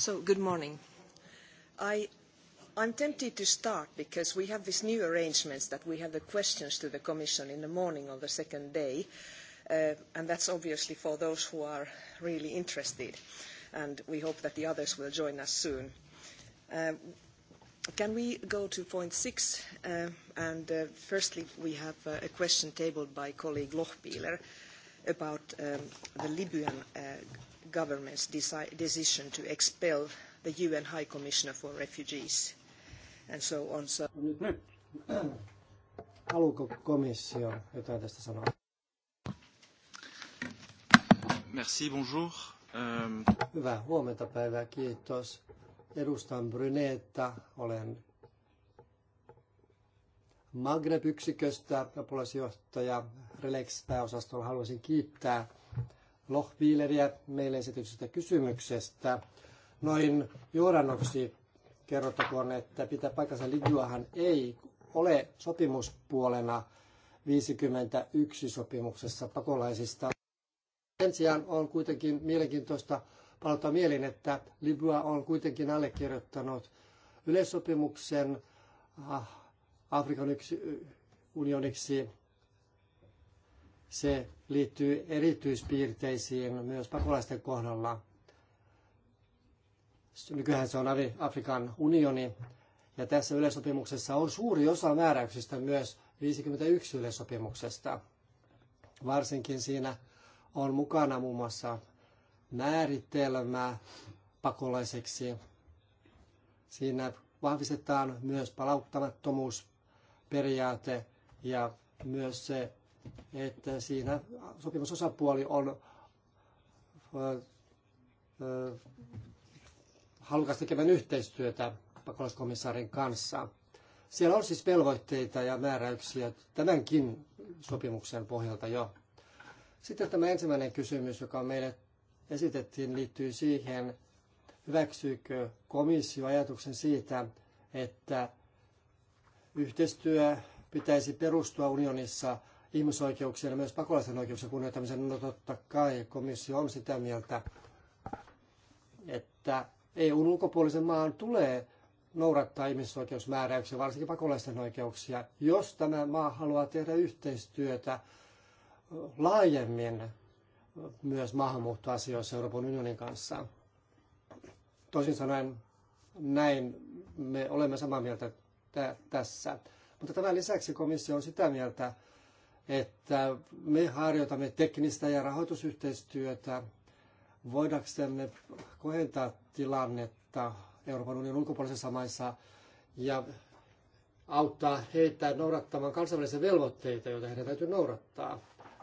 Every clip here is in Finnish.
So, good morning. I, I'm tempted to start because we have these new arrangements that we have the questions to the Commission in the morning on the second day, uh, and that's obviously for those who are really interested, and we hope that the others will join us soon. Um, can we go to point six? Uh, and uh, firstly, we have a question tabled by colleague Lochbihler about um, the Libyan government's decision to expel the UN High Commissioner for Refugees and so on. So no Haluuko komissio jotain tästä sanoa? Merci, bonjour. Um... Hyvää huomenta päivää, kiitos. Edustan Brynetta, olen Magreb-yksiköstä apulaisjohtaja Relex-pääosastolla. Haluaisin kiittää Lohviileriä meille esityksestä kysymyksestä. Noin juurannoksi kerrottakoon, että pitää paikkansa Lidjuahan ei ole sopimuspuolena 51 sopimuksessa pakolaisista. Sen sijaan on kuitenkin mielenkiintoista palata mielin, että Libya on kuitenkin allekirjoittanut yleissopimuksen ah, Afrikan unioniksi. Se liittyy erityispiirteisiin myös pakolaisten kohdalla. Nykyään se on Afrikan unioni, ja tässä yleissopimuksessa on suuri osa määräyksistä myös 51 yleissopimuksesta. Varsinkin siinä on mukana muun muassa määritelmä pakolaiseksi. Siinä vahvistetaan myös palauttamattomuusperiaate ja myös se, että siinä sopimusosapuoli on halukas tekemään yhteistyötä pakolaiskomissaarin kanssa. Siellä on siis velvoitteita ja määräyksiä tämänkin sopimuksen pohjalta jo. Sitten tämä ensimmäinen kysymys, joka meille esitettiin, liittyy siihen, hyväksyykö komissio ajatuksen siitä, että yhteistyö pitäisi perustua unionissa ihmisoikeuksien ja myös pakolaisten oikeuksien kunnioittamisen, no totta kai komissio on sitä mieltä, että EUn ulkopuolisen maan tulee noudattaa ihmisoikeusmääräyksiä, varsinkin pakolaisten oikeuksia, jos tämä maa haluaa tehdä yhteistyötä laajemmin myös maahanmuuttoasioissa Euroopan unionin kanssa. Toisin sanoen näin me olemme samaa mieltä tässä. Mutta tämän lisäksi komissio on sitä mieltä, että me harjoitamme teknistä ja rahoitusyhteistyötä voidaksemme kohentaa tilannetta Euroopan unionin ulkopuolisissa maissa ja auttaa heitä noudattamaan kansainvälisiä velvoitteita, joita heidän täytyy noudattaa,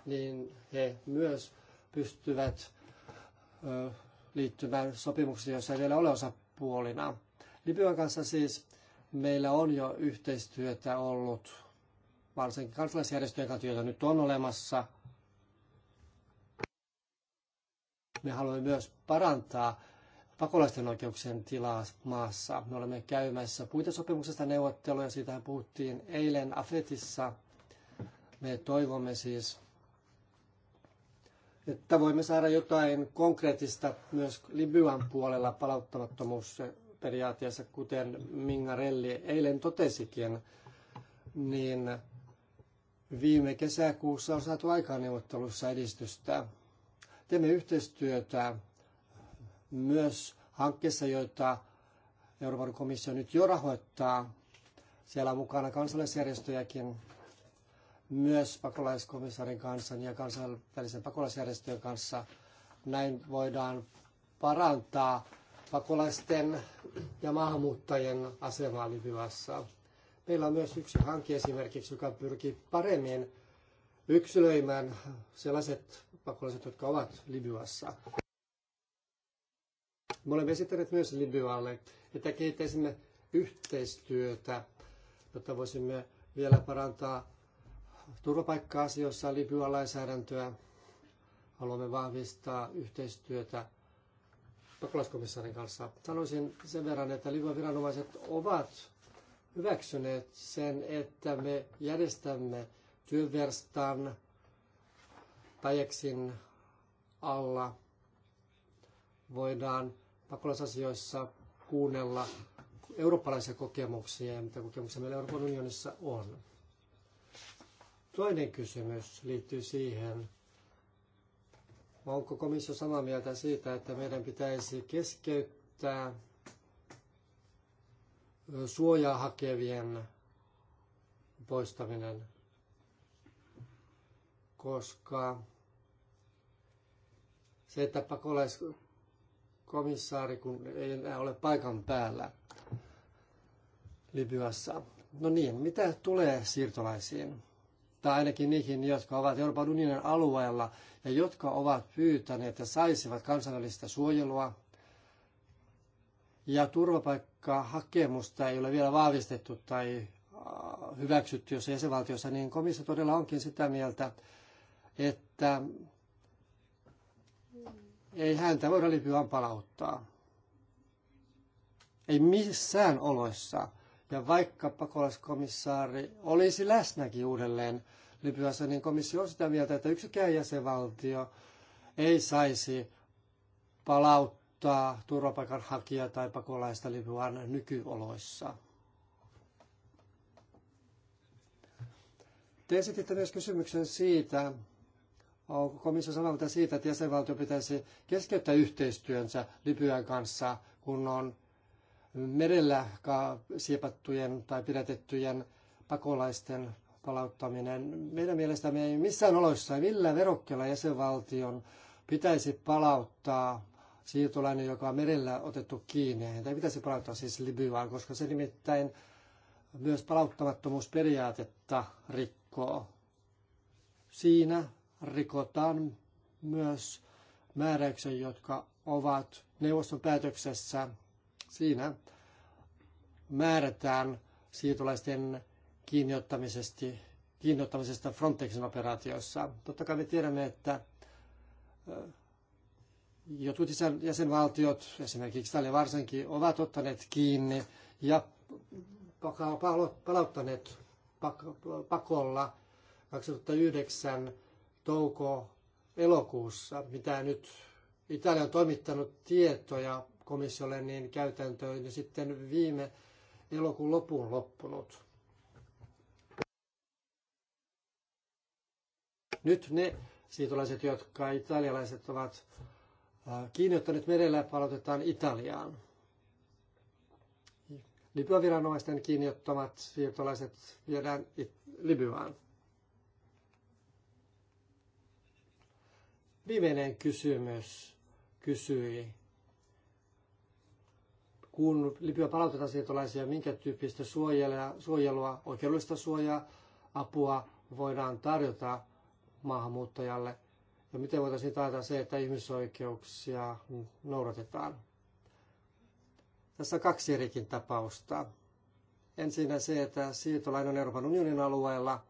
niin he myös pystyvät liittymään sopimuksiin, joissa ei vielä ole osapuolina. Libyan kanssa siis meillä on jo yhteistyötä ollut varsinkin kansalaisjärjestöjen kautta, joita nyt on olemassa. Me haluamme myös parantaa pakolaisten oikeuksien tilaa maassa. Me olemme käymässä puitesopimuksesta neuvotteluja, siitä puhuttiin eilen Afetissa. Me toivomme siis, että voimme saada jotain konkreettista myös Libyan puolella periaatteessa, kuten Mingarelli eilen totesikin, niin Viime kesäkuussa on saatu aikaan neuvottelussa edistystä. Teemme yhteistyötä myös hankkeessa, joita Euroopan komissio nyt jo rahoittaa. Siellä on mukana kansalaisjärjestöjäkin, myös pakolaiskomissaarin kanssa ja kansainvälisen pakolaisjärjestöjen kanssa. Näin voidaan parantaa pakolaisten ja maahanmuuttajien asemaa Libyassa. Meillä on myös yksi hanke esimerkiksi, joka pyrkii paremmin yksilöimään sellaiset pakolaiset, jotka ovat Libyassa. Me olemme esittäneet myös Libyalle, että kehittäisimme yhteistyötä, jotta voisimme vielä parantaa turvapaikka-asioissa Libyan lainsäädäntöä. Haluamme vahvistaa yhteistyötä pakolaiskomissaarin kanssa. Sanoisin sen verran, että Libyan viranomaiset ovat hyväksyneet sen, että me järjestämme työverstan Tajeksin alla. Voidaan pakolaisasioissa kuunnella eurooppalaisia kokemuksia ja mitä kokemuksia meillä Euroopan unionissa on. Toinen kysymys liittyy siihen, onko komissio samaa mieltä siitä, että meidän pitäisi keskeyttää suojaa hakevien poistaminen, koska se, että pakolaiskomissaari kun ei enää ole paikan päällä Libyassa. No niin, mitä tulee siirtolaisiin? Tai ainakin niihin, jotka ovat Euroopan unionin alueella ja jotka ovat pyytäneet ja saisivat kansainvälistä suojelua ja turvapaikkahakemusta ei ole vielä vahvistettu tai hyväksytty jos jäsenvaltiossa, niin komissio todella onkin sitä mieltä, että ei häntä voida Libyaan palauttaa. Ei missään oloissa. Ja vaikka pakolaiskomissaari olisi läsnäkin uudelleen Libyassa, niin komissio on sitä mieltä, että yksikään jäsenvaltio ei saisi palauttaa auttaa turvapaikanhakijaa tai pakolaista Libyan nykyoloissa. Te esititte myös kysymyksen siitä, onko komissio samaa mieltä siitä, että jäsenvaltio pitäisi keskeyttää yhteistyönsä Libyan kanssa, kun on merellä siepattujen tai pidätettyjen pakolaisten palauttaminen. Meidän mielestämme ei missään oloissa, millään verokkeella jäsenvaltion pitäisi palauttaa siirtolainen, joka on merellä otettu kiinni. Häntä ei pitäisi palauttaa siis Libyaan, koska se nimittäin myös palauttamattomuusperiaatetta rikkoo. Siinä rikotaan myös määräyksen, jotka ovat neuvoston päätöksessä. Siinä määrätään siirtolaisten kiinniottamisesta, kiinniottamisesta Frontexin operaatiossa. Totta kai me tiedämme, että Jotkut jäsenvaltiot, esimerkiksi Italia varsinkin, ovat ottaneet kiinni ja palauttaneet pakolla 2009 touko-elokuussa, mitä nyt Italia on toimittanut tietoja komissiolle, niin käytäntöön ja sitten viime elokuun lopuun loppunut. Nyt ne siitolaiset, jotka italialaiset ovat Äh, kiinnittäneet merellä palautetaan Italiaan. Libyaviranomaisten kiinniottamat siirtolaiset viedään Libyaan. Viimeinen kysymys kysyi, kun Libya palautetaan siirtolaisia, minkä tyyppistä suojelua oikeudellista suojaa, apua voidaan tarjota maahanmuuttajalle – ja no, miten voitaisiin taata se, että ihmisoikeuksia noudatetaan. Tässä on kaksi erikin tapausta. Ensin se, että siirtolainen on Euroopan unionin alueella,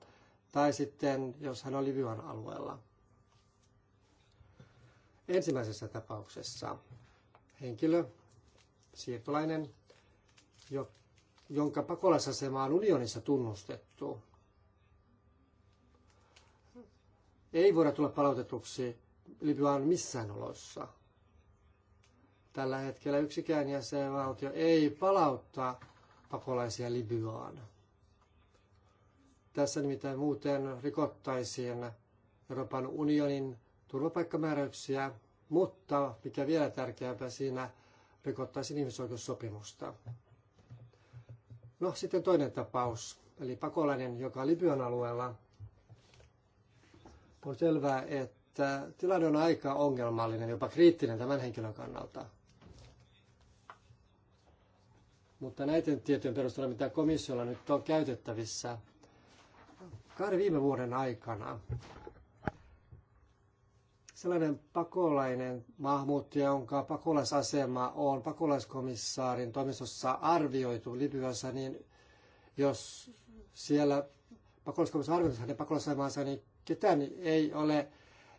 tai sitten jos hän on Libyan alueella. Ensimmäisessä tapauksessa henkilö, siirtolainen, jonka pakolaisasema on unionissa tunnustettu, ei voida tulla palautetuksi Libyan missään olossa. Tällä hetkellä yksikään jäsenvaltio ei palauttaa pakolaisia Libyaan. Tässä nimittäin muuten rikottaisiin Euroopan unionin turvapaikkamääräyksiä, mutta mikä vielä tärkeämpää, siinä rikottaisiin ihmisoikeussopimusta. No sitten toinen tapaus, eli pakolainen, joka Libyan alueella on selvää, että tilanne on aika ongelmallinen, jopa kriittinen tämän henkilön kannalta. Mutta näiden tietojen perusteella, mitä komissiolla nyt on käytettävissä, kahden viime vuoden aikana sellainen pakolainen maahanmuuttaja, jonka pakolaisasema on pakolaiskomissaarin toimistossa arvioitu Libyassa, niin jos siellä pakolaiskomissaarin arvioisi hänen pakolaisasemansa, niin Ketään ei ole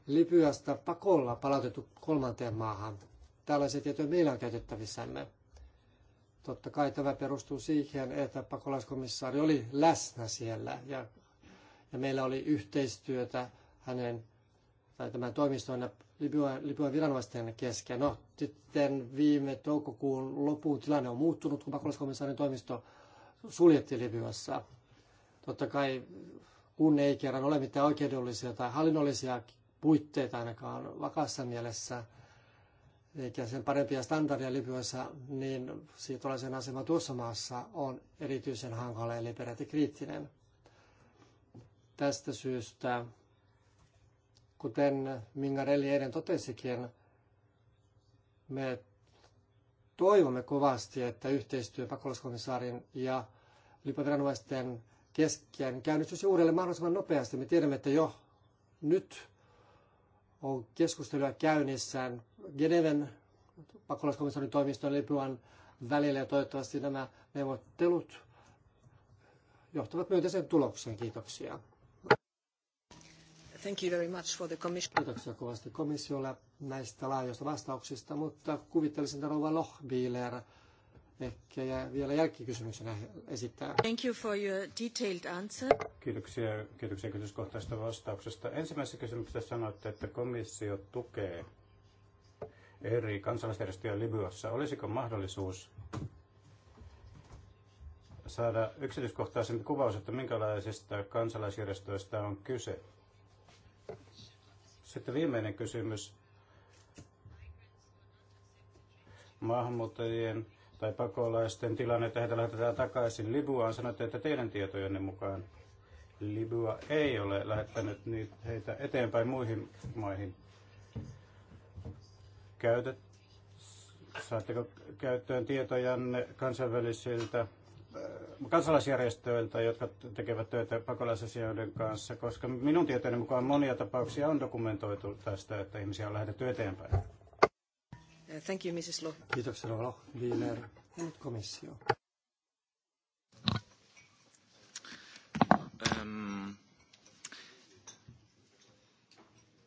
Libyasta pakolla palautettu kolmanteen maahan. Tällaisia tietoja meillä on käytettävissämme. Totta kai tämä perustuu siihen, että pakolaiskomissaari oli läsnä siellä ja, ja meillä oli yhteistyötä hänen tai tämän toimiston ja Libyan viranomaisten kesken. No, sitten viime toukokuun lopuun tilanne on muuttunut, kun pakolaiskomissaarin toimisto suljettiin Libyassa. Totta kai kun ei kerran ole mitään oikeudellisia tai hallinnollisia puitteita ainakaan vakassa mielessä, eikä sen parempia standardeja Libyassa, niin siirtolaisen asema tuossa maassa on erityisen hankala, eli peräti kriittinen. Tästä syystä, kuten Mingarelli eilen totesikin, me toivomme kovasti, että yhteistyö pakolaiskomissaarin ja lipaviranomaisten keskiään käynnistys uudelleen mahdollisimman nopeasti. Me tiedämme, että jo nyt on keskustelua käynnissään Geneven pakolaiskomissarin toimiston Libyan välillä ja toivottavasti nämä neuvottelut johtavat myönteiseen tulokseen. Kiitoksia. Thank you very much for the commission. Kiitoksia kovasti komissiolle näistä laajoista vastauksista, mutta kuvittelisin, että rouva Lohbiler ehkä jää vielä jälkikysymyksenä esittää. Thank you for your detailed answer. Kiitoksia, kiitoksia kysymyskohtaisesta vastauksesta. Ensimmäisessä kysymyksessä sanoitte, että komissio tukee eri kansalaisjärjestöjä Libyassa. Olisiko mahdollisuus saada yksityiskohtaisempi kuvaus, että minkälaisista kansalaisjärjestöistä on kyse? Sitten viimeinen kysymys. Maahanmuuttajien tai pakolaisten että heitä lähetetään takaisin Libuaan. Sanoitte, että teidän tietojenne mukaan libua ei ole lähettänyt niitä, heitä eteenpäin muihin maihin. Käytet, saatteko käyttöön tietojanne kansainvälisiltä äh, kansalaisjärjestöiltä, jotka tekevät töitä pakolaisasioiden kanssa, koska minun tietojeni mukaan monia tapauksia on dokumentoitu tästä, että ihmisiä on lähetetty eteenpäin. Uh, thank you, Mrs. Ja nyt komissio. Um,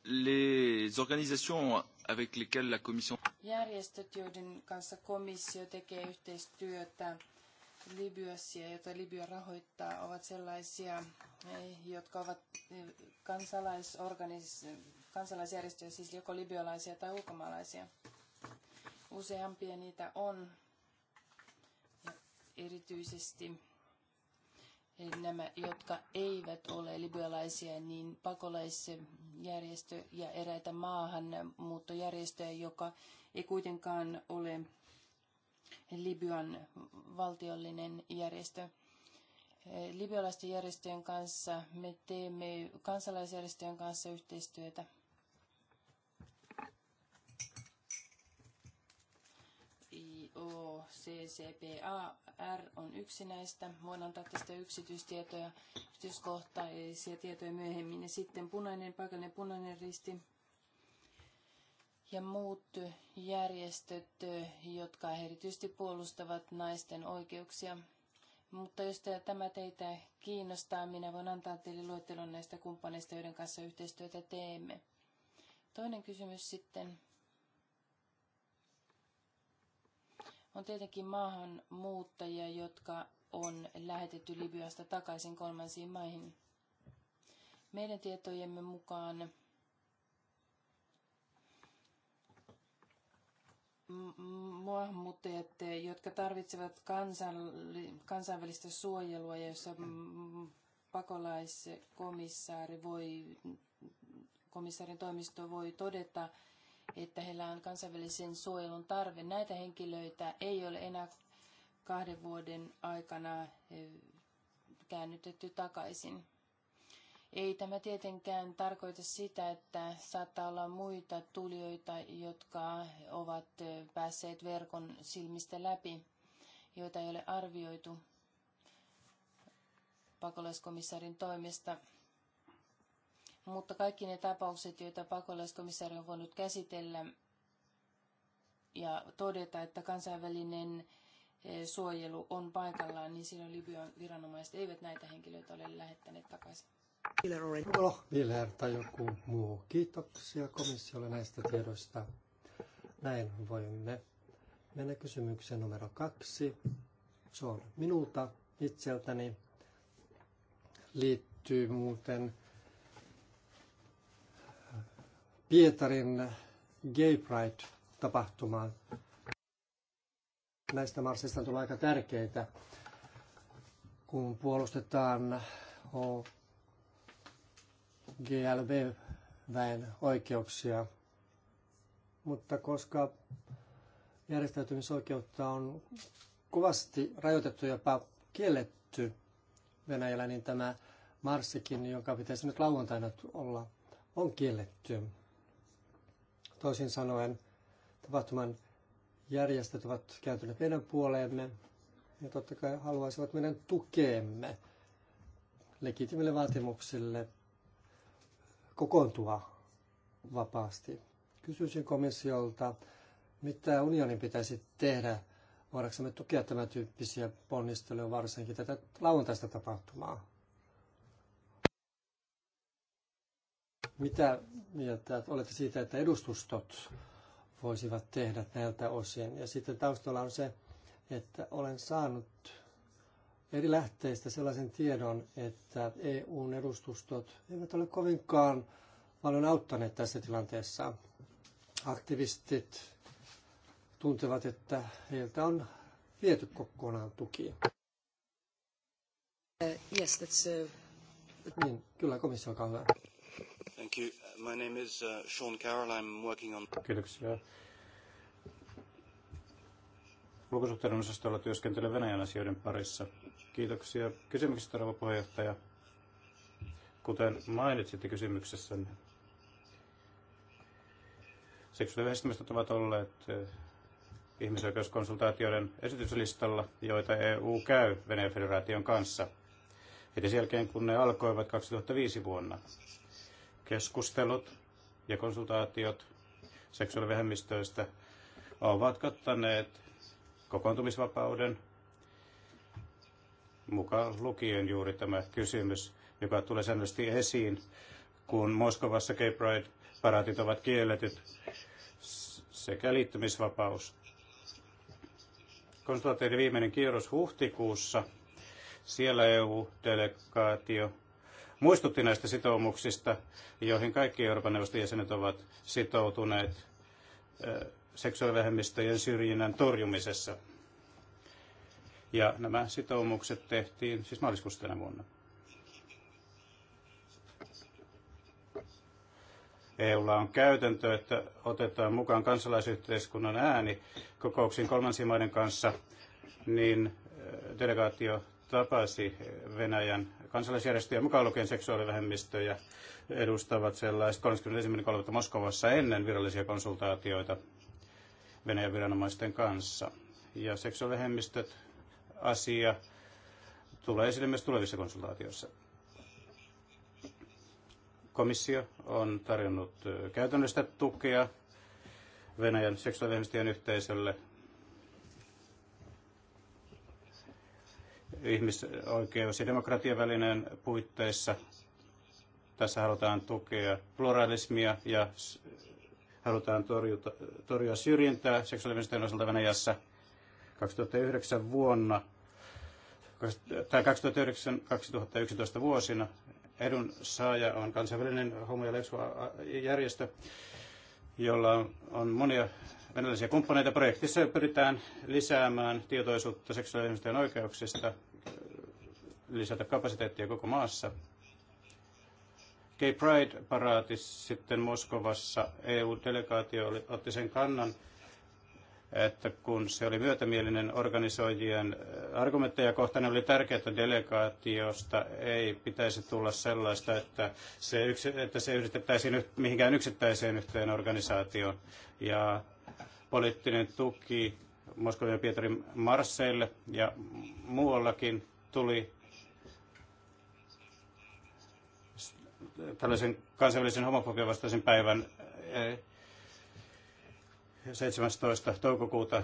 les organisations avec lesquelles la commission... Järjestöt, joiden kanssa komissio tekee yhteistyötä Libyassa, jota Libya rahoittaa, ovat sellaisia, eh, jotka ovat eh, kansalaisorganis- kansalaisjärjestöjä, siis joko libyalaisia tai ulkomaalaisia. Useampia niitä on. Ja erityisesti nämä, jotka eivät ole libyalaisia, niin pakolaisjärjestö ja eräitä maahanmuuttojärjestöjä, joka ei kuitenkaan ole Libyan valtiollinen järjestö. Libyalaisten järjestöjen kanssa me teemme kansalaisjärjestöjen kanssa yhteistyötä. CCPAR on yksi näistä. Voin antaa tästä yksityistietoja, yksityiskohtaisia tietoja myöhemmin. Ja sitten punainen, paikallinen punainen risti ja muut järjestöt, jotka erityisesti puolustavat naisten oikeuksia. Mutta jos tämä teitä kiinnostaa, minä voin antaa teille luettelon näistä kumppaneista, joiden kanssa yhteistyötä teemme. Toinen kysymys sitten On tietenkin maahanmuuttajia, jotka on lähetetty Libyasta takaisin kolmansiin maihin. Meidän tietojemme mukaan maahanmuuttajat, jotka tarvitsevat kansainvälistä suojelua ja jossa pakolaiskomissaari voi, komissaarin toimisto voi todeta, että heillä on kansainvälisen suojelun tarve. Näitä henkilöitä ei ole enää kahden vuoden aikana eh, käännytetty takaisin. Ei tämä tietenkään tarkoita sitä, että saattaa olla muita tulijoita, jotka ovat eh, päässeet verkon silmistä läpi, joita ei ole arvioitu pakolaiskomissaarin toimesta. Mutta kaikki ne tapaukset, joita pakolaiskomissaari on voinut käsitellä ja todeta, että kansainvälinen eh, suojelu on paikallaan, niin silloin Libyan viranomaiset eivät näitä henkilöitä ole lähettäneet takaisin. Miller tai joku muu. Kiitoksia komissiolle näistä tiedoista. Näin voimme mennä kysymykseen numero kaksi. Se on minulta itseltäni. Liittyy muuten Pietarin Gay Pride-tapahtumaan. Näistä Marsista on tullut aika tärkeitä, kun puolustetaan GLB-väen oikeuksia. Mutta koska järjestäytymisoikeutta on kovasti rajoitettu, jopa kielletty Venäjällä, niin tämä marssikin, jonka pitäisi nyt lauantaina olla, on kielletty. Toisin sanoen tapahtuman järjestöt ovat kääntyneet meidän puoleemme ja totta kai haluaisivat meidän tukeemme legitimille vaatimuksille kokoontua vapaasti. Kysyisin komissiolta, mitä unionin pitäisi tehdä voidaanko me tukea tämän tyyppisiä ponnisteluja, varsinkin tätä lauantaista tapahtumaa. Mitä mieltä olette siitä, että edustustot voisivat tehdä näiltä osin? Ja sitten taustalla on se, että olen saanut eri lähteistä sellaisen tiedon, että EUn edustustot eivät ole kovinkaan paljon auttaneet tässä tilanteessa. Aktivistit tuntevat, että heiltä on viety kokonaan tuki. Uh, yes, that's, uh... Niin, kyllä komissio, olkaa hyvä. Thank you. Uh, my name is uh, Sean Carroll. I'm working on... Kiitoksia. Ulkosuhteiden osastolla työskentelee Venäjän asioiden parissa. Kiitoksia kysymyksestä, rouva puheenjohtaja. Kuten mainitsitte niin seksuaalivähemmistöt ovat olleet eh, ihmisoikeuskonsultaatioiden esityslistalla, joita EU käy Venäjän federaation kanssa heti sen jälkeen, kun ne alkoivat 2005 vuonna keskustelut ja konsultaatiot seksuaalivähemmistöistä ovat kattaneet kokoontumisvapauden mukaan lukien juuri tämä kysymys, joka tulee säännöllisesti esiin, kun Moskovassa Gay Pride-paraatit ovat kielletyt sekä liittymisvapaus. Konsultaatioiden viimeinen kierros huhtikuussa. Siellä EU-delegaatio muistutti näistä sitoumuksista, joihin kaikki Euroopan neuvoston jäsenet ovat sitoutuneet seksuaalivähemmistöjen syrjinnän torjumisessa. Ja nämä sitoumukset tehtiin siis maaliskuussa tänä vuonna. EUlla on käytäntö, että otetaan mukaan kansalaisyhteiskunnan ääni kokouksiin kolmansien maiden kanssa, niin delegaatio tapasi Venäjän kansalaisjärjestöjä, mukaan lukien seksuaalivähemmistöjä, edustavat sellaiset 31.3. Moskovassa ennen virallisia konsultaatioita Venäjän viranomaisten kanssa. Ja seksuaalivähemmistöt asia tulee esille myös tulevissa konsultaatioissa. Komissio on tarjonnut käytännöllistä tukea Venäjän seksuaalivähemmistöjen yhteisölle ihmisoikeus- ja demokratiavälineen puitteissa. Tässä halutaan tukea pluralismia ja halutaan torjuta, torjua syrjintää seksuaalivähemmistöjen osalta Venäjässä 2009 vuonna tai 2009-2011 vuosina. Edun saaja on kansainvälinen homo- ja järjestö, jolla on monia venäläisiä kumppaneita. Projektissa pyritään lisäämään tietoisuutta seksuaalisten oikeuksista lisätä kapasiteettia koko maassa. Gay pride paraati sitten Moskovassa EU-delegaatio oli, otti sen kannan, että kun se oli myötämielinen organisoijien äh, argumentteja kohtaan, niin oli tärkeää, että delegaatiosta ei pitäisi tulla sellaista, että se, yks, että se yhdistettäisiin mihinkään yksittäiseen yhteen organisaatioon. Ja poliittinen tuki Moskovan ja Pietarin Marseille ja muuallakin tuli tällaisen kansainvälisen homofobian vastaisen päivän 17. Eh, toukokuuta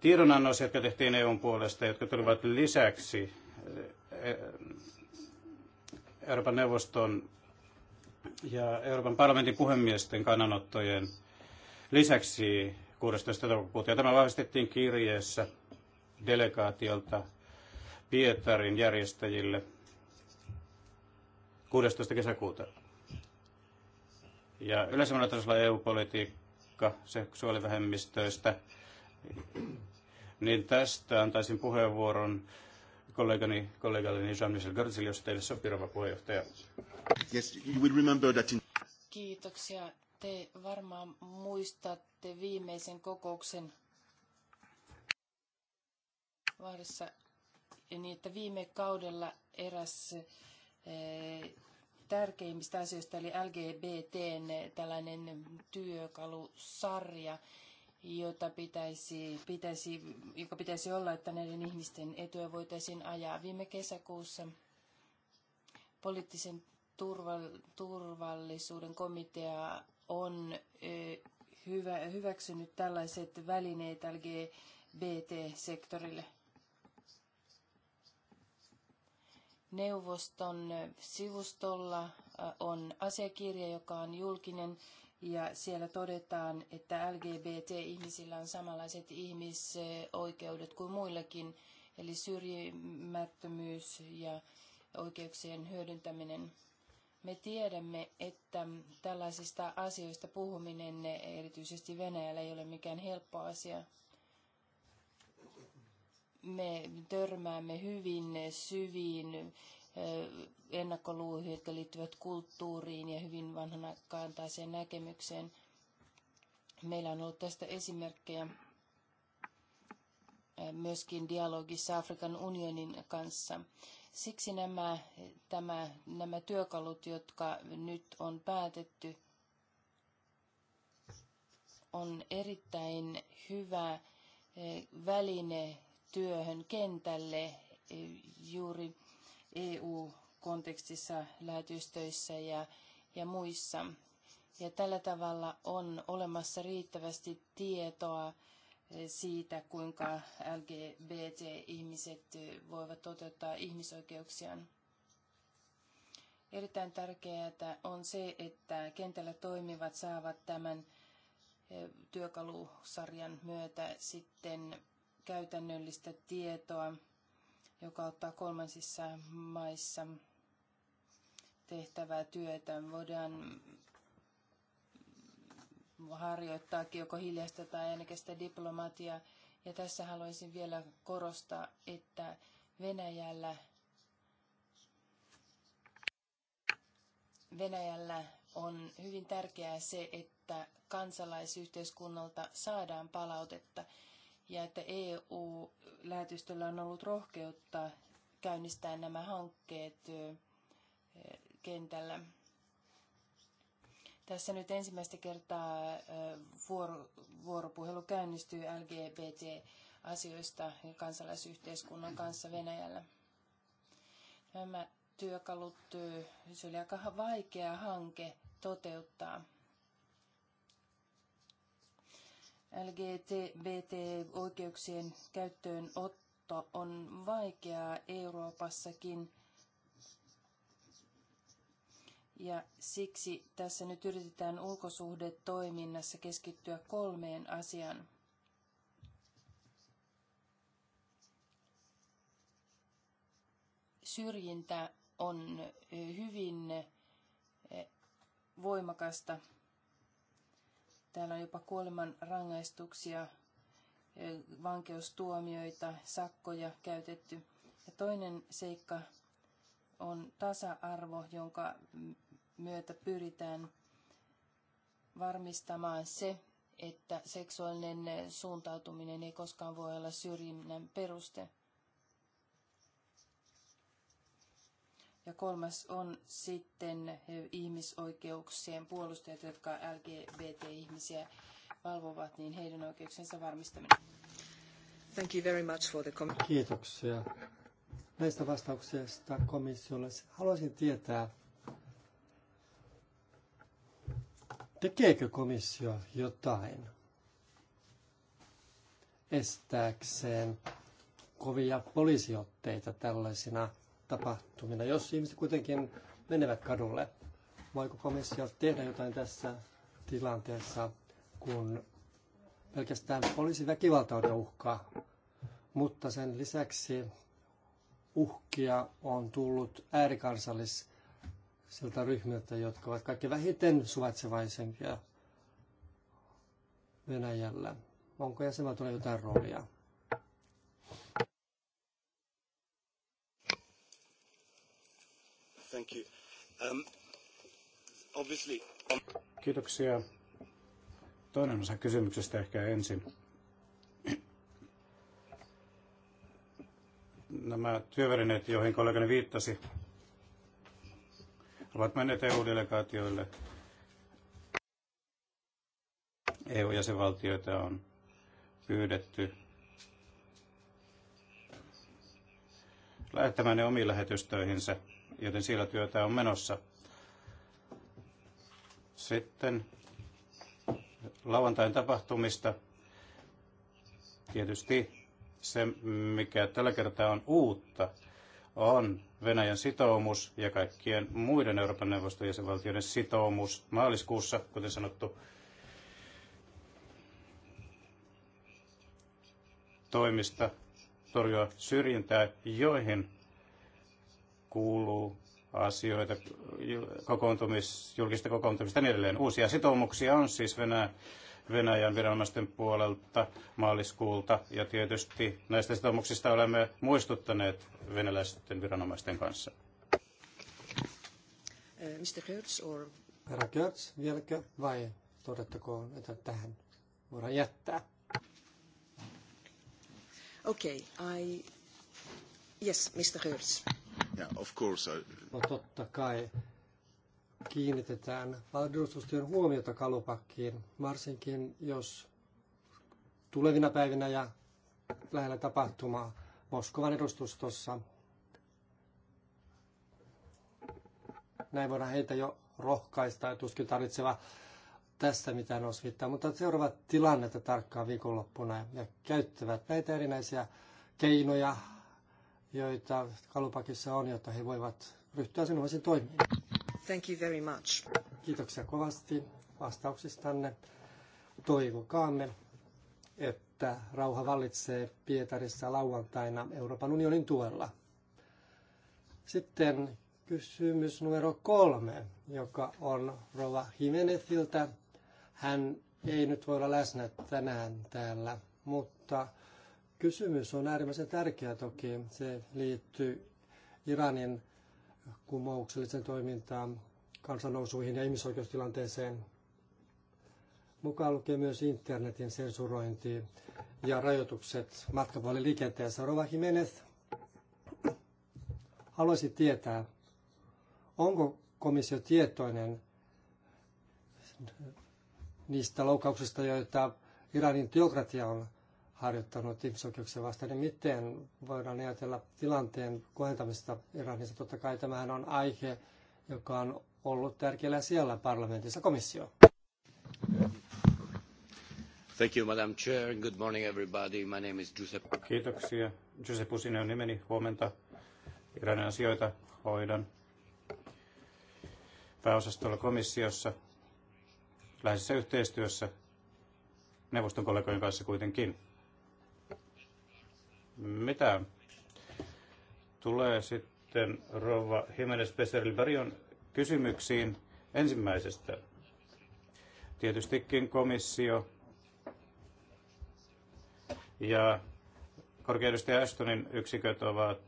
tiedonannos, jotka tehtiin EUn puolesta, jotka tulivat lisäksi eh, eh, Euroopan neuvoston ja Euroopan parlamentin puhemiesten kannanottojen lisäksi 16. toukokuuta. Ja tämä vahvistettiin kirjeessä delegaatiolta Pietarin järjestäjille – 16. kesäkuuta. Ja yleisemmällä tasolla EU-politiikka seksuaalivähemmistöistä, niin tästä antaisin puheenvuoron kollegani, kollegalleni Jean-Michel Görzel, jos teille sopii rouva puheenjohtaja. Yes, you will remember that in... Kiitoksia. Te varmaan muistatte viimeisen kokouksen vahdessa, niin että viime kaudella eräs tärkeimmistä asioista, eli LGBTn tällainen työkalusarja, jota pitäisi, pitäisi, joka pitäisi olla, että näiden ihmisten etuja voitaisiin ajaa. Viime kesäkuussa poliittisen turvallisuuden komitea on hyvä, hyväksynyt tällaiset välineet LGBT-sektorille. Neuvoston sivustolla on asiakirja, joka on julkinen ja siellä todetaan, että LGBT-ihmisillä on samanlaiset ihmisoikeudet kuin muillakin, eli syrjimättömyys ja oikeuksien hyödyntäminen. Me tiedämme, että tällaisista asioista puhuminen erityisesti Venäjällä ei ole mikään helppo asia me törmäämme hyvin syviin ennakkoluuihin, jotka liittyvät kulttuuriin ja hyvin vanhanaikaantaiseen näkemykseen. Meillä on ollut tästä esimerkkejä myöskin dialogissa Afrikan unionin kanssa. Siksi nämä, tämä, nämä työkalut, jotka nyt on päätetty, on erittäin hyvä väline työhön kentälle e, juuri EU-kontekstissa lähetystöissä ja, ja muissa. Ja tällä tavalla on olemassa riittävästi tietoa e, siitä, kuinka LGBT-ihmiset voivat toteuttaa ihmisoikeuksiaan. Erittäin tärkeää on se, että kentällä toimivat saavat tämän e, työkalusarjan myötä sitten käytännöllistä tietoa, joka auttaa kolmansissa maissa tehtävää työtä. Voidaan harjoittaa, joko hiljaista tai ainakin sitä diplomatiaa. Ja tässä haluaisin vielä korostaa, että Venäjällä, Venäjällä on hyvin tärkeää se, että kansalaisyhteiskunnalta saadaan palautetta ja että EU-lähetystöllä on ollut rohkeutta käynnistää nämä hankkeet kentällä. Tässä nyt ensimmäistä kertaa vuoropuhelu käynnistyy LGBT-asioista ja kansalaisyhteiskunnan kanssa Venäjällä. Nämä työkalut, se oli aika vaikea hanke toteuttaa. LGBT-oikeuksien käyttöönotto on vaikeaa Euroopassakin. Ja siksi tässä nyt yritetään ulkosuhdetoiminnassa keskittyä kolmeen asiaan. Syrjintä on hyvin eh, voimakasta Täällä on jopa kuoleman rangaistuksia, vankeustuomioita, sakkoja käytetty. Ja toinen seikka on tasa-arvo, jonka myötä pyritään varmistamaan se, että seksuaalinen suuntautuminen ei koskaan voi olla syrjinnän peruste. Ja kolmas on sitten eh, ihmisoikeuksien puolustajat, jotka LGBT-ihmisiä valvovat, niin heidän oikeuksensa varmistaminen. Thank you very much for the Kiitoksia näistä vastauksista komissiolle. Haluaisin tietää, tekeekö komissio jotain estääkseen kovia poliisiotteita tällaisina tapahtumina, jos ihmiset kuitenkin menevät kadulle. Voiko komissio tehdä jotain tässä tilanteessa, kun pelkästään poliisi väkivalta on uhka, mutta sen lisäksi uhkia on tullut äärikansallisilta ryhmiltä, jotka ovat kaikki vähiten suvaitsevaisempia Venäjällä. Onko jäsenvaltiolla jotain roolia? Thank you. Um, obviously... Kiitoksia. Toinen osa kysymyksestä ehkä ensin. Nämä työvälineet, joihin kollegani viittasi, ovat menneet EU-delegaatioille. EU-jäsenvaltioita on pyydetty lähettämään ne omiin lähetystöihinsä joten siellä työtä on menossa. Sitten lauantain tapahtumista tietysti se, mikä tällä kertaa on uutta, on Venäjän sitoumus ja kaikkien muiden Euroopan neuvoston jäsenvaltioiden sitoumus maaliskuussa, kuten sanottu, toimista torjua syrjintää, joihin kuuluu asioita, kokoontumis, julkista kokoontumista ja niin edelleen. Uusia sitoumuksia on siis Venäjä, Venäjän viranomaisten puolelta maaliskuulta ja tietysti näistä sitoumuksista olemme muistuttaneet venäläisten viranomaisten kanssa. Mr. Kurtz or... Herra Kurtz, vieläkö vai todettakoon, että tähän voidaan jättää? Okei, okay, I... Yes, Mr. Kurtz. Yeah, of course. I... No totta kai kiinnitetään valdustustyön huomiota kalupakkiin, varsinkin jos tulevina päivinä ja lähellä tapahtumaa Moskovan edustustossa. Näin voidaan heitä jo rohkaista ja tuskin tarvitseva tästä mitään osvittaa, mutta seuraavat tilannetta tarkkaan viikonloppuna ja käyttävät näitä erinäisiä keinoja joita kalupakissa on, jotta he voivat ryhtyä asianomaisiin toimiin. Thank you very much. Kiitoksia kovasti vastauksistanne. Toivokaamme, että rauha vallitsee Pietarissa lauantaina Euroopan unionin tuella. Sitten kysymys numero kolme, joka on Rova Jimenezilta. Hän ei nyt voi olla läsnä tänään täällä, mutta kysymys on äärimmäisen tärkeä toki. Se liittyy Iranin kumouksellisen toimintaan, kansannousuihin ja ihmisoikeustilanteeseen, mukaan lukee myös internetin sensurointi ja rajoitukset matkapuolen liikenteessä. Rova Jimenez haluaisin tietää, onko komissio tietoinen niistä loukkauksista, joita Iranin teokratia on harjoittanut ihmisoikeuksia vastaan, niin miten voidaan ajatella tilanteen kohentamista Iranissa? Totta kai tämähän on aihe, joka on ollut tärkeällä siellä parlamentissa komissio. Thank you, Madam Chair. Good morning, everybody. My name is Giuseppe. Kiitoksia. Giuseppe Pusinen on nimeni. Huomenta. Iranin asioita hoidan pääosastolla komissiossa läheisessä yhteistyössä neuvoston kollegojen kanssa kuitenkin. Mitä tulee sitten Rova Jimenez Peseril Barion kysymyksiin ensimmäisestä. Tietystikin komissio ja korkeudustaja Ashtonin yksiköt ovat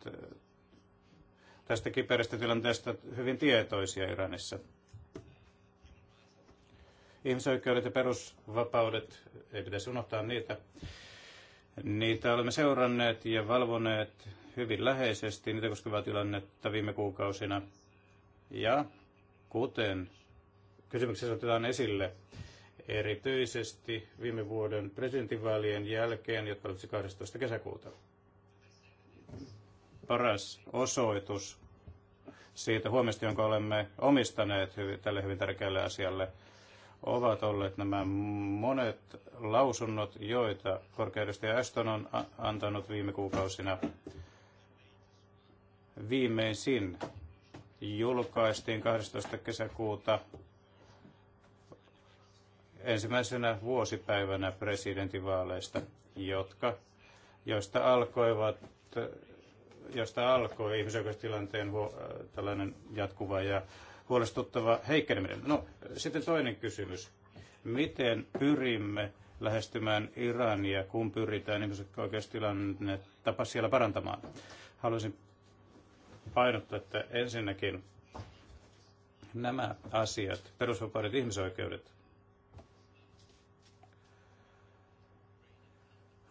tästä kiperästä tilanteesta hyvin tietoisia Iranissa. Ihmisoikeudet ja perusvapaudet, ei pitäisi unohtaa niitä. Niitä olemme seuranneet ja valvoneet hyvin läheisesti niitä koskevaa tilannetta viime kuukausina. Ja kuten kysymyksessä otetaan esille, erityisesti viime vuoden presidentinvaalien jälkeen, jotka olivat 12. Siis kesäkuuta. Paras osoitus siitä huomesta, jonka olemme omistaneet tälle hyvin tärkeälle asialle, ovat olleet nämä monet lausunnot, joita korkeudustaja Ashton on antanut viime kuukausina, viimeisin julkaistiin 12. kesäkuuta ensimmäisenä vuosipäivänä presidentinvaaleista, jotka, joista alkoivat josta alkoi ihmisoikeustilanteen huo, tällainen jatkuva ja huolestuttava heikkeneminen. No, sitten toinen kysymys. Miten pyrimme lähestymään Irania, kun pyritään ihmisoikeustilannetta siellä parantamaan. Haluaisin painottaa, että ensinnäkin nämä asiat, perusvapaudet, ihmisoikeudet,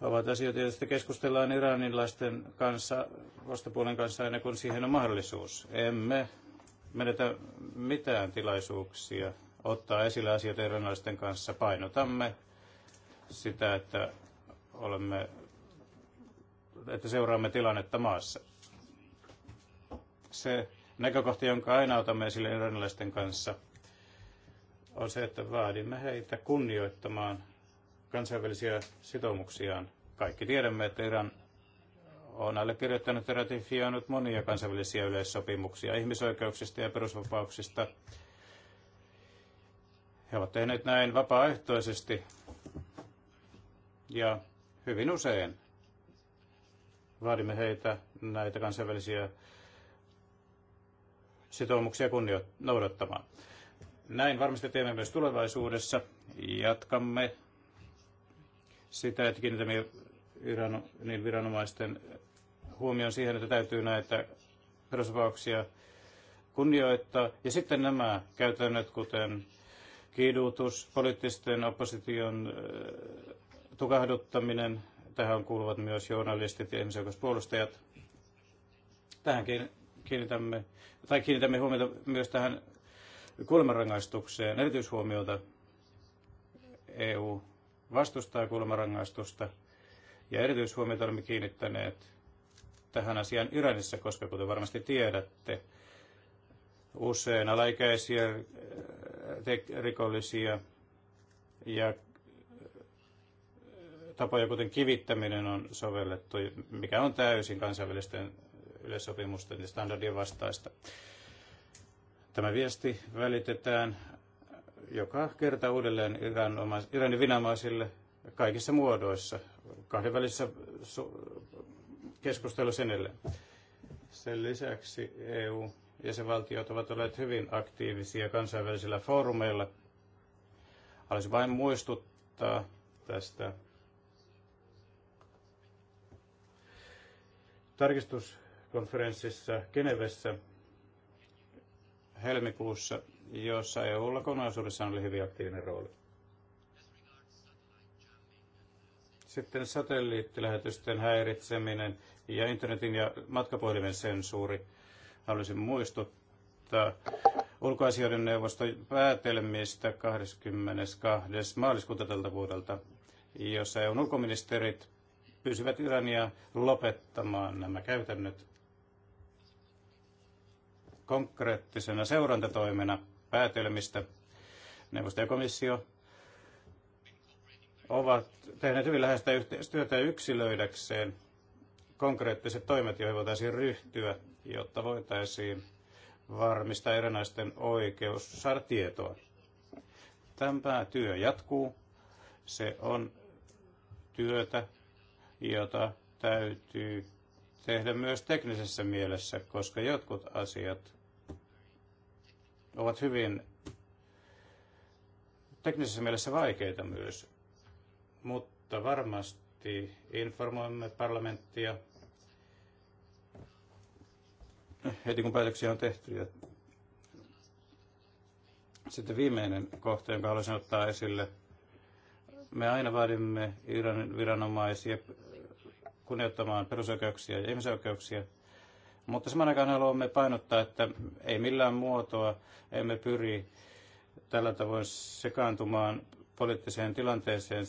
ovat asioita, joista keskustellaan iranilaisten kanssa, vastapuolen kanssa aina kun siihen on mahdollisuus. Emme menetä mitään tilaisuuksia ottaa esille asioita iranilaisten kanssa. Painotamme sitä, että olemme että seuraamme tilannetta maassa. Se näkökohta, jonka aina otamme esille iranilaisten kanssa, on se, että vaadimme heitä kunnioittamaan kansainvälisiä sitoumuksiaan. Kaikki tiedämme, että Iran on allekirjoittanut ja ratifioinut monia kansainvälisiä yleissopimuksia ihmisoikeuksista ja perusvapauksista. He ovat tehneet näin vapaaehtoisesti ja hyvin usein vaadimme heitä näitä kansainvälisiä sitoumuksia kunnio- noudattamaan. Näin varmasti teemme myös tulevaisuudessa. Jatkamme sitä, että kiinnitämme niiden viranomaisten huomioon siihen, että täytyy näitä perusvapauksia kunnioittaa. Ja sitten nämä käytännöt, kuten kiidutus, poliittisten opposition tukahduttaminen. Tähän kuuluvat myös journalistit ja ihmisoikeuspuolustajat. Tähän kiinnitämme, tai kiinnitämme huomiota myös tähän kuolemanrangaistukseen erityishuomiota. EU vastustaa kuolemanrangaistusta ja erityishuomiota olemme kiinnittäneet tähän asiaan Iranissa, koska kuten varmasti tiedätte, usein alaikäisiä rikollisia ja tapoja, kuten kivittäminen on sovellettu, mikä on täysin kansainvälisten yleissopimusten ja standardien vastaista. Tämä viesti välitetään joka kerta uudelleen Iranin viranomaisille kaikissa muodoissa, kahdenvälisissä su- keskustelussa edelleen. Sen lisäksi EU jäsenvaltiot ovat olleet hyvin aktiivisia kansainvälisillä foorumeilla. Haluaisin vain muistuttaa tästä tarkistuskonferenssissa Genevessä helmikuussa, jossa EUlla kokonaisuudessaan oli hyvin aktiivinen rooli. Sitten satelliittilähetysten häiritseminen ja internetin ja matkapuhelimen sensuuri. Haluaisin muistuttaa ulkoasioiden neuvoston päätelmistä 22. maaliskuuta tältä vuodelta, jossa EUn ulkoministerit pyysivät Irania lopettamaan nämä käytännöt konkreettisena seurantatoimena päätelmistä. Neuvosto ja komissio ovat tehneet hyvin läheistä yhteistyötä yksilöidäkseen konkreettiset toimet, joihin voitaisiin ryhtyä, jotta voitaisiin varmistaa erinäisten oikeus saada tietoa. Tämä työ jatkuu. Se on työtä, jota täytyy tehdä myös teknisessä mielessä, koska jotkut asiat ovat hyvin teknisessä mielessä vaikeita myös. Mutta varmasti informoimme parlamenttia heti kun päätöksiä on tehty. Sitten viimeinen kohta, jonka haluaisin ottaa esille. Me aina vaadimme Iranin viranomaisia kunnioittamaan perusoikeuksia ja ihmisoikeuksia. Mutta saman aikaan haluamme painottaa, että ei millään muotoa emme pyri tällä tavoin sekaantumaan poliittiseen tilanteeseen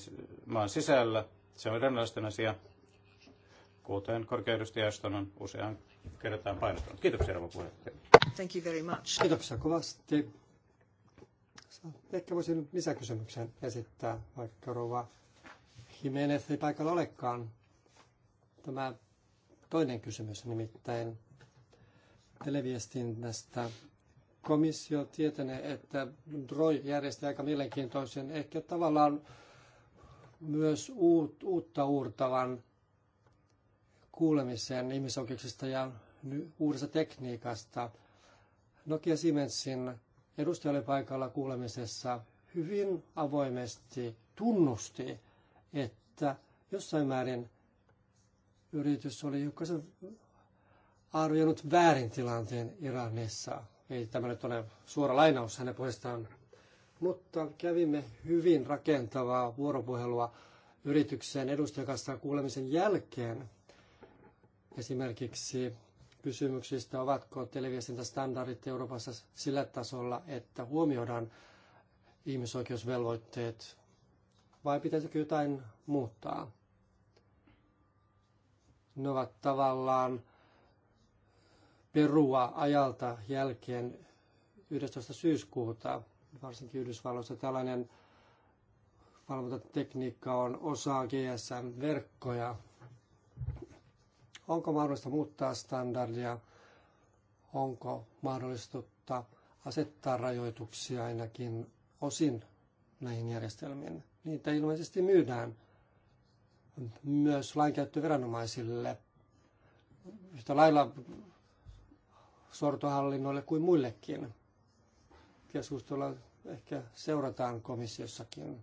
maan sisällä. Se on iranilaisten asia, kuten korkeudustaja Aston on usean kertaan painottanut. Kiitoksia, Rauha puheenjohtaja. Thank you very much. Kiitoksia kovasti. Ehkä voisin lisäkysymyksen esittää, vaikka rova Jimenez ei paikalla olekaan tämä toinen kysymys, nimittäin televiestinnästä. Komissio tietänee, että DROI järjestää aika mielenkiintoisen, ehkä tavallaan myös uut, uutta uurtavan kuulemisen ihmisoikeuksista ja uudesta tekniikasta. Nokia Siemensin edustaja oli paikalla kuulemisessa hyvin avoimesti tunnusti, että jossain määrin yritys oli hiukkasen arvioinut väärin tilanteen Iranissa. Ei tämä nyt ole suora lainaus hänen puheestaan, mutta kävimme hyvin rakentavaa vuoropuhelua yrityksen edustajakasta kuulemisen jälkeen. Esimerkiksi kysymyksistä, ovatko televiestintästandardit Euroopassa sillä tasolla, että huomioidaan ihmisoikeusvelvoitteet, vai pitäisikö jotain muuttaa. Ne ovat tavallaan perua ajalta jälkeen 11. syyskuuta, varsinkin Yhdysvalloissa. Tällainen valvontatekniikka on osa GSM-verkkoja. Onko mahdollista muuttaa standardia? Onko mahdollista asettaa rajoituksia ainakin osin näihin järjestelmiin? Niitä ilmeisesti myydään myös lainkäyttöviranomaisille, yhtä lailla sortohallinnoille kuin muillekin. Keskustelua ehkä seurataan komissiossakin.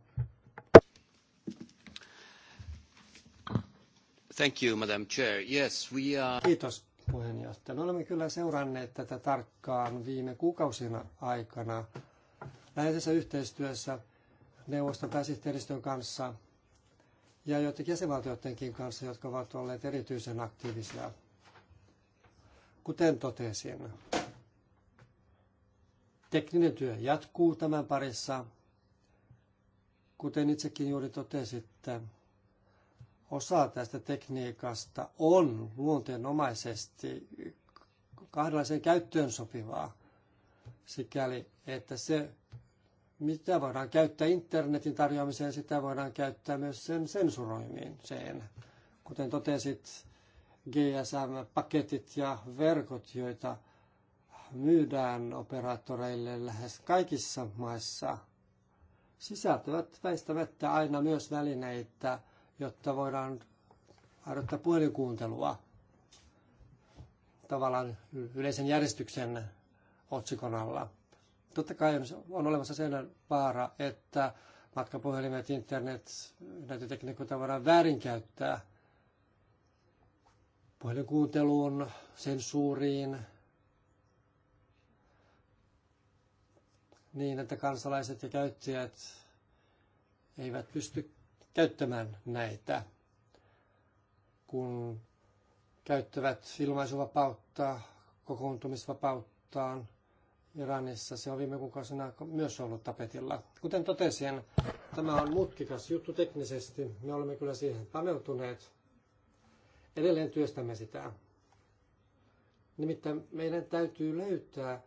Thank you, Madam Chair. Yes, we are... Kiitos puheenjohtaja. Me olemme kyllä seuranneet tätä tarkkaan viime kuukausina aikana läheisessä yhteistyössä neuvoston pääsihteeristön kanssa – ja joidenkin jäsenvaltioidenkin kanssa, jotka ovat olleet erityisen aktiivisia. Kuten totesin, tekninen työ jatkuu tämän parissa. Kuten itsekin juuri totesitte, osa tästä tekniikasta on luonteenomaisesti kahdenlaiseen käyttöön sopivaa, sikäli että se mitä voidaan käyttää internetin tarjoamiseen, sitä voidaan käyttää myös sen sensuroimiseen. Kuten totesit, GSM-paketit ja verkot, joita myydään operaattoreille lähes kaikissa maissa, sisältävät väistämättä aina myös välineitä, jotta voidaan harjoittaa puhelinkuuntelua tavallaan yleisen järjestyksen otsikon alla. Totta kai on olemassa sen vaara, että matkapuhelimet, internet, näitä tekniikoita voidaan väärinkäyttää puhelinkuunteluun, sensuuriin, niin että kansalaiset ja käyttäjät eivät pysty käyttämään näitä, kun käyttävät ilmaisuvapautta, kokoontumisvapauttaan, Iranissa. Se on viime kuukausina myös ollut tapetilla. Kuten totesin, tämä on mutkikas juttu teknisesti. Me olemme kyllä siihen paneutuneet. Edelleen työstämme sitä. Nimittäin meidän täytyy löytää,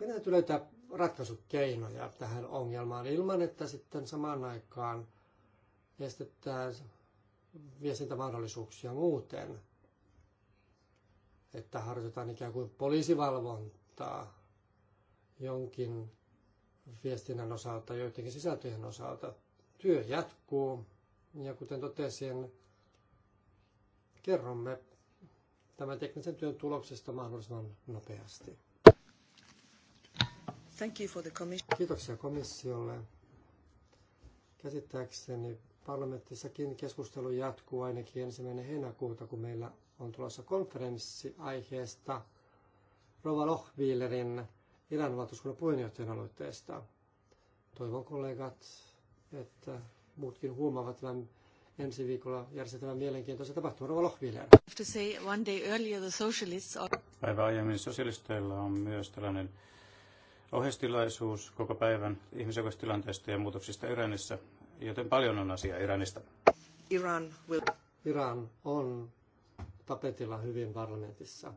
meidän täytyy löytää ratkaisukeinoja tähän ongelmaan ilman, että sitten samaan aikaan estetään viestintämahdollisuuksia muuten – että harjoitetaan ikään kuin poliisivalvontaa jonkin viestinnän osalta, joidenkin sisältöjen osalta. Työ jatkuu ja kuten totesin, kerromme tämän teknisen työn tuloksesta mahdollisimman nopeasti. Thank you for the commission. Kiitoksia komissiolle. Käsittääkseni parlamentissakin keskustelu jatkuu ainakin ensimmäinen heinäkuuta, kun meillä on tulossa konferenssi aiheesta Rova Lochbielerin Iranin valtuuskunnan puheenjohtajan aloitteesta. Toivon kollegat, että muutkin huomaavat tämän ensi viikolla järjestettävän mielenkiintoisen tapahtuman Rova Lochbieler. Päivä aiemmin sosialisteilla on myös tällainen ohjeistilaisuus koko päivän ihmisoikeustilanteesta ja muutoksista Iranissa, joten paljon on asiaa Iranista. Iran, will... Iran on tapetilla hyvin parlamentissa.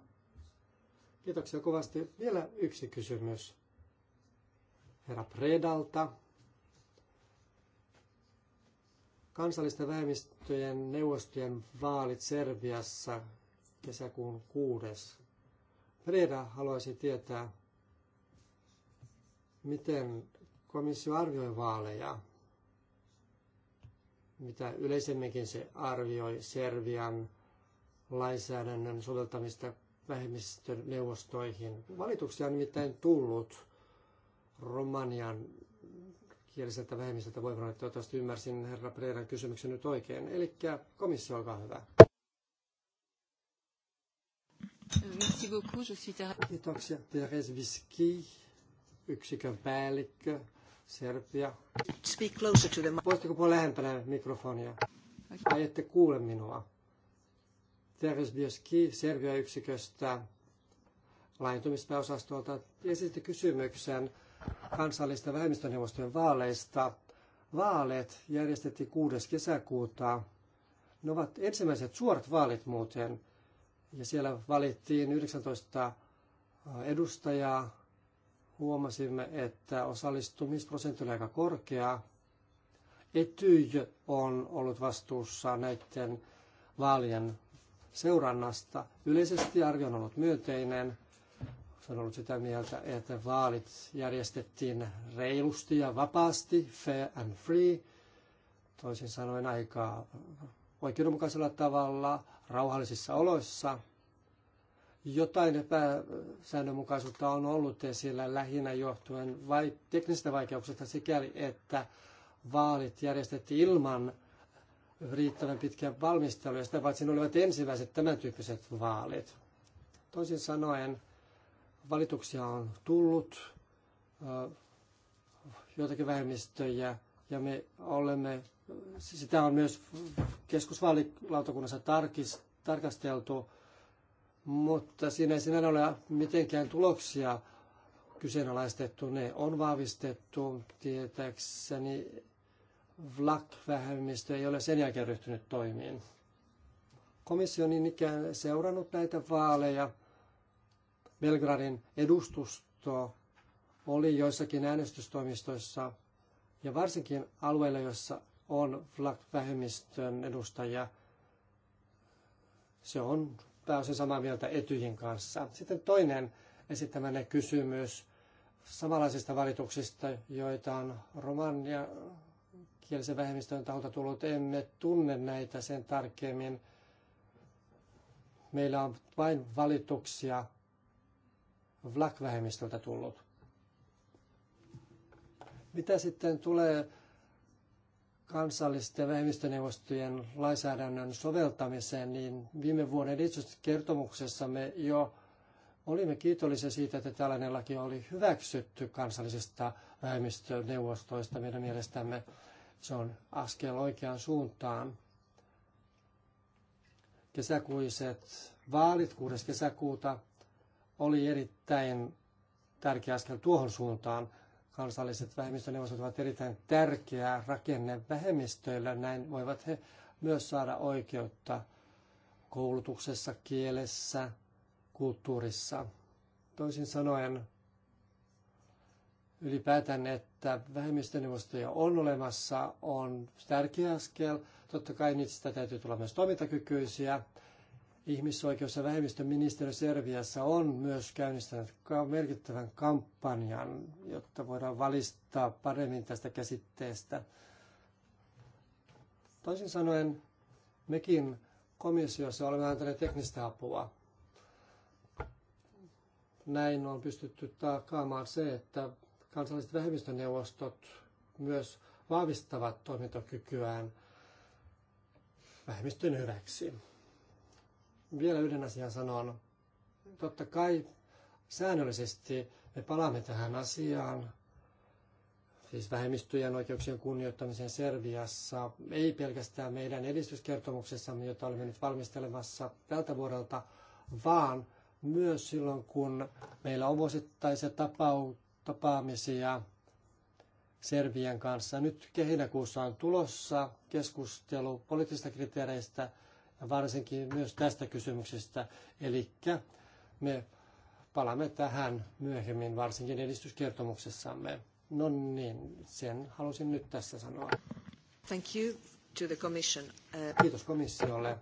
Kiitoksia kovasti. Vielä yksi kysymys herra Predalta. Kansallisten vähemmistöjen neuvostojen vaalit Serbiassa kesäkuun kuudes. Preda haluaisi tietää, miten komissio arvioi vaaleja, mitä yleisemminkin se arvioi Serbian lainsäädännön soveltamista vähemmistön neuvostoihin. Valituksia on nimittäin tullut romanian kieliseltä vähemmistöltä että Toivottavasti ymmärsin herra Preeran kysymyksen nyt oikein. Eli komissio, olkaa hyvä. Merci beaucoup, je suis Kiitoksia. Teres Viski, yksikön päällikkö, Serbia. Speak closer to the... Voisitteko puhua lähempänä mikrofonia? Okay. Aiotte kuule minua terveysbioski Serbia-yksiköstä laajentumispääosastolta esitti kysymyksen kansallista vähemmistöneuvostojen vaaleista. Vaalit järjestettiin 6. kesäkuuta. Ne ovat ensimmäiset suorat vaalit muuten. Ja siellä valittiin 19 edustajaa. Huomasimme, että osallistumisprosentti oli aika korkea. Etyj on ollut vastuussa näiden vaalien seurannasta. Yleisesti arvio on ollut myönteinen. Se on ollut sitä mieltä, että vaalit järjestettiin reilusti ja vapaasti, fair and free, toisin sanoen aika oikeudenmukaisella tavalla, rauhallisissa oloissa. Jotain epäsäännönmukaisuutta on ollut esillä lähinnä johtuen vai teknisistä vaikeuksista sikäli, että vaalit järjestettiin ilman riittävän pitkään valmistelu, ja sitä paitsi ne olivat ensimmäiset tämän tyyppiset vaalit. Toisin sanoen valituksia on tullut, joitakin vähemmistöjä, ja me olemme, sitä on myös keskusvaalilautakunnassa tarkis, tarkasteltu, mutta siinä ei sinänsä ole mitenkään tuloksia kyseenalaistettu, ne on vahvistettu tietääkseni VLAC-vähemmistö ei ole sen jälkeen ryhtynyt toimiin. Komissio on niin ikään seurannut näitä vaaleja. Belgradin edustusto oli joissakin äänestystoimistoissa ja varsinkin alueilla, joissa on vlak vähemmistön edustajia, se on pääosin samaa mieltä Etyjin kanssa. Sitten toinen esittämänne kysymys samanlaisista valituksista, joita on Romania, kielisen vähemmistön taholta tullut, emme tunne näitä sen tarkemmin. Meillä on vain valituksia Vlak-vähemmistöltä tullut. Mitä sitten tulee kansallisten vähemmistöneuvostojen lainsäädännön soveltamiseen, niin viime vuoden kertomuksessamme jo olimme kiitollisia siitä, että tällainen laki oli hyväksytty kansallisista vähemmistöneuvostoista meidän mielestämme. Se on askel oikeaan suuntaan. Kesäkuiset vaalit 6. kesäkuuta oli erittäin tärkeä askel tuohon suuntaan. Kansalliset vähemmistöneuvostot ovat erittäin tärkeää rakenne vähemmistöillä. Näin voivat he myös saada oikeutta koulutuksessa, kielessä, kulttuurissa. Toisin sanoen ylipäätään, että vähemmistöneuvostoja on olemassa, on tärkeä askel. Totta kai niistä täytyy tulla myös toimintakykyisiä. Ihmisoikeus- ja vähemmistöministeriö Serviassa on myös käynnistänyt merkittävän kampanjan, jotta voidaan valistaa paremmin tästä käsitteestä. Toisin sanoen, mekin komissiossa olemme antaneet teknistä apua. Näin on pystytty takaamaan se, että kansalliset vähemmistöneuvostot myös vahvistavat toimintakykyään vähemmistön hyväksi. Vielä yhden asian sanon. Totta kai säännöllisesti me palaamme tähän asiaan, siis vähemmistöjen oikeuksien kunnioittamisen Serviassa, ei pelkästään meidän edistyskertomuksessamme, jota olemme nyt valmistelemassa tältä vuodelta, vaan myös silloin, kun meillä on vuosittaiset tapaukset, tapaamisia Serbian kanssa. Nyt kehinäkuussa on tulossa keskustelu poliittisista kriteereistä ja varsinkin myös tästä kysymyksestä. Eli me palaamme tähän myöhemmin, varsinkin edistyskertomuksessamme. No niin, sen halusin nyt tässä sanoa. Thank you to the commission. Uh... Kiitos komissiolle.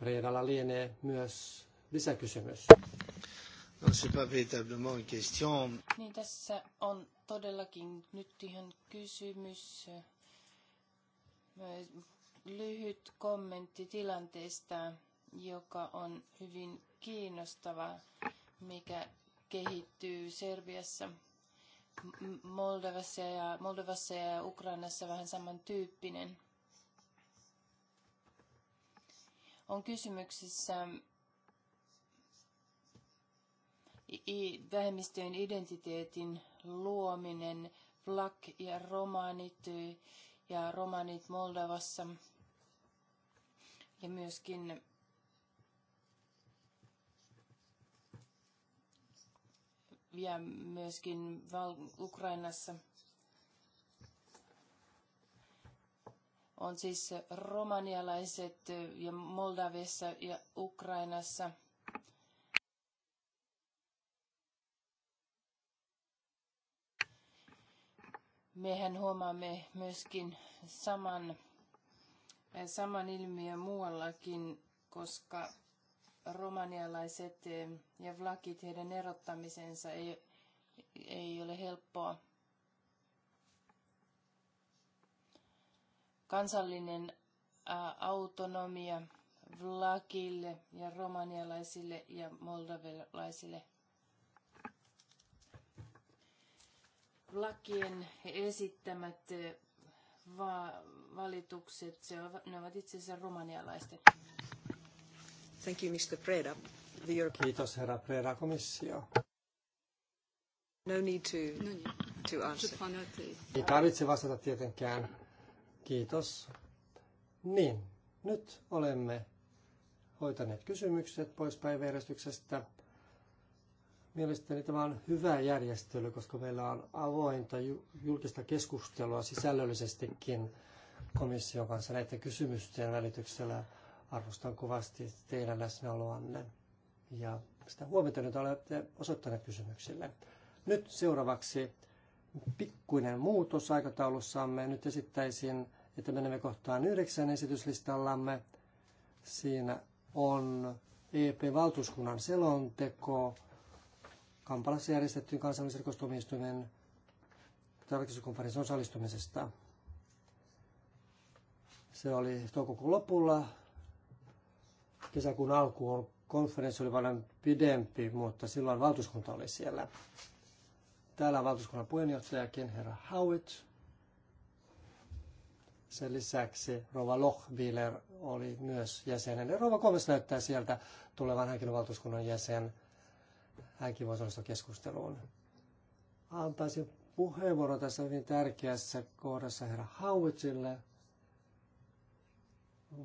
Reidalla lienee myös lisäkysymys. Niin tässä on todellakin nyt ihan kysymys. Lyhyt kommentti tilanteesta, joka on hyvin kiinnostava, mikä kehittyy Serbiassa, Moldovassa ja, Moldovassa ja Ukrainassa vähän samantyyppinen. On kysymyksessä vähemmistöjen identiteetin luominen, Black ja romanit ja romanit Moldavassa ja myöskin ja myöskin Ukrainassa on siis romanialaiset ja Moldavissa ja Ukrainassa – mehän huomaamme myöskin saman, äh, saman ilmiön muuallakin, koska romanialaiset äh, ja vlakit, heidän erottamisensa ei, ei ole helppoa. Kansallinen äh, autonomia vlakille ja romanialaisille ja moldavilaisille lakien esittämät va- valitukset, se on, ne ovat itse asiassa romanialaisten. Thank you, Mr. Preda. The European... Kiitos, herra Preda, komissio. No need to, no need. to answer. Ei tarvitse vastata tietenkään. Kiitos. Niin, nyt olemme hoitaneet kysymykset pois päiväjärjestyksestä. Mielestäni tämä on hyvä järjestely, koska meillä on avointa julkista keskustelua sisällöllisestikin komission kanssa näiden kysymysten välityksellä. Arvostan kovasti teidän läsnäoloanne ja sitä huomiota, nyt olette osoittaneet kysymyksille. Nyt seuraavaksi pikkuinen muutos aikataulussamme. Nyt esittäisin, että menemme kohtaan yhdeksän esityslistallamme. Siinä on EP-valtuuskunnan selonteko Kampalassa järjestettyyn kansallisrikostuomioistuimen tarkistuskonferenssin osallistumisesta. Se oli toukokuun lopulla. Kesäkuun alkuun konferenssi oli paljon pidempi, mutta silloin valtuuskunta oli siellä. Täällä on valtuuskunnan puheenjohtajakin, herra Howitt. Sen lisäksi Rova Lochbieler oli myös jäsenen. Rova Koves näyttää sieltä tulevan hänkin valtuuskunnan jäsen hänkin voisi osallistua keskusteluun. Antaisin puheenvuoron tässä hyvin tärkeässä kohdassa herra Hauitsille.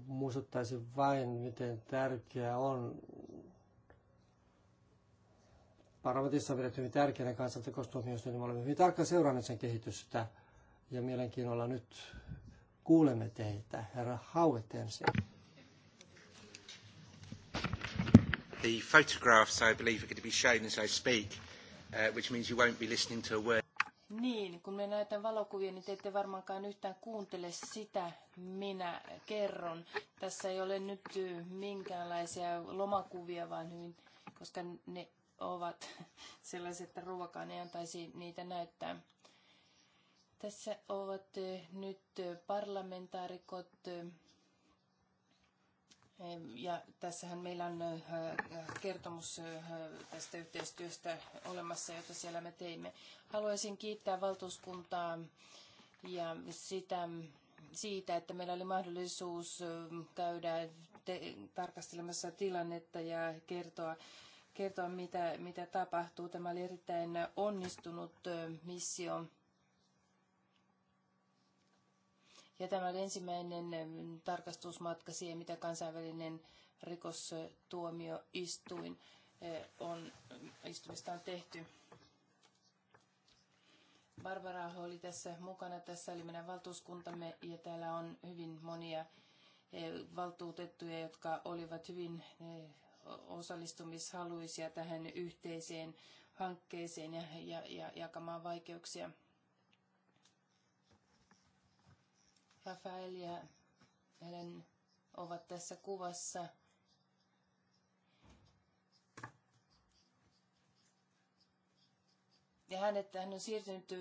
Muistuttaisin vain, miten tärkeää on parlamentissa on pidetty hyvin tärkeänä kansantekostuomioistuin, niin me olemme hyvin tarkkaan seuranneet sen kehitystä ja mielenkiinnolla nyt kuulemme teitä, herra Hauet ensin. The photographs, I believe, are going to be shown as I speak, uh, which means you won't be listening to a word. Niin, kun me näytän valokuvia, niin te ette varmaankaan yhtään kuuntele sitä, minä kerron. Tässä ei ole nyt minkäänlaisia lomakuvia, vaan hyvin, koska ne ovat sellaiset, että ruokaan ei antaisi niitä näyttää. Tässä ovat nyt parlamentaarikot ja tässähän meillä on kertomus tästä yhteistyöstä olemassa, jota siellä me teimme. Haluaisin kiittää valtuuskuntaa ja sitä, siitä, että meillä oli mahdollisuus käydä te- tarkastelemassa tilannetta ja kertoa, kertoa mitä, mitä tapahtuu. Tämä oli erittäin onnistunut missio Ja tämä oli ensimmäinen tarkastusmatka siihen, mitä kansainvälinen rikostuomioistuin e, on, istumista on tehty. Barbara oli tässä mukana. Tässä oli meidän valtuuskuntamme ja täällä on hyvin monia e, valtuutettuja, jotka olivat hyvin e, osallistumishaluisia tähän yhteiseen hankkeeseen ja, ja, ja jakamaan vaikeuksia. Rafael ja Ellen ovat tässä kuvassa. Ja hänet, hän on siirtynyt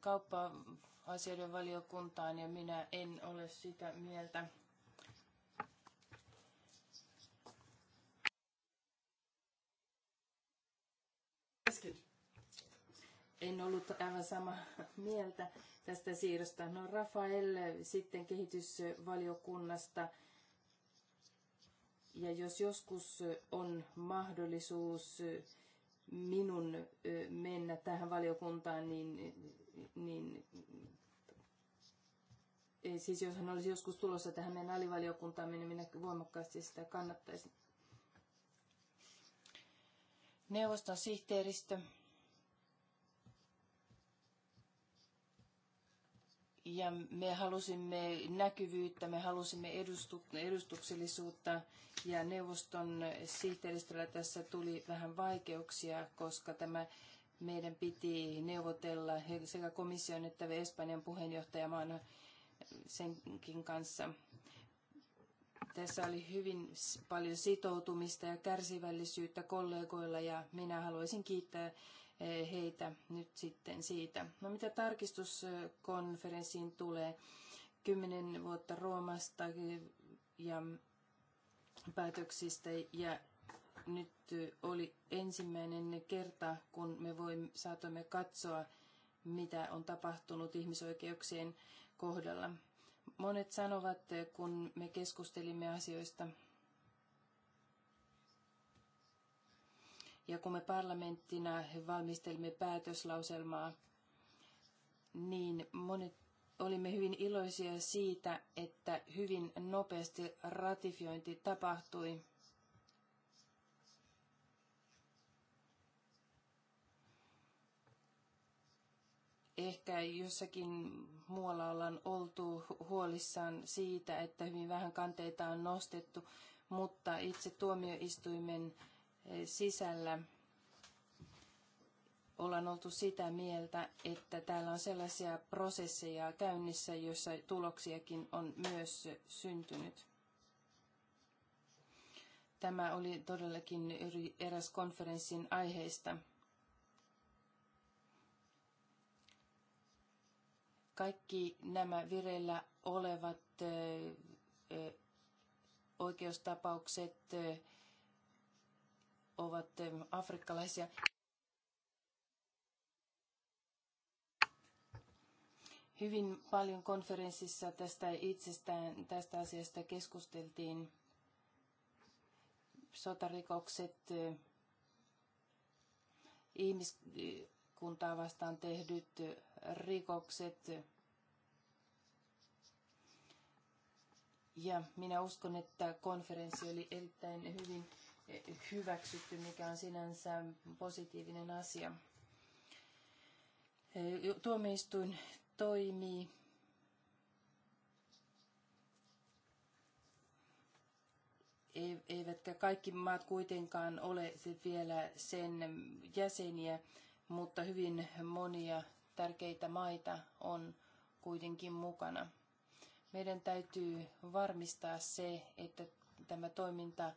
kauppa-asioiden valiokuntaan ja minä en ole sitä mieltä. En ollut aivan sama mieltä tästä siirrosta. No Rafael sitten kehitysvaliokunnasta. Ja jos joskus on mahdollisuus minun mennä tähän valiokuntaan, niin, niin siis jos hän olisi joskus tulossa tähän meidän alivaliokuntaan, niin minä voimakkaasti sitä kannattaisin. Neuvoston sihteeristö ja me halusimme näkyvyyttä, me halusimme edustu- edustuksellisuutta ja neuvoston sihteeristöllä tässä tuli vähän vaikeuksia, koska tämä meidän piti neuvotella sekä komission että Espanjan puheenjohtajamaana senkin kanssa. Tässä oli hyvin paljon sitoutumista ja kärsivällisyyttä kollegoilla ja minä haluaisin kiittää Eh, heitä nyt sitten siitä. No mitä tarkistuskonferenssiin tulee, kymmenen vuotta Roomasta eh, ja päätöksistä ja nyt eh, oli ensimmäinen kerta, kun me voimme, saatoimme katsoa, mitä on tapahtunut ihmisoikeuksien kohdalla. Monet sanovat, kun me keskustelimme asioista Ja kun me parlamenttina valmistelimme päätöslauselmaa, niin monet olimme hyvin iloisia siitä, että hyvin nopeasti ratifiointi tapahtui. ehkä jossakin muualla ollaan oltu huolissaan siitä, että hyvin vähän kanteita on nostettu, mutta itse tuomioistuimen sisällä ollaan oltu sitä mieltä, että täällä on sellaisia prosesseja käynnissä, joissa tuloksiakin on myös syntynyt. Tämä oli todellakin eräs konferenssin aiheista. Kaikki nämä vireillä olevat oikeustapaukset, ovat afrikkalaisia. Hyvin paljon konferenssissa tästä itsestään, tästä asiasta keskusteltiin. Sotarikokset, ihmiskuntaa vastaan tehdyt rikokset. Ja minä uskon, että konferenssi oli erittäin hyvin hyväksytty, mikä on sinänsä positiivinen asia. Tuomioistuin toimii eivätkä kaikki maat kuitenkaan ole vielä sen jäseniä, mutta hyvin monia tärkeitä maita on kuitenkin mukana. Meidän täytyy varmistaa se, että tämä toiminta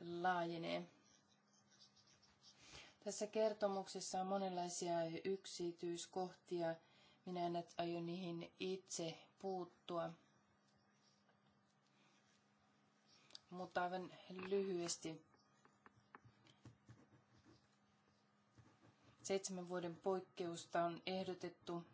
laajenee. Tässä kertomuksessa on monenlaisia yksityiskohtia. Minä en aio niihin itse puuttua. Mutta aivan lyhyesti. Seitsemän vuoden poikkeusta on ehdotettu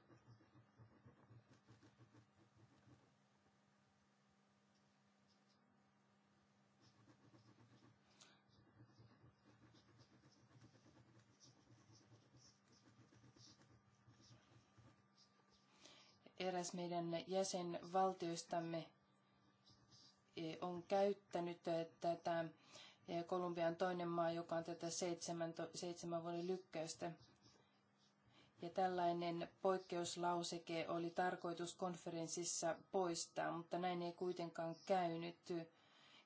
eräs meidän jäsenvaltioistamme e, on käyttänyt e, tätä e, Kolumbian toinen maa, joka on tätä seitsemän, seitsemän vuoden lykkäystä. Ja tällainen poikkeuslauseke oli tarkoitus konferenssissa poistaa, mutta näin ei kuitenkaan käynyt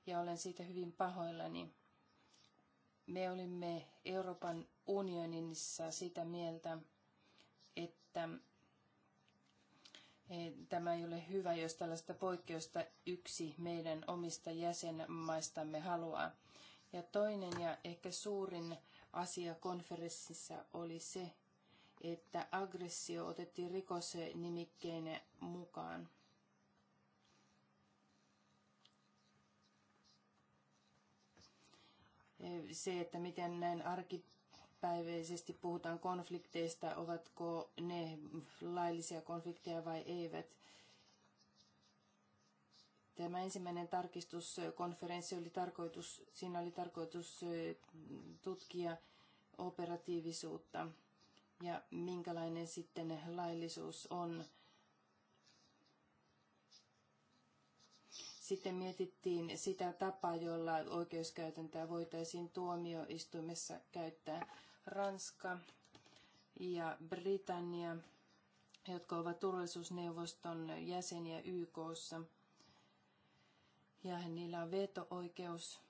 ja olen siitä hyvin pahoillani. Me olimme Euroopan unionissa sitä mieltä, että Tämä ei ole hyvä, jos tällaista poikkeusta yksi meidän omista jäsenmaistamme haluaa. Ja toinen ja ehkä suurin asia konferenssissa oli se, että aggressio otettiin rikosnimikkeen mukaan. Se, että miten näin arki päiväisesti puhutaan konflikteista, ovatko ne laillisia konflikteja vai eivät. Tämä ensimmäinen tarkistuskonferenssi oli tarkoitus, siinä oli tarkoitus tutkia operatiivisuutta ja minkälainen sitten laillisuus on. Sitten mietittiin sitä tapaa, jolla oikeuskäytäntöä voitaisiin tuomioistuimessa käyttää. Ranska ja Britannia, jotka ovat turvallisuusneuvoston jäseniä YKssa. Ja niillä on veto-oikeus.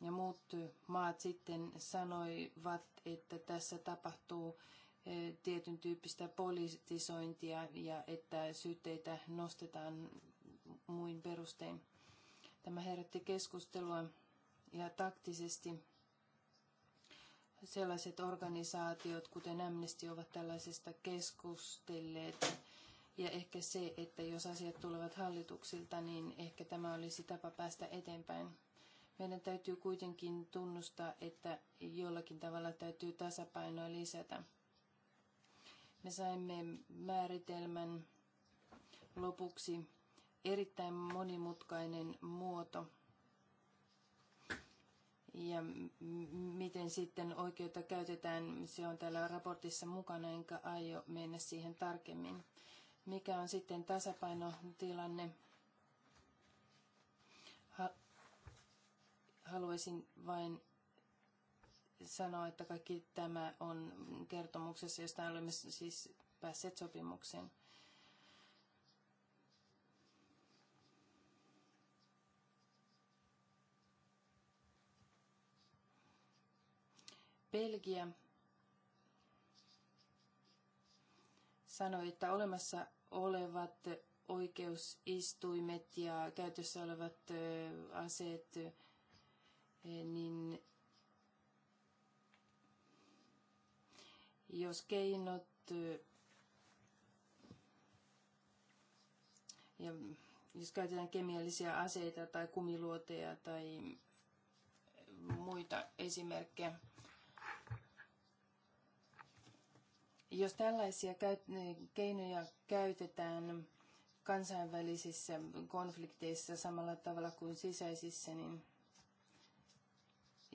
Ja muut maat sitten sanoivat, että tässä tapahtuu e, tietyn tyyppistä politisointia ja että syytteitä nostetaan muin perustein. Tämä herätti keskustelua ja taktisesti Sellaiset organisaatiot, kuten Amnesty, ovat tällaisesta keskustelleet. Ja ehkä se, että jos asiat tulevat hallituksilta, niin ehkä tämä olisi tapa päästä eteenpäin. Meidän täytyy kuitenkin tunnustaa, että jollakin tavalla täytyy tasapainoa lisätä. Me saimme määritelmän lopuksi erittäin monimutkainen muoto. Ja miten sitten oikeutta käytetään, se on täällä raportissa mukana, enkä aio mennä siihen tarkemmin. Mikä on sitten tasapainotilanne? Haluaisin vain sanoa, että kaikki tämä on kertomuksessa, josta olemme siis päässeet sopimukseen. Belgia sanoi, että olemassa olevat oikeusistuimet ja käytössä olevat aseet, niin jos keinot ja jos käytetään kemiallisia aseita tai kumiluoteja tai muita esimerkkejä, Jos tällaisia keinoja käytetään kansainvälisissä konflikteissa samalla tavalla kuin sisäisissä, niin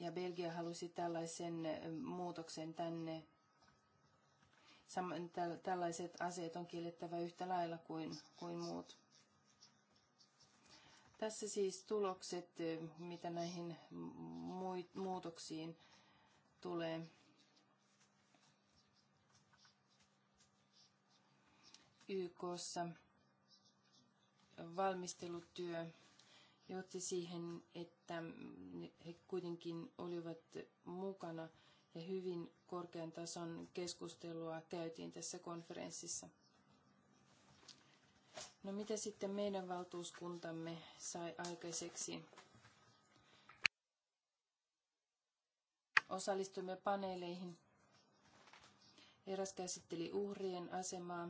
ja Belgia halusi tällaisen muutoksen tänne. Tällaiset aseet on kiellettävä yhtä lailla kuin, kuin muut. Tässä siis tulokset, mitä näihin muutoksiin tulee. YKssa valmistelutyö johti siihen, että he kuitenkin olivat mukana ja hyvin korkean tason keskustelua käytiin tässä konferenssissa. No mitä sitten meidän valtuuskuntamme sai aikaiseksi? Osallistuimme paneeleihin. Eräs käsitteli uhrien asemaa,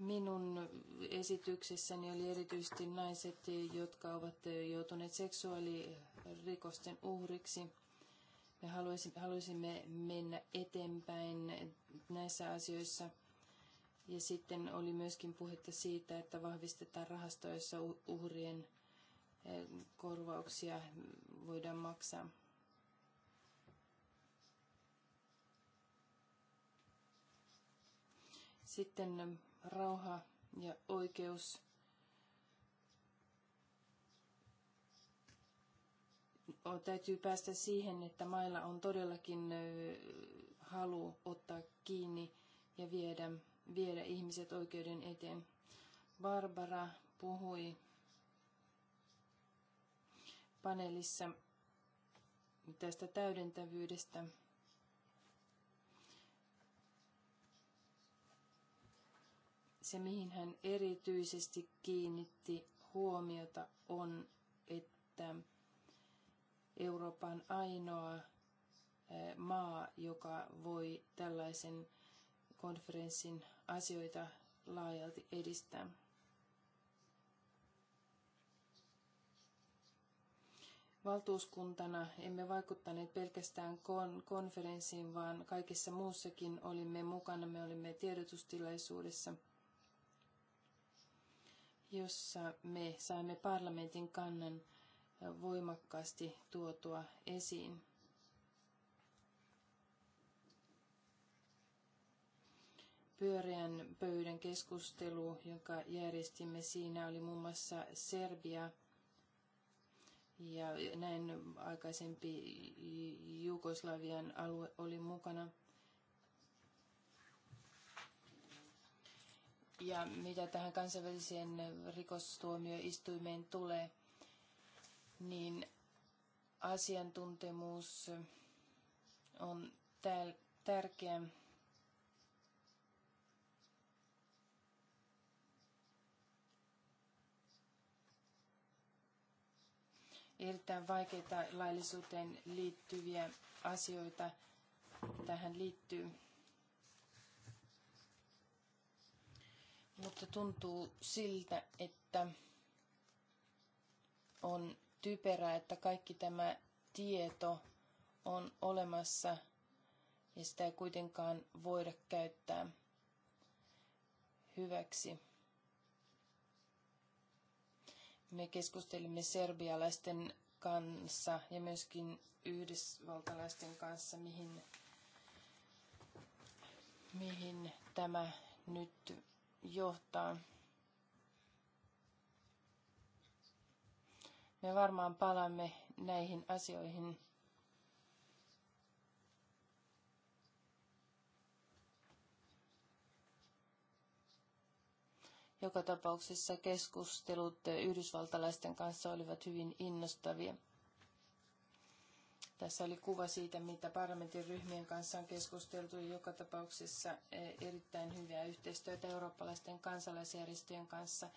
Minun esityksessäni oli erityisesti naiset, jotka ovat joutuneet seksuaalirikosten uhriksi. Me haluaisimme mennä eteenpäin näissä asioissa. Ja sitten oli myöskin puhetta siitä, että vahvistetaan rahastoissa uhrien eh, korvauksia voidaan maksaa. Sitten rauha ja oikeus täytyy päästä siihen, että mailla on todellakin halu ottaa kiinni ja viedä, viedä ihmiset oikeuden eteen. Barbara puhui paneelissa tästä täydentävyydestä Se, mihin hän erityisesti kiinnitti huomiota, on, että Euroopan ainoa maa, joka voi tällaisen konferenssin asioita laajalti edistää. Valtuuskuntana emme vaikuttaneet pelkästään kon- konferenssiin, vaan kaikessa muussakin olimme mukana. Me olimme tiedotustilaisuudessa – jossa me saimme parlamentin kannan voimakkaasti tuotua esiin. Pyöreän pöydän keskustelu, jonka järjestimme, siinä oli muun muassa Serbia ja näin aikaisempi Jugoslavian alue oli mukana – Ja mitä tähän kansainväliseen rikostuomioistuimeen tulee, niin asiantuntemus on tärkeä. Erittäin vaikeita laillisuuteen liittyviä asioita tähän liittyy. Mutta tuntuu siltä, että on typerää, että kaikki tämä tieto on olemassa ja sitä ei kuitenkaan voida käyttää hyväksi. Me keskustelimme serbialaisten kanssa ja myöskin yhdysvaltalaisten kanssa, mihin, mihin tämä nyt johtaa. Me varmaan palaamme näihin asioihin. Joka tapauksessa keskustelut yhdysvaltalaisten kanssa olivat hyvin innostavia. Tässä oli kuva siitä, mitä parlamentin ryhmien kanssa on keskusteltu joka tapauksessa e, erittäin hyvää yhteistyötä eurooppalaisten kansalaisjärjestöjen kanssa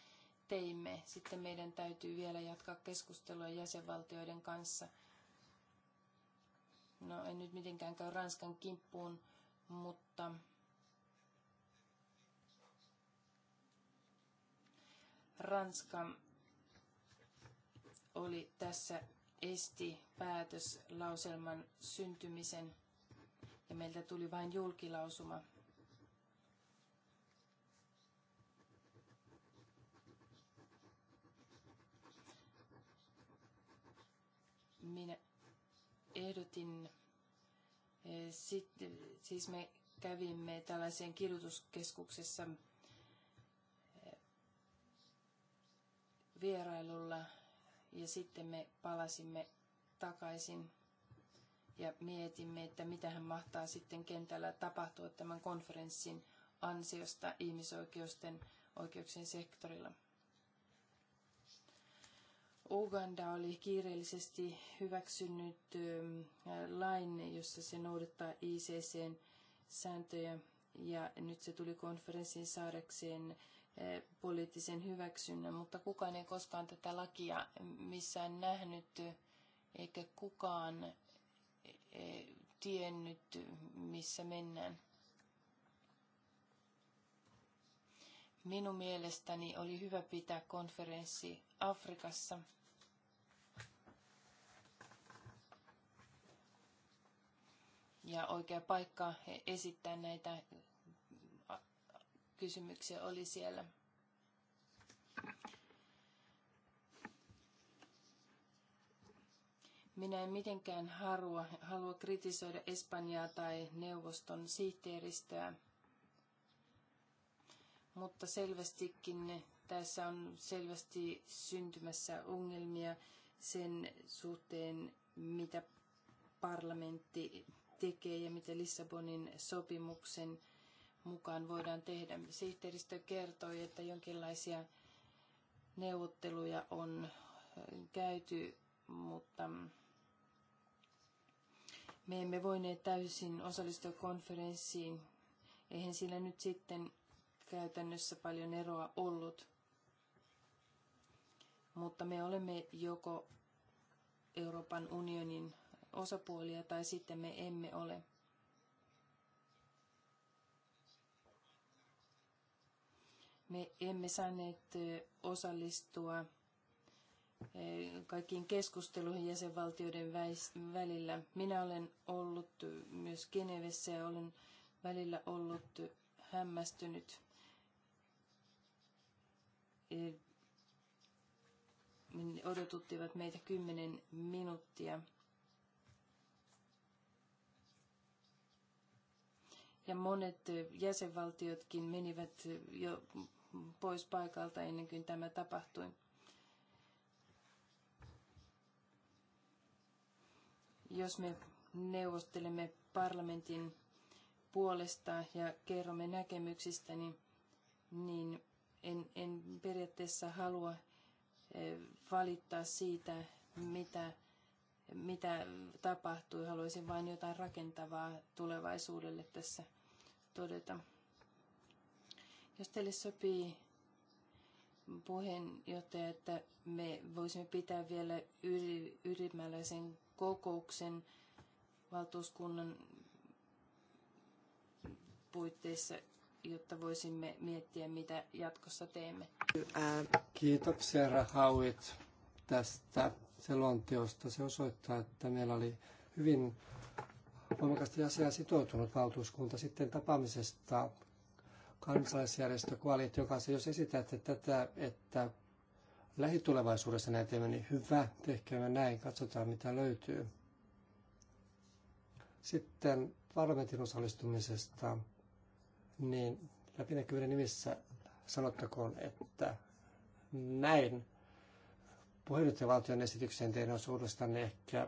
teimme. Sitten meidän täytyy vielä jatkaa keskustelua jäsenvaltioiden kanssa. No en nyt mitenkään käy Ranskan kimppuun, mutta Ranska oli tässä esti päätöslauselman syntymisen ja meiltä tuli vain julkilausuma. Minä ehdotin, eh, sit, siis me kävimme tällaiseen kirjoituskeskuksessa eh, vierailulla ja sitten me palasimme takaisin ja mietimme, että mitä hän mahtaa sitten kentällä tapahtua tämän konferenssin ansiosta ihmisoikeusten oikeuksien sektorilla. Uganda oli kiireellisesti hyväksynyt ähm, lain, jossa se noudattaa icc sääntöjä ja nyt se tuli konferenssin saadakseen Eh, poliittisen hyväksynnän, mutta kukaan ei koskaan tätä lakia missään nähnyt, eikä kukaan eh, tiennyt, missä mennään. Minun mielestäni oli hyvä pitää konferenssi Afrikassa. Ja oikea paikka esittää näitä kysymyksiä oli siellä. Minä en mitenkään halua, halua kritisoida Espanjaa tai neuvoston sihteeristöä, mutta selvästikin tässä on selvästi syntymässä ongelmia sen suhteen, mitä parlamentti tekee ja mitä Lissabonin sopimuksen mukaan voidaan tehdä. Sihteeristö kertoi, että jonkinlaisia neuvotteluja on äh, käyty, mutta me emme voineet täysin osallistua konferenssiin. Eihän sillä nyt sitten käytännössä paljon eroa ollut. Mutta me olemme joko Euroopan unionin osapuolia tai sitten me emme ole. Me emme saaneet osallistua kaikkiin keskusteluihin jäsenvaltioiden välillä. Minä olen ollut myös Genevessä ja olen välillä ollut hämmästynyt niin odotuttivat meitä kymmenen minuuttia. Ja monet jäsenvaltiotkin menivät jo pois paikalta ennen kuin tämä tapahtui. Jos me neuvostelemme parlamentin puolesta ja kerromme näkemyksistä, niin, niin en, en periaatteessa halua eh, valittaa siitä, mitä, mitä tapahtui. Haluaisin vain jotain rakentavaa tulevaisuudelle tässä todeta. Jos teille sopii puheenjohtaja, että me voisimme pitää vielä ylimääräisen kokouksen valtuuskunnan puitteissa, jotta voisimme miettiä, mitä jatkossa teemme. Kiitoksia Rahauit tästä selonteosta. Se osoittaa, että meillä oli hyvin voimakasta asiaa sitoutunut valtuuskunta sitten tapaamisesta kansalaisjärjestö Koalitio kanssa, jos esitätte tätä, että lähitulevaisuudessa näin teemme, niin hyvä, tehkäämme näin, katsotaan mitä löytyy. Sitten parlamentin osallistumisesta, niin läpinäkyvyyden nimissä sanottakoon, että näin valtion esitykseen teidän osuudestanne ehkä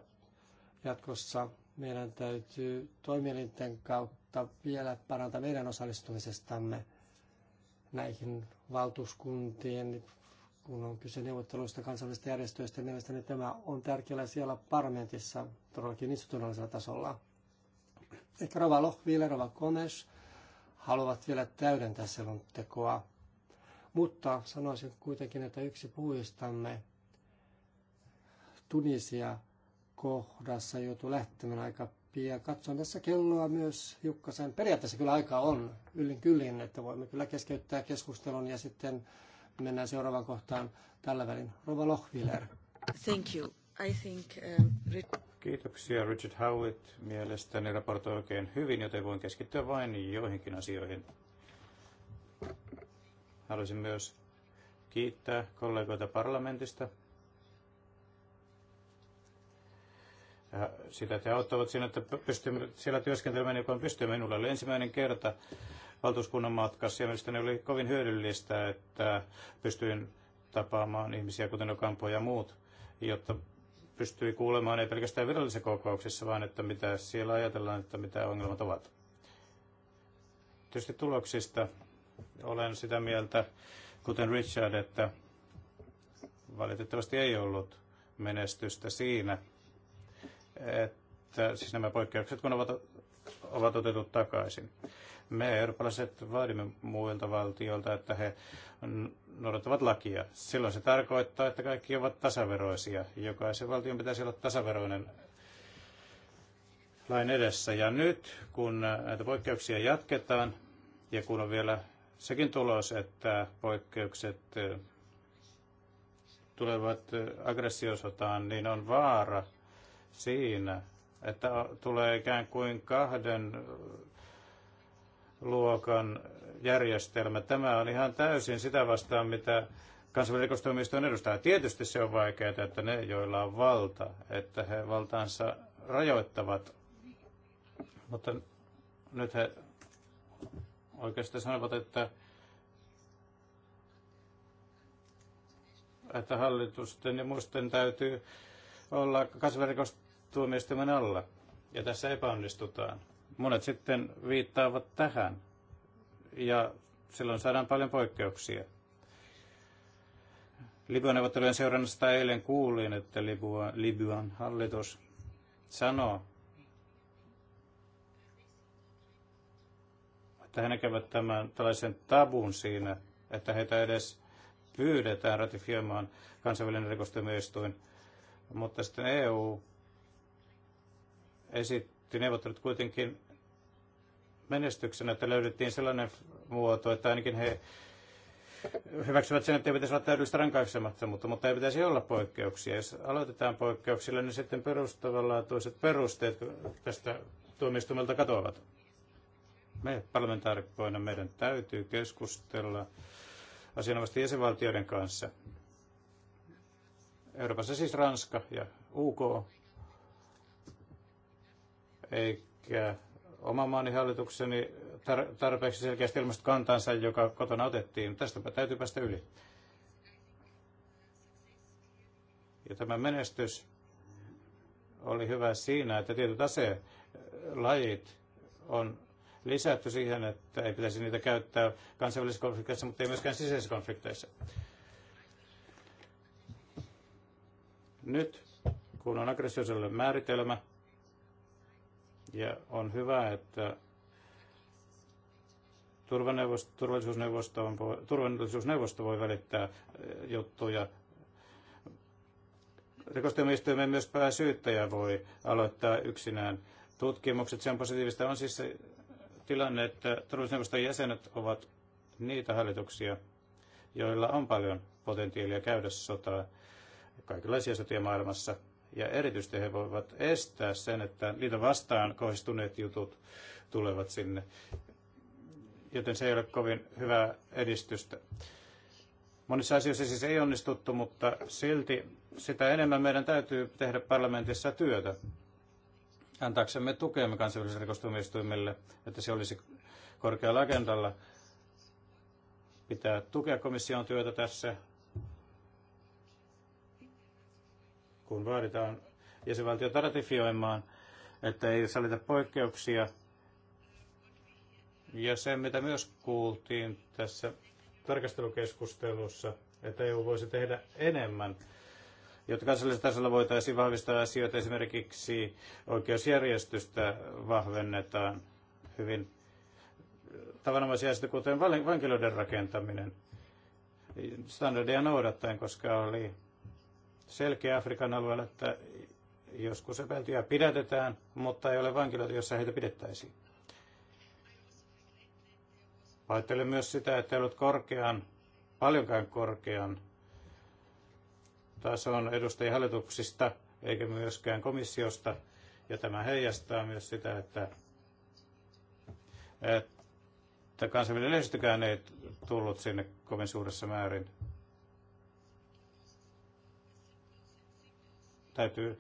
jatkossa meidän täytyy toimielinten kautta mutta vielä parantaa meidän osallistumisestamme näihin valtuuskuntien, kun on kyse neuvotteluista kansallisista järjestöistä. Mielestäni tämä on tärkeää siellä parlamentissa todellakin institutionaalisella tasolla. Ehkä Rova Lohville, Rova Komes haluavat vielä täydentää selontekoa. Mutta sanoisin kuitenkin, että yksi puhujistamme Tunisia kohdassa joutui lähtemään aika läpi. Ja katson tässä kelloa myös Jukkasen. Periaatteessa kyllä aika on yllin kyllin, että voimme kyllä keskeyttää keskustelun ja sitten mennään seuraavaan kohtaan tällä välin. Rova Lohviler. Thank you. I think, um, Richard... Kiitoksia. Richard Howitt mielestäni raportoi oikein hyvin, joten voin keskittyä vain joihinkin asioihin. Haluaisin myös kiittää kollegoita parlamentista sitä, että auttavat siinä, että pystyn siellä työskentelemään, joka pystyy minulle. Oli ensimmäinen kerta valtuuskunnan matkassa ja mielestäni oli kovin hyödyllistä, että pystyin tapaamaan ihmisiä, kuten Okampo ja muut, jotta pystyi kuulemaan ei pelkästään virallisissa kokouksissa, vaan että mitä siellä ajatellaan, että mitä ongelmat ovat. Tietysti tuloksista olen sitä mieltä, kuten Richard, että valitettavasti ei ollut menestystä siinä, että siis nämä poikkeukset kun ovat, ovat otettu takaisin. Me eurooppalaiset vaadimme muilta valtioilta, että he noudattavat lakia. Silloin se tarkoittaa, että kaikki ovat tasaveroisia. Jokaisen valtion pitäisi olla tasaveroinen lain edessä. Ja nyt, kun näitä poikkeuksia jatketaan, ja kun on vielä sekin tulos, että poikkeukset äh, tulevat äh, aggressiosotaan, niin on vaara, siinä, että tulee ikään kuin kahden luokan järjestelmä. Tämä on ihan täysin sitä vastaan, mitä kansainvälinen edustaa. Tietysti se on vaikeaa, että ne, joilla on valta, että he valtaansa rajoittavat. Mutta nyt he oikeastaan sanovat, että, että hallitusten ja muisten täytyy olla kansainvälirikos tuomioistuimen alla, ja tässä epäonnistutaan. Monet sitten viittaavat tähän, ja silloin saadaan paljon poikkeuksia. Libyan-neuvottelujen seurannasta eilen kuulin, että Libyan, Libyan hallitus sanoo, että he näkevät tämän tällaisen tabun siinä, että heitä edes pyydetään ratifioimaan kansainvälinen rikostuomioistuin. Mutta sitten EU esitti neuvottelut kuitenkin menestyksenä, että löydettiin sellainen muoto, että ainakin he hyväksyvät sen, että ei pitäisi olla täydellistä rankaisematta, mutta, mutta ei pitäisi olla poikkeuksia. Jos aloitetaan poikkeuksilla, niin sitten perustavanlaatuiset perusteet tästä tuomistumelta katoavat. Me parlamentaarikkoina meidän täytyy keskustella asianomaisten jäsenvaltioiden kanssa. Euroopassa siis Ranska ja UK eikä oma maani hallitukseni tarpeeksi selkeästi ilmaista kantansa, joka kotona otettiin. Tästä täytyy päästä yli. Ja tämä menestys oli hyvä siinä, että tietyt aselajit on lisätty siihen, että ei pitäisi niitä käyttää kansainvälisissä konflikteissa, mutta ei myöskään sisäisissä konflikteissa. Nyt, kun on aggressiiviselle määritelmä, ja on hyvä, että turvallisuusneuvosto, on, turvallisuusneuvosto voi välittää juttuja. Rikostuomioistuimen myös pääsyyttäjä voi aloittaa yksinään tutkimukset. Se on positiivista. On siis se tilanne, että turvallisuusneuvoston jäsenet ovat niitä hallituksia, joilla on paljon potentiaalia käydä sotaa kaikenlaisia sotia maailmassa. Ja erityisesti he voivat estää sen, että niitä vastaan kohdistuneet jutut tulevat sinne. Joten se ei ole kovin hyvää edistystä. Monissa asioissa siis ei onnistuttu, mutta silti sitä enemmän meidän täytyy tehdä parlamentissa työtä antaaksemme tukemme kansainvälisille rikostuomioistuimille, että se olisi korkealla agendalla. Pitää tukea komission työtä tässä, kun vaaditaan jäsenvaltiota ratifioimaan, että ei sallita poikkeuksia. Ja se, mitä myös kuultiin tässä tarkastelukeskustelussa, että EU voisi tehdä enemmän, jotta kansallisella tasolla voitaisiin vahvistaa asioita, esimerkiksi oikeusjärjestystä vahvennetaan hyvin tavanomaisia asioita, kuten vankiloiden rakentaminen standardia noudattaen, koska oli selkeä Afrikan alueella, että joskus epäiltyjä pidätetään, mutta ei ole vankiloita, jossa heitä pidettäisiin. Pahoittelen myös sitä, että ei ollut korkean, paljonkaan korkean tason edustajien hallituksista eikä myöskään komissiosta. Ja tämä heijastaa myös sitä, että, että kansainvälinen ei tullut sinne kovin suuressa määrin Täytyy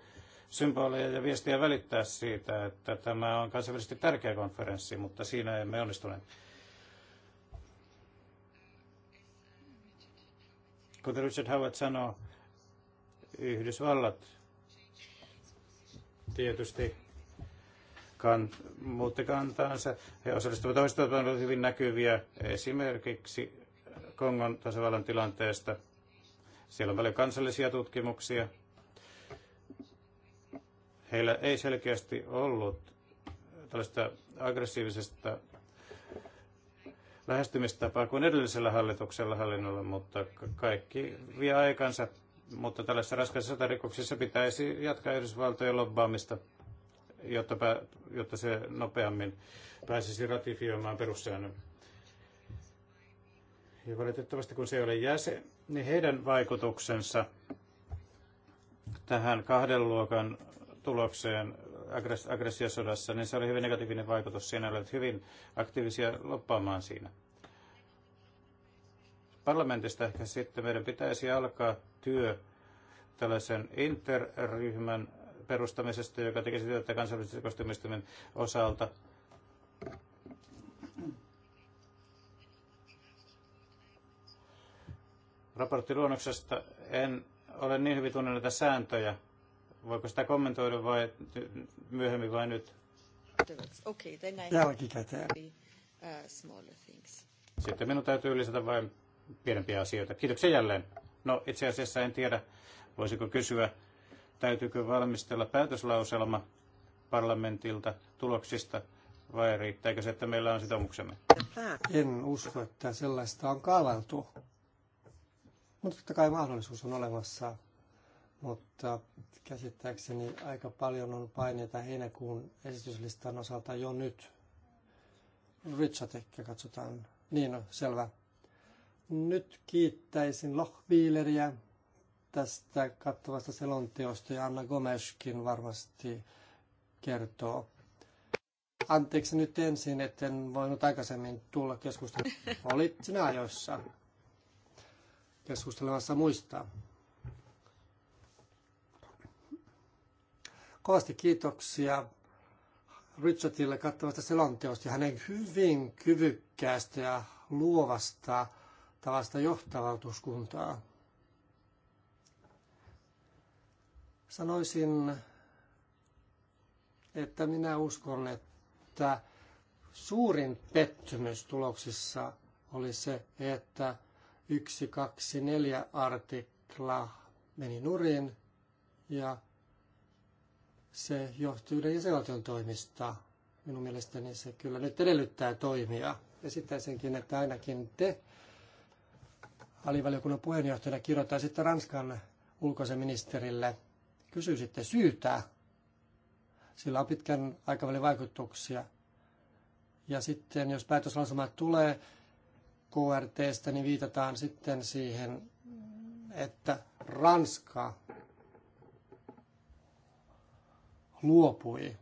symboleja ja viestiä välittää siitä, että tämä on kansainvälisesti tärkeä konferenssi, mutta siinä emme onnistuneet. Kuten Richard Howard sanoi, Yhdysvallat tietysti kan, muutti kantaansa. He osallistuvat toistoon ovat hyvin näkyviä esimerkiksi Kongon tasavallan tilanteesta. Siellä on paljon kansallisia tutkimuksia, Heillä ei selkeästi ollut tällaista aggressiivisesta lähestymistapaa kuin edellisellä hallituksella hallinnolla, mutta kaikki vie aikansa. Mutta tällaisessa raskaissa sotarikoksissa pitäisi jatkaa Yhdysvaltojen lobbaamista, jotta, pää, jotta se nopeammin pääsisi ratifioimaan perussäännön. Ja valitettavasti kun se ei ole jäsen, niin heidän vaikutuksensa tähän kahden luokan tulokseen aggressiosodassa, niin se oli hyvin negatiivinen vaikutus. Siinä olet hyvin aktiivisia loppaamaan siinä. Parlamentista ehkä sitten meidän pitäisi alkaa työ tällaisen interryhmän perustamisesta, joka tekisi työtä kansainvälisen rikostumistumien osalta. Raporttiluonnoksesta en ole niin hyvin tunne näitä sääntöjä, Voiko sitä kommentoida vai myöhemmin vai nyt? Okay, then I Jälkikäteen. Uh, Sitten minun täytyy lisätä vain pienempiä asioita. Kiitoksia jälleen. No itse asiassa en tiedä, voisiko kysyä, täytyykö valmistella päätöslauselma parlamentilta tuloksista vai riittääkö se, että meillä on sitoumuksemme? En usko, että sellaista on kaavailtu. Mutta totta kai mahdollisuus on olemassa mutta käsittääkseni aika paljon on paineita heinäkuun esityslistan osalta jo nyt. Richard ehkä katsotaan. Niin, on, selvä. Nyt kiittäisin Lochbieleriä tästä kattavasta selonteosta ja Anna Gomeskin varmasti kertoo. Anteeksi nyt ensin, etten voinut aikaisemmin tulla keskustelemaan. Olit sinä ajoissa keskustelemassa muista Kovasti kiitoksia Richardille kattavasta selonteosta ja hänen hyvin kyvykkäästä ja luovasta tavasta johtavautuskuntaa. Sanoisin, että minä uskon, että suurin pettymys tuloksissa oli se, että 1, 2, 4 artikla meni nurin ja se johtuu yhden jäsenvaltion toimista. Minun mielestäni se kyllä nyt edellyttää toimia. Esittäisinkin, että ainakin te alivaliokunnan puheenjohtajana kirjoittaisitte Ranskan ulkoiseministerille, kysyisitte syytä. Sillä on pitkän aikavälin vaikutuksia. Ja sitten, jos päätöslausuma tulee KRTstä, niin viitataan sitten siihen, että Ranska luopui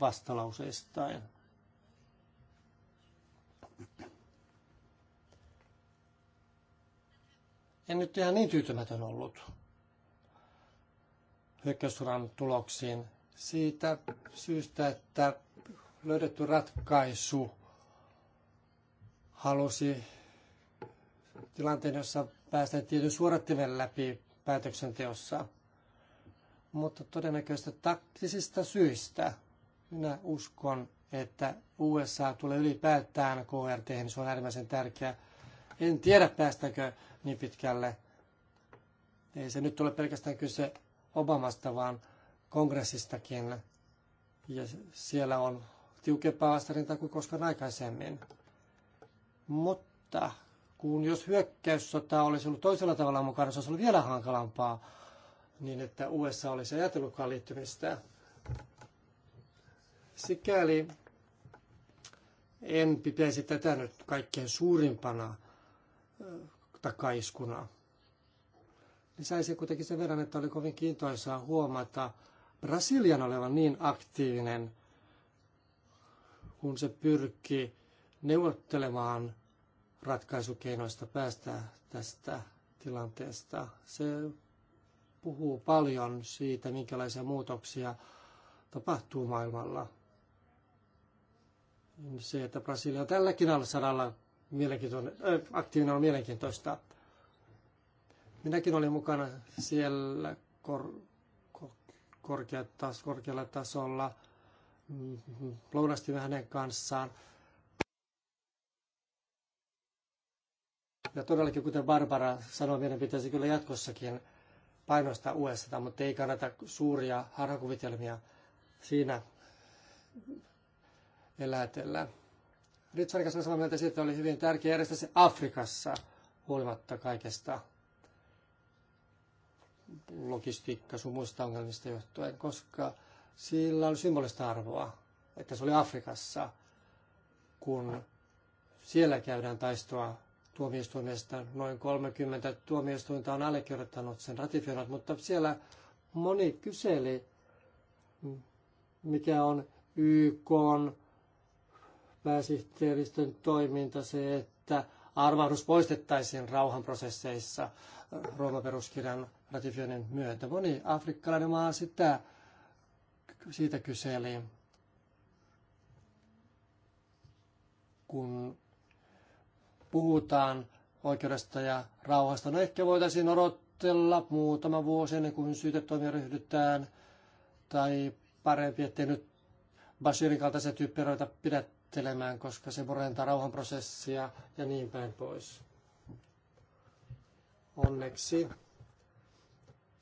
vastalauseestaan. En nyt ihan niin tyytymätön ollut hyökkäysuran tuloksiin siitä syystä, että löydetty ratkaisu halusi tilanteen, jossa päästään tietyn suorattimen läpi päätöksenteossa – mutta todennäköistä taktisista syistä minä uskon, että USA tulee ylipäätään KRT, niin se on äärimmäisen tärkeä. En tiedä, päästäkö niin pitkälle. Ei se nyt ole pelkästään kyse Obamasta, vaan kongressistakin. Ja siellä on tiukempaa vastarintaa kuin koskaan aikaisemmin. Mutta kun jos hyökkäyssota olisi ollut toisella tavalla mukana, se olisi ollut vielä hankalampaa niin, että USA olisi ajatellutkaan liittymistä. Sikäli en pitäisi tätä nyt kaikkein suurimpana takaiskuna. Lisäisin kuitenkin sen verran, että oli kovin kiintoisaa huomata Brasilian olevan niin aktiivinen, kun se pyrki neuvottelemaan ratkaisukeinoista päästä tästä tilanteesta. Se puhuu paljon siitä, minkälaisia muutoksia tapahtuu maailmalla. Se, että Brasilia on tälläkin alla saralla mielenkiintoinen, aktiivinen on mielenkiintoista. Minäkin olin mukana siellä kor, kor, korkea tas, korkealla tasolla. Lounastimme hänen kanssaan. Ja todellakin, kuten Barbara sanoi, meidän pitäisi kyllä jatkossakin painostaa USA, mutta ei kannata suuria harhakuvitelmia siinä elätellä. Richard kanssa samaa mieltä siitä, oli hyvin tärkeää järjestää se Afrikassa huolimatta kaikesta logistiikka sun muista ongelmista johtuen, koska sillä oli symbolista arvoa, että se oli Afrikassa, kun siellä käydään taistoa tuomioistuimesta. Noin 30 tuomioistuinta on allekirjoittanut sen ratifioinnin, mutta siellä moni kyseli, mikä on YK pääsihteeristön toiminta, se, että arvahdus poistettaisiin rauhanprosesseissa Rooman peruskirjan ratifioinnin myötä. Moni afrikkalainen maa sitä, siitä kyseli, kun puhutaan oikeudesta ja rauhasta. No ehkä voitaisiin odotella muutama vuosi ennen kuin syytetoimia ryhdytään, tai parempi, ettei nyt Bashirin kaltaisia tyyppejä ruveta pidättelemään, koska se murentaa rauhanprosessia ja niin päin pois. Onneksi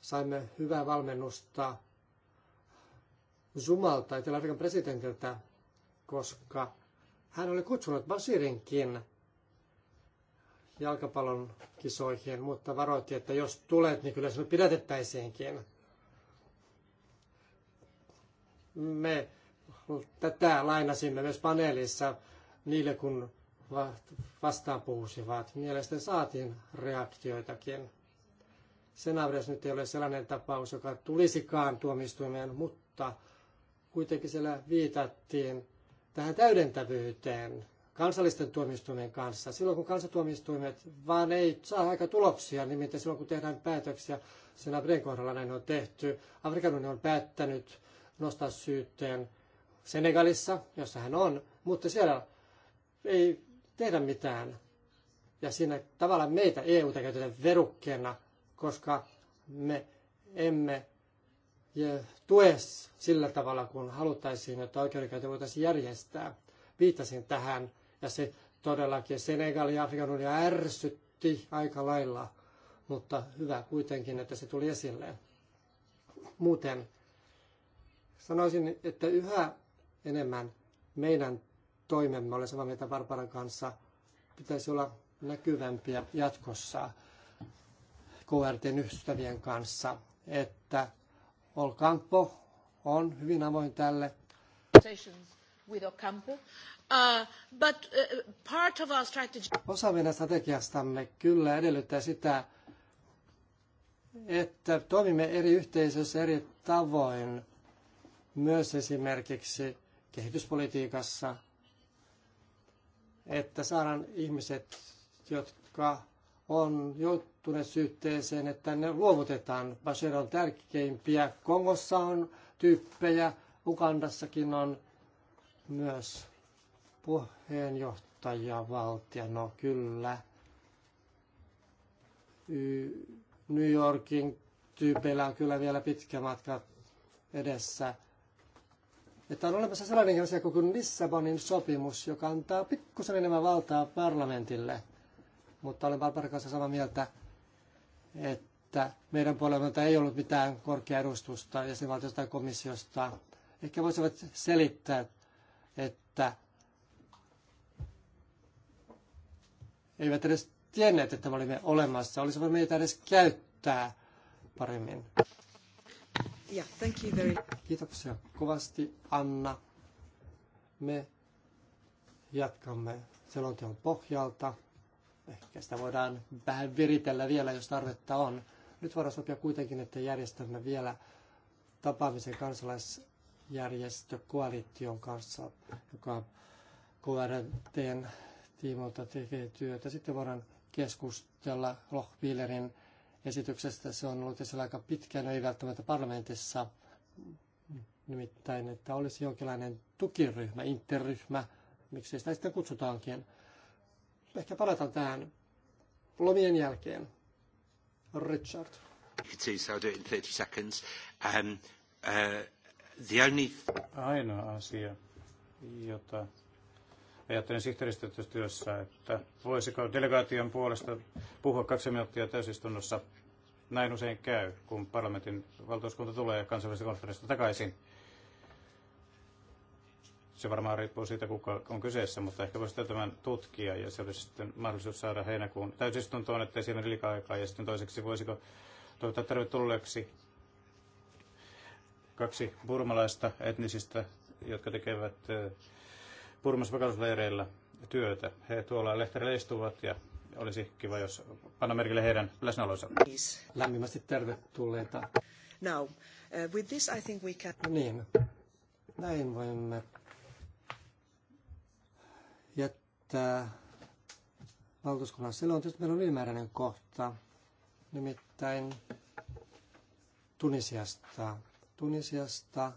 saimme hyvää valmennusta Zumalta, Etelä-Afrikan presidentiltä, koska hän oli kutsunut Basirinkin jalkapallon kisoihin, mutta varoitti, että jos tulet, niin kyllä sinut pidätettäisiinkin. Me tätä lainasimme myös paneelissa niille, kun vastaan puhusivat. Mielestäni saatiin reaktioitakin. Senavres nyt ei ole sellainen tapaus, joka tulisikaan tuomistuimeen, mutta kuitenkin siellä viitattiin tähän täydentävyyteen, kansallisten tuomioistuimien kanssa. Silloin kun kansantuomioistuimet vaan ei saa aika tuloksia, nimittäin niin silloin kun tehdään päätöksiä, sen Abren kohdalla näin on tehty. Afrikan unioni on päättänyt nostaa syytteen Senegalissa, jossa hän on, mutta siellä ei tehdä mitään. Ja siinä tavallaan meitä EUta käytetään verukkeena, koska me emme tue sillä tavalla, kun haluttaisiin, että oikeudenkäynti voitaisiin järjestää. Viittasin tähän ja se todellakin Senegalin ja Afrikan unia ärsytti aika lailla, mutta hyvä kuitenkin, että se tuli esille. Muuten sanoisin, että yhä enemmän meidän toimemme, olen samaa mieltä Barbaran kanssa, pitäisi olla näkyvämpiä jatkossa KRTn ystävien kanssa, että Olkampo on hyvin avoin tälle. Uh, but uh, part of our strategy... Osa meidän strategiastamme kyllä edellyttää sitä, että toimimme eri yhteisöissä eri tavoin, myös esimerkiksi kehityspolitiikassa, että saadaan ihmiset, jotka on joutuneet syytteeseen, että ne luovutetaan. Bashir on tärkeimpiä. Kongossa on tyyppejä, Ugandassakin on myös puheenjohtajavaltio, no kyllä. New Yorkin tyypeillä on kyllä vielä pitkä matka edessä. Että on olemassa sellainen asia kuin Lissabonin sopimus, joka antaa pikkusen enemmän valtaa parlamentille. Mutta olen Barbara kanssa samaa mieltä, että meidän puolelta ei ollut mitään korkea edustusta jäsenvaltiosta tai komissiosta. Ehkä voisivat selittää, että eivät edes tienneet, että me olimme olemassa. Olisiko meitä edes käyttää paremmin. Yeah, thank you very... Kiitoksia kovasti, Anna. Me jatkamme selonteon pohjalta. Ehkä sitä voidaan vähän viritellä vielä, jos tarvetta on. Nyt voidaan sopia kuitenkin, että järjestämme vielä tapaamisen koalition kanssa, joka KRTn tiimoilta tekee työtä. Sitten voidaan keskustella Lochbihlerin esityksestä. Se on ollut esillä aika pitkään, ei välttämättä parlamentissa, nimittäin, että olisi jonkinlainen tukiryhmä, interryhmä, miksi sitä sitten kutsutaankin. Ehkä palataan tähän lomien jälkeen. Richard. Um, uh, Ainoa asia, jota Ajattelin sihteeristötyössä, että voisiko delegaation puolesta puhua kaksi minuuttia täysistunnossa. Näin usein käy, kun parlamentin valtuuskunta tulee kansainvälisestä konferenssista takaisin. Se varmaan riippuu siitä, kuka on kyseessä, mutta ehkä voisi tämän tutkia ja se olisi sitten mahdollisuus saada heinäkuun täysistuntoon, ettei siinä ole liikaa aikaa. Ja sitten toiseksi voisiko toivottaa tervetulleeksi kaksi burmalaista etnisistä, jotka tekevät eh, purmasvakausleireillä työtä. He tuolla lehterillä istuvat ja olisi kiva, jos panna merkille heidän läsnäolonsa. Lämpimästi tervetulleita. Now, uh, with this I think we can... No niin, näin voimme jättää valtuuskunnan Tietysti Meillä on ylimääräinen kohta, nimittäin Tunisiasta. Tunisiasta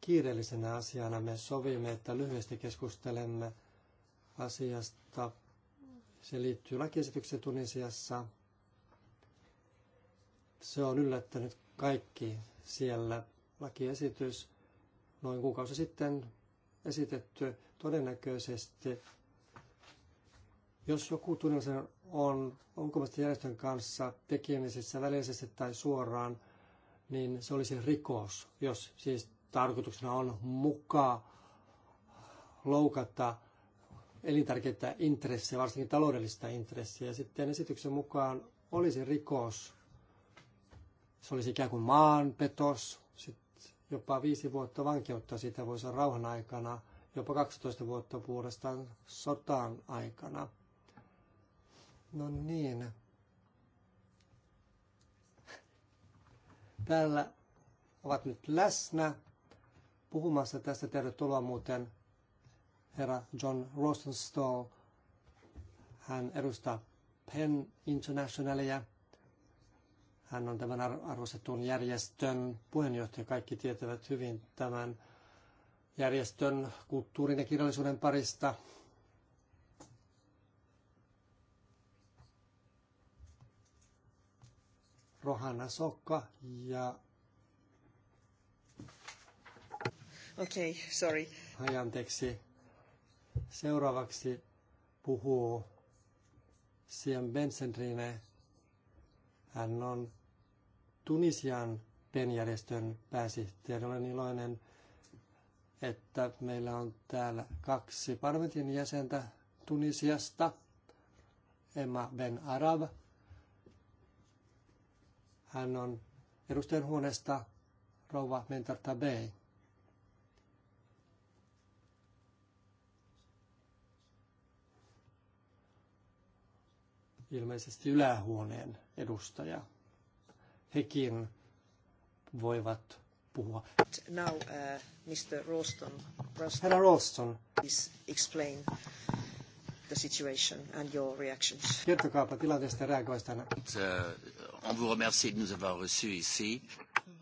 kiireellisenä asiana me sovimme, että lyhyesti keskustelemme asiasta. Se liittyy lakiesitykseen Tunisiassa. Se on yllättänyt kaikki siellä. Lakiesitys noin kuukausi sitten esitetty todennäköisesti. Jos joku tunnelisen on ulkomaisten järjestön kanssa tekemisissä välisesti tai suoraan, niin se olisi rikos, jos siis tarkoituksena on mukaan loukata elintärkeitä intressejä, varsinkin taloudellista intressiä. Ja sitten esityksen mukaan olisi rikos, se olisi ikään kuin maanpetos, sitten jopa viisi vuotta vankeutta siitä voisi olla rauhan aikana, jopa 12 vuotta puolestaan sotaan aikana. No niin. Täällä ovat nyt läsnä puhumassa tästä. Tervetuloa muuten herra John Rosenstall. Hän edustaa Penn Internationalia. Hän on tämän arvostetun järjestön puheenjohtaja. Kaikki tietävät hyvin tämän järjestön kulttuurin ja kirjallisuuden parista. Rohana Sokka ja Okay, sorry. Ai anteeksi. Seuraavaksi puhuu Sian Bensendrine. Hän on Tunisian penjärjestön pääsihteeri. Olen iloinen, että meillä on täällä kaksi parlamentin jäsentä Tunisiasta. Emma Ben Arab. Hän on huoneesta rouva Mentarta Tabei. ilmeisesti ylähuoneen edustaja. Hekin voivat puhua. Now, uh, Mr. Ralston, Ralston, Herra Ralston, please explain the situation and your reactions. Kertokaapa tilanteesta reagoista. Uh, on vous remercie de nous avoir reçu ici.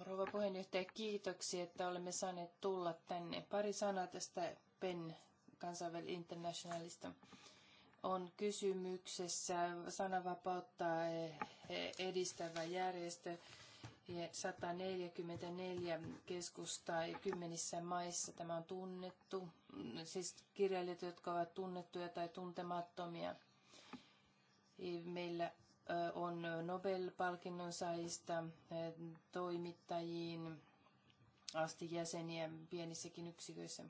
Rouva puheenjohtaja, kiitoksia, että olemme saaneet tulla tänne. Pari sanaa tästä PEN kansainvälinen internationalista on kysymyksessä sananvapautta edistävä järjestö. 144 keskusta kymmenissä maissa tämä on tunnettu, siis kirjailijat, jotka ovat tunnettuja tai tuntemattomia. Meillä on Nobel-palkinnon saajista toimittajiin asti jäseniä pienissäkin yksiköissä.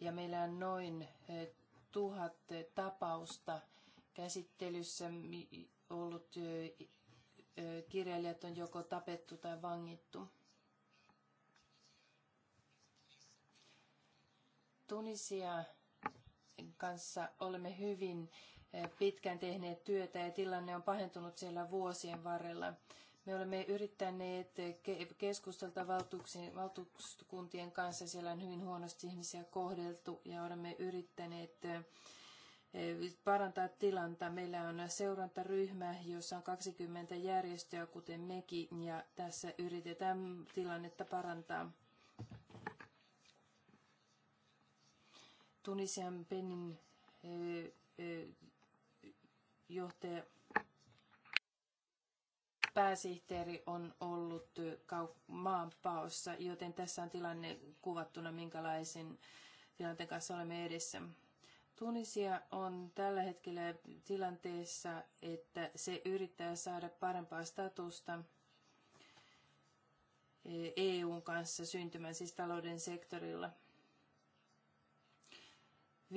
Ja meillä on noin 000 tapausta käsittelyssä ollut kirjailijat on joko tapettu tai vangittu. Tunisia kanssa olemme hyvin pitkään tehneet työtä ja tilanne on pahentunut siellä vuosien varrella. Me olemme yrittäneet keskustelta valtuuskuntien kanssa. Siellä on hyvin huonosti ihmisiä kohdeltu ja olemme yrittäneet eh, parantaa tilanta. Meillä on seurantaryhmä, jossa on 20 järjestöä, kuten mekin, ja tässä yritetään tilannetta parantaa. Tunisian penin eh, eh, johtaja pääsihteeri on ollut maanpaossa, joten tässä on tilanne kuvattuna, minkälaisen tilanteen kanssa olemme edessä. Tunisia on tällä hetkellä tilanteessa, että se yrittää saada parempaa statusta EUn e kanssa syntymään, siis talouden sektorilla. 15.6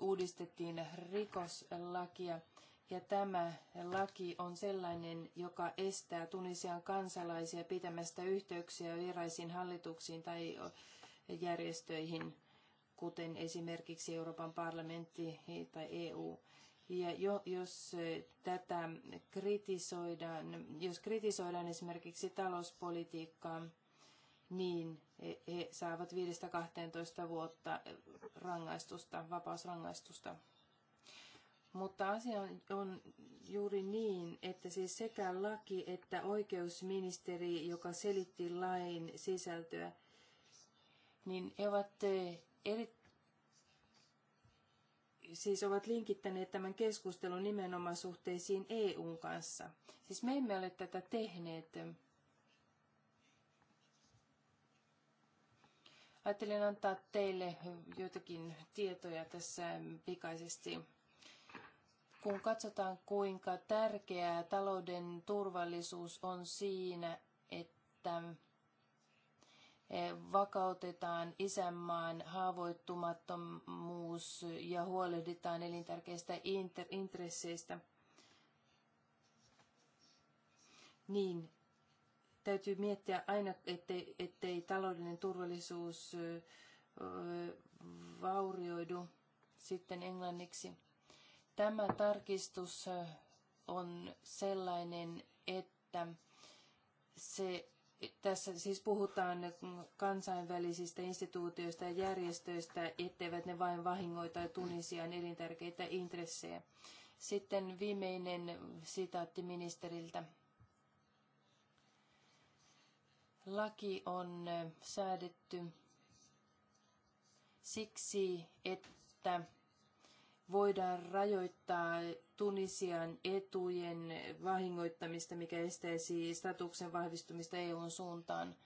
uudistettiin rikoslakia. Ja tämä laki on sellainen, joka estää Tunisian kansalaisia pitämästä yhteyksiä vieraisiin hallituksiin tai järjestöihin, kuten esimerkiksi Euroopan parlamentti tai EU. Ja jo, jos tätä kritisoidaan, jos kritisoidaan esimerkiksi talouspolitiikkaa, niin he, he saavat 5-12 vuotta eh, rangaistusta, vapausrangaistusta. Mutta asia on, on juuri niin, että siis sekä laki että oikeusministeri, joka selitti lain sisältöä, niin he ovat eh, eri, siis ovat linkittäneet tämän keskustelun nimenomaan suhteisiin EUn kanssa. Siis me emme ole tätä tehneet. Eh, Ajattelin antaa teille joitakin tietoja tässä pikaisesti. Kun katsotaan, kuinka tärkeää talouden turvallisuus on siinä, että e, vakautetaan isänmaan haavoittumattomuus ja huolehditaan elintärkeistä inter- intresseistä. Niin, Täytyy miettiä aina, ettei, ettei taloudellinen turvallisuus vaurioidu sitten englanniksi. Tämä tarkistus on sellainen, että se, tässä siis puhutaan kansainvälisistä instituutioista ja järjestöistä, etteivät ne vain vahingoita Tunisian elintärkeitä intressejä. Sitten viimeinen sitaatti ministeriltä. Laki on säädetty siksi, että voidaan rajoittaa Tunisian etujen vahingoittamista, mikä estäisi siis statuksen vahvistumista EUn suuntaan.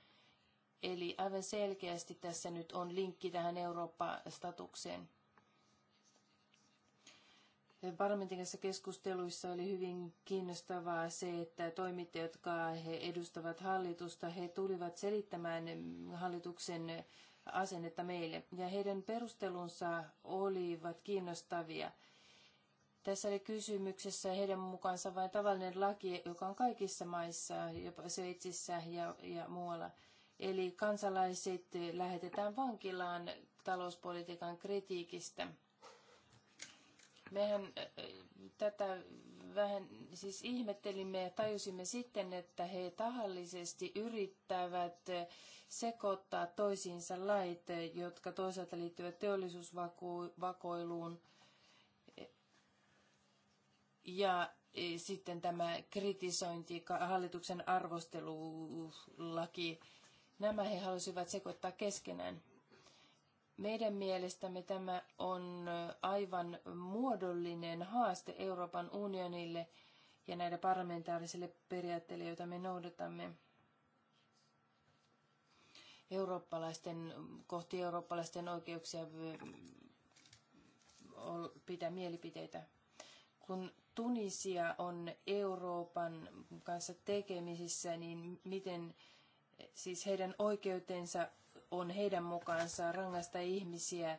Eli aivan selkeästi tässä nyt on linkki tähän Eurooppa-statukseen. Parlamentin kanssa keskusteluissa oli hyvin kiinnostavaa se, että toimittajat, jotka he edustavat hallitusta, he tulivat selittämään hallituksen asennetta meille. Ja heidän perustelunsa olivat kiinnostavia. Tässä oli kysymyksessä heidän mukaansa vain tavallinen laki, joka on kaikissa maissa, jopa Sveitsissä ja, ja muualla. Eli kansalaiset lähetetään vankilaan talouspolitiikan kritiikistä mehän äh, tätä vähän siis ihmettelimme ja tajusimme sitten, että he tahallisesti yrittävät äh, sekoittaa toisiinsa lait, äh, jotka toisaalta liittyvät teollisuusvakoiluun ja e, sitten tämä kritisointi, hallituksen arvostelulaki, nämä he halusivat sekoittaa keskenään. Meidän mielestämme tämä on aivan muodollinen haaste Euroopan unionille ja näille parlamentaarisille periaatteille, joita me noudatamme eurooppalaisten, kohti eurooppalaisten oikeuksia pitää mielipiteitä. Kun Tunisia on Euroopan kanssa tekemisissä, niin miten siis heidän oikeutensa on heidän mukaansa rangaista ihmisiä.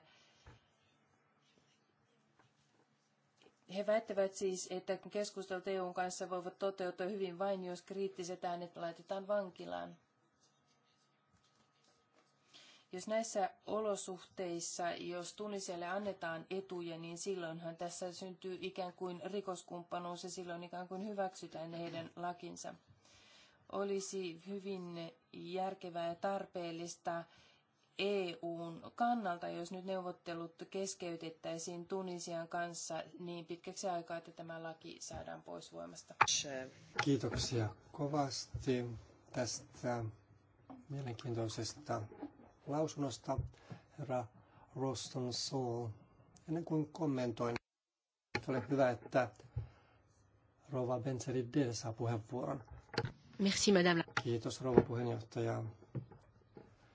He väittävät siis, että keskustelut EUn kanssa voivat toteutua hyvin vain, jos kriittiset äänet laitetaan vankilaan. Jos näissä olosuhteissa, jos Tuniselle annetaan etuja, niin silloinhan tässä syntyy ikään kuin rikoskumppanuus ja silloin ikään kuin hyväksytään heidän lakinsa olisi hyvin järkevää ja tarpeellista EUn kannalta, jos nyt neuvottelut keskeytettäisiin Tunisian kanssa niin pitkäksi aikaa, että tämä laki saadaan pois voimasta. Kiitoksia kovasti tästä mielenkiintoisesta lausunnosta, herra Roston Soul. Ennen kuin kommentoin, oli hyvä, että Rova Benzeri D saa puheenvuoron. Merci, madame. Kiitos, rouva puheenjohtaja.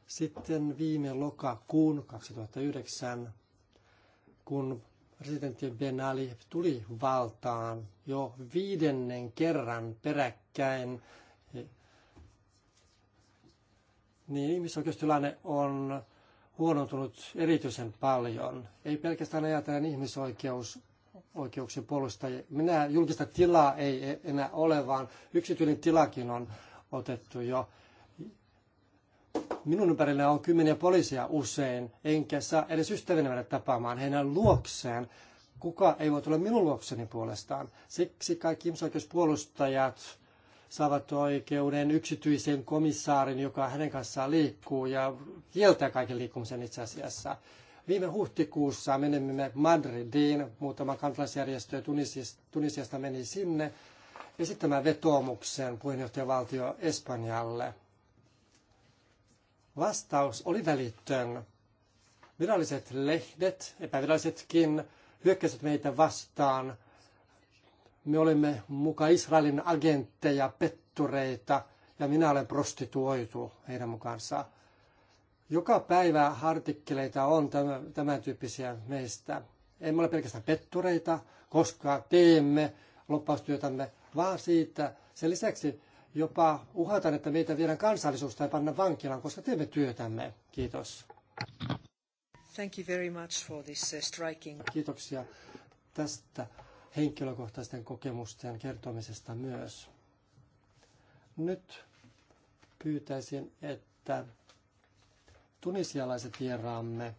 Sitten viime lokakuun 2009, kun presidentti Ben Ali tuli valtaan jo viidennen kerran peräkkäin, niin ihmisoikeustilanne on huonontunut erityisen paljon. Ei pelkästään ajatellen ihmisoikeus oikeuksien puolustajia. Minä julkista tilaa ei e- enää ole, vaan yksityinen tilakin on otettu jo. Minun ympärillä on kymmeniä poliisia usein, enkä saa edes ystävinä mennä tapaamaan heidän luokseen. Kuka ei voi tulla minun luokseni puolestaan. Siksi kaikki ihmisoikeuspuolustajat saavat oikeuden yksityisen komissaarin, joka hänen kanssaan liikkuu ja kieltää kaiken liikkumisen itse asiassa. Viime huhtikuussa menemme Madridiin, muutama kansalaisjärjestö Tunisista, Tunisiasta meni sinne esittämään vetoomuksen puheenjohtajavaltio Espanjalle. Vastaus oli välitön. Viralliset lehdet, epävirallisetkin, hyökkäsivät meitä vastaan. Me olemme muka Israelin agentteja, pettureita, ja minä olen prostituoitu heidän mukaansa. Joka päivä artikkeleita on tämän, tämän tyyppisiä meistä. Emme ole pelkästään pettureita, koska teemme loppaustyötämme, vaan siitä sen lisäksi jopa uhataan, että meitä viedään kansallisuus tai panna vankilaan, koska teemme työtämme. Kiitos. Thank you very much for this uh, striking. Kiitoksia tästä henkilökohtaisten kokemusten kertomisesta myös. Nyt pyytäisin, että tunisialaiset vieraamme,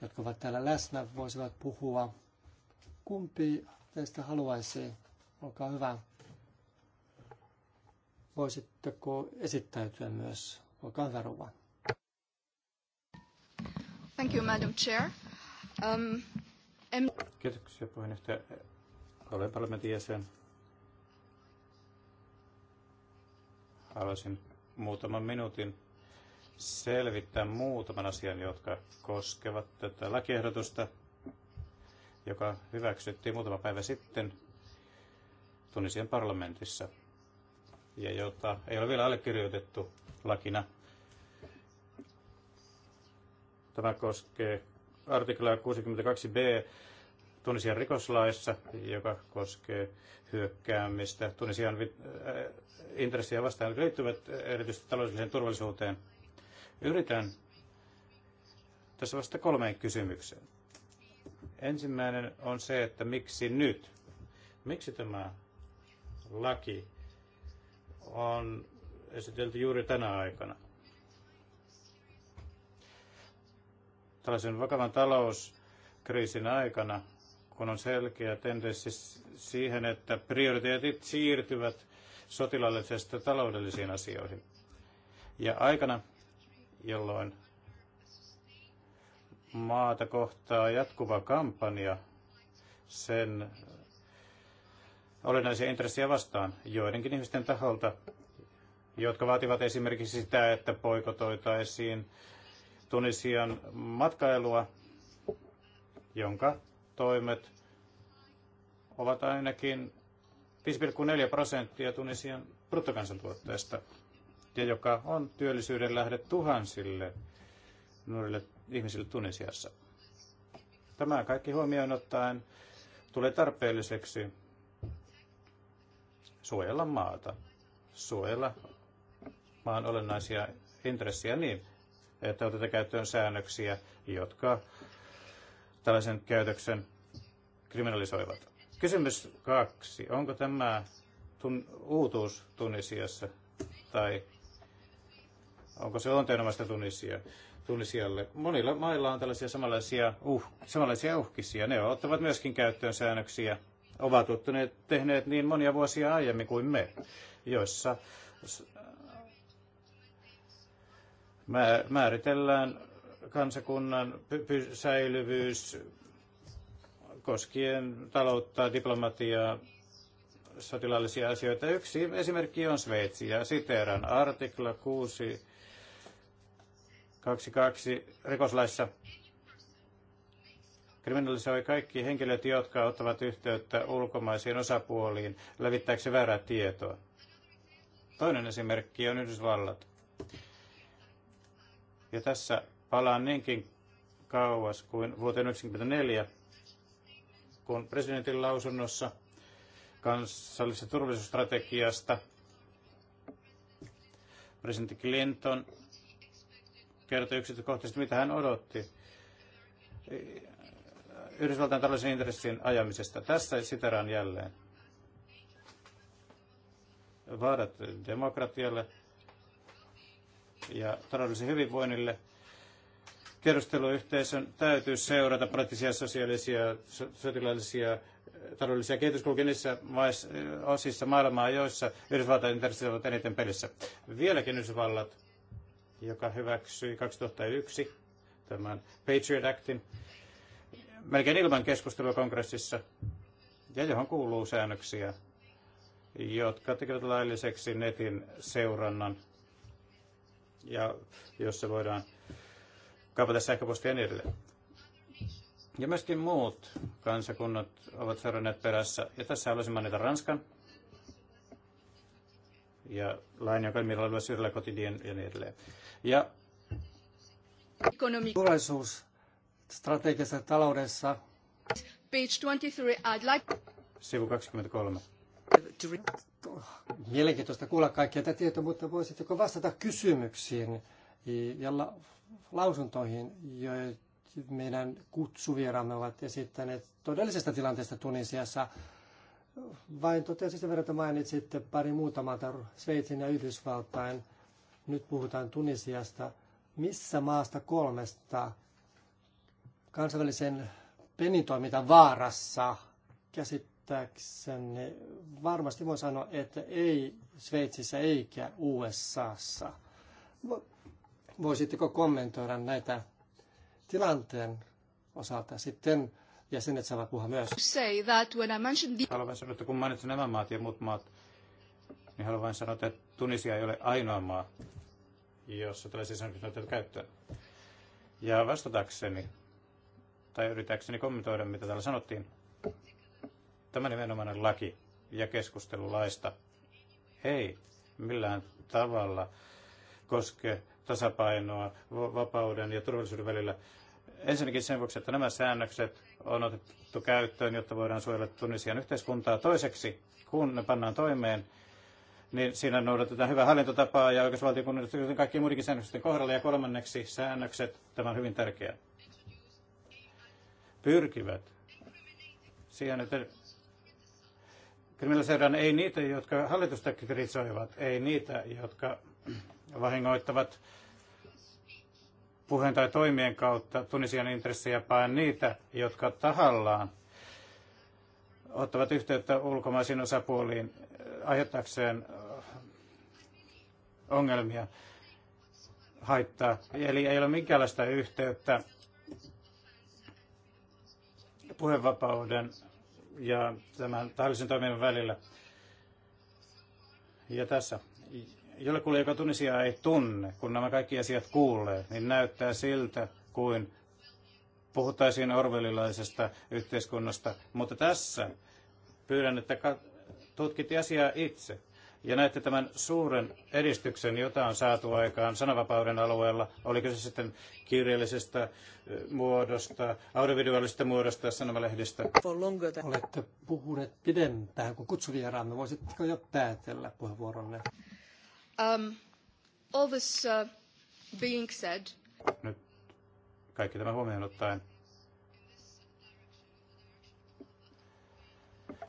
jotka ovat täällä läsnä, voisivat puhua. Kumpi teistä haluaisi? Olkaa hyvä. Voisitteko esittäytyä myös? Olkaa hyvä, Ruva. Thank you, Madam Chair. Um, em... Kiitoksia puheenjohtaja. Olen parlamentin jäsen. Haluaisin muutaman minuutin selvittää muutaman asian, jotka koskevat tätä lakiehdotusta, joka hyväksyttiin muutama päivä sitten Tunisian parlamentissa ja jota ei ole vielä allekirjoitettu lakina. Tämä koskee artiklaa 62b Tunisian rikoslaissa, joka koskee hyökkäämistä Tunisian äh, intressiä vastaan, liittyvät erityisesti taloudelliseen turvallisuuteen Yritän tässä vasta kolmeen kysymykseen. Ensimmäinen on se, että miksi nyt? Miksi tämä laki on esitelty juuri tänä aikana? Tällaisen vakavan talouskriisin aikana, kun on selkeä tendenssi siihen, että prioriteetit siirtyvät sotilaallisesta taloudellisiin asioihin. Ja aikana, jolloin maata kohtaa jatkuva kampanja sen olennaisia intressejä vastaan joidenkin ihmisten taholta, jotka vaativat esimerkiksi sitä, että poikotoitaisiin Tunisian matkailua, jonka toimet ovat ainakin 5,4 prosenttia Tunisian bruttokansantuotteesta ja joka on työllisyyden lähde tuhansille nuorille ihmisille Tunisiassa. Tämä kaikki huomioon ottaen tulee tarpeelliseksi suojella maata, suojella maan olennaisia intressejä niin, että otetaan käyttöön säännöksiä, jotka tällaisen käytöksen kriminalisoivat. Kysymys kaksi. Onko tämä tun- uutuus Tunisiassa tai Onko se luonteenomaista Tunisia, Tunisialle? Monilla mailla on tällaisia samanlaisia, uh, samanlaisia uhkisia. Ne ottavat myöskin käyttöön säännöksiä. Ovat ottaneet, tehneet niin monia vuosia aiemmin kuin me, joissa määritellään kansakunnan säilyvyys koskien taloutta, diplomatiaa, sotilaallisia asioita. Yksi esimerkki on Sveitsi ja siteeran artikla 6 22 rikoslaissa kriminalisoi kaikki henkilöt, jotka ottavat yhteyttä ulkomaisiin osapuoliin levittääkseen väärää tietoa. Toinen esimerkki on Yhdysvallat. Ja tässä palaan niinkin kauas kuin vuoteen 1994, kun presidentin lausunnossa kansallisesta turvallisuusstrategiasta presidentti Clinton kertoi yksityiskohtaisesti, mitä hän odotti Yhdysvaltain taloudellisen intressin ajamisesta. Tässä siteraan jälleen. Vaarat demokratialle ja taloudellisen hyvinvoinnille. Tiedusteluyhteisön täytyy seurata poliittisia, sosiaalisia, sotilaallisia, taloudellisia kehityskulkuja niissä osissa maailmaa, joissa Yhdysvaltain intressit ovat eniten pelissä. Vieläkin Yhdysvallat joka hyväksyi 2001 tämän Patriot Actin melkein ilman keskustelua kongressissa, ja johon kuuluu säännöksiä, jotka tekevät lailliseksi netin seurannan, ja jossa voidaan kaupata sähköpostia niin edelleen. Ja myöskin muut kansakunnat ovat seuranneet perässä. Ja tässä haluaisin mainita Ranskan ja lain, joka on Miralla Syrjällä kotidien ja niin edelleen. Ja turvallisuusstrategiassa taloudessa Page 23, I'd like... Sivu 23. Mielenkiintoista kuulla kaikkia tätä tietoa, mutta voisitteko vastata kysymyksiin ja lausuntoihin, joita meidän kutsuvieraamme ovat esittäneet todellisesta tilanteesta Tunisiassa. Vain totesin sen verran, että mainitsitte pari muutamaa Sveitsin ja Yhdysvaltain nyt puhutaan Tunisiasta, missä maasta kolmesta kansainvälisen penitoiminta vaarassa käsittääkseni varmasti voi sanoa, että ei Sveitsissä eikä USAssa. Voisitteko kommentoida näitä tilanteen osalta sitten jäsenet saavat puhua myös. Say that when I mentioned the... Haluaisin sanoa, että kun mainitsin nämä maat ja muut maat, niin haluan vain sanoa, että Tunisia ei ole ainoa maa, jossa tällaisia sanktioita käyttöön. Ja vastatakseni, tai yritäkseni kommentoida, mitä täällä sanottiin, tämä nimenomainen laki ja keskustelu laista ei millään tavalla koske tasapainoa vapauden ja turvallisuuden välillä. Ensinnäkin sen vuoksi, että nämä säännökset on otettu käyttöön, jotta voidaan suojella Tunisian yhteiskuntaa. Toiseksi, kun ne pannaan toimeen, niin siinä noudatetaan hyvää hallintotapaa ja oikeusvaltiokunnioitusta kaikkien muidenkin säännösten kohdalla. Ja kolmanneksi säännökset, tämä on hyvin tärkeä. pyrkivät siihen, että kriminalisoidaan ei niitä, jotka hallitusta kritisoivat, ei niitä, jotka vahingoittavat puheen tai toimien kautta Tunisian intressejä, vaan niitä, jotka tahallaan ottavat yhteyttä ulkomaisiin osapuoliin äh, aiheuttaakseen ongelmia haittaa. Eli ei ole minkäänlaista yhteyttä puhevapauden ja tämän tahallisen toiminnan välillä. Ja tässä jollekulle, joka Tunisia ei tunne, kun nämä kaikki asiat kuulee, niin näyttää siltä kuin puhuttaisiin orvelilaisesta yhteiskunnasta. Mutta tässä pyydän, että tutkit asiaa itse. Ja näette tämän suuren edistyksen, jota on saatu aikaan sananvapauden alueella, oliko se sitten kirjallisesta muodosta, audiovisuaalisesta muodosta, sanomalehdistä. Olette puhuneet pidempään kuin kutsuvieraamme. Voisitteko jo päätellä puheenvuoronne? Um, all this uh, being said. Nyt kaikki tämä huomioon ottaen.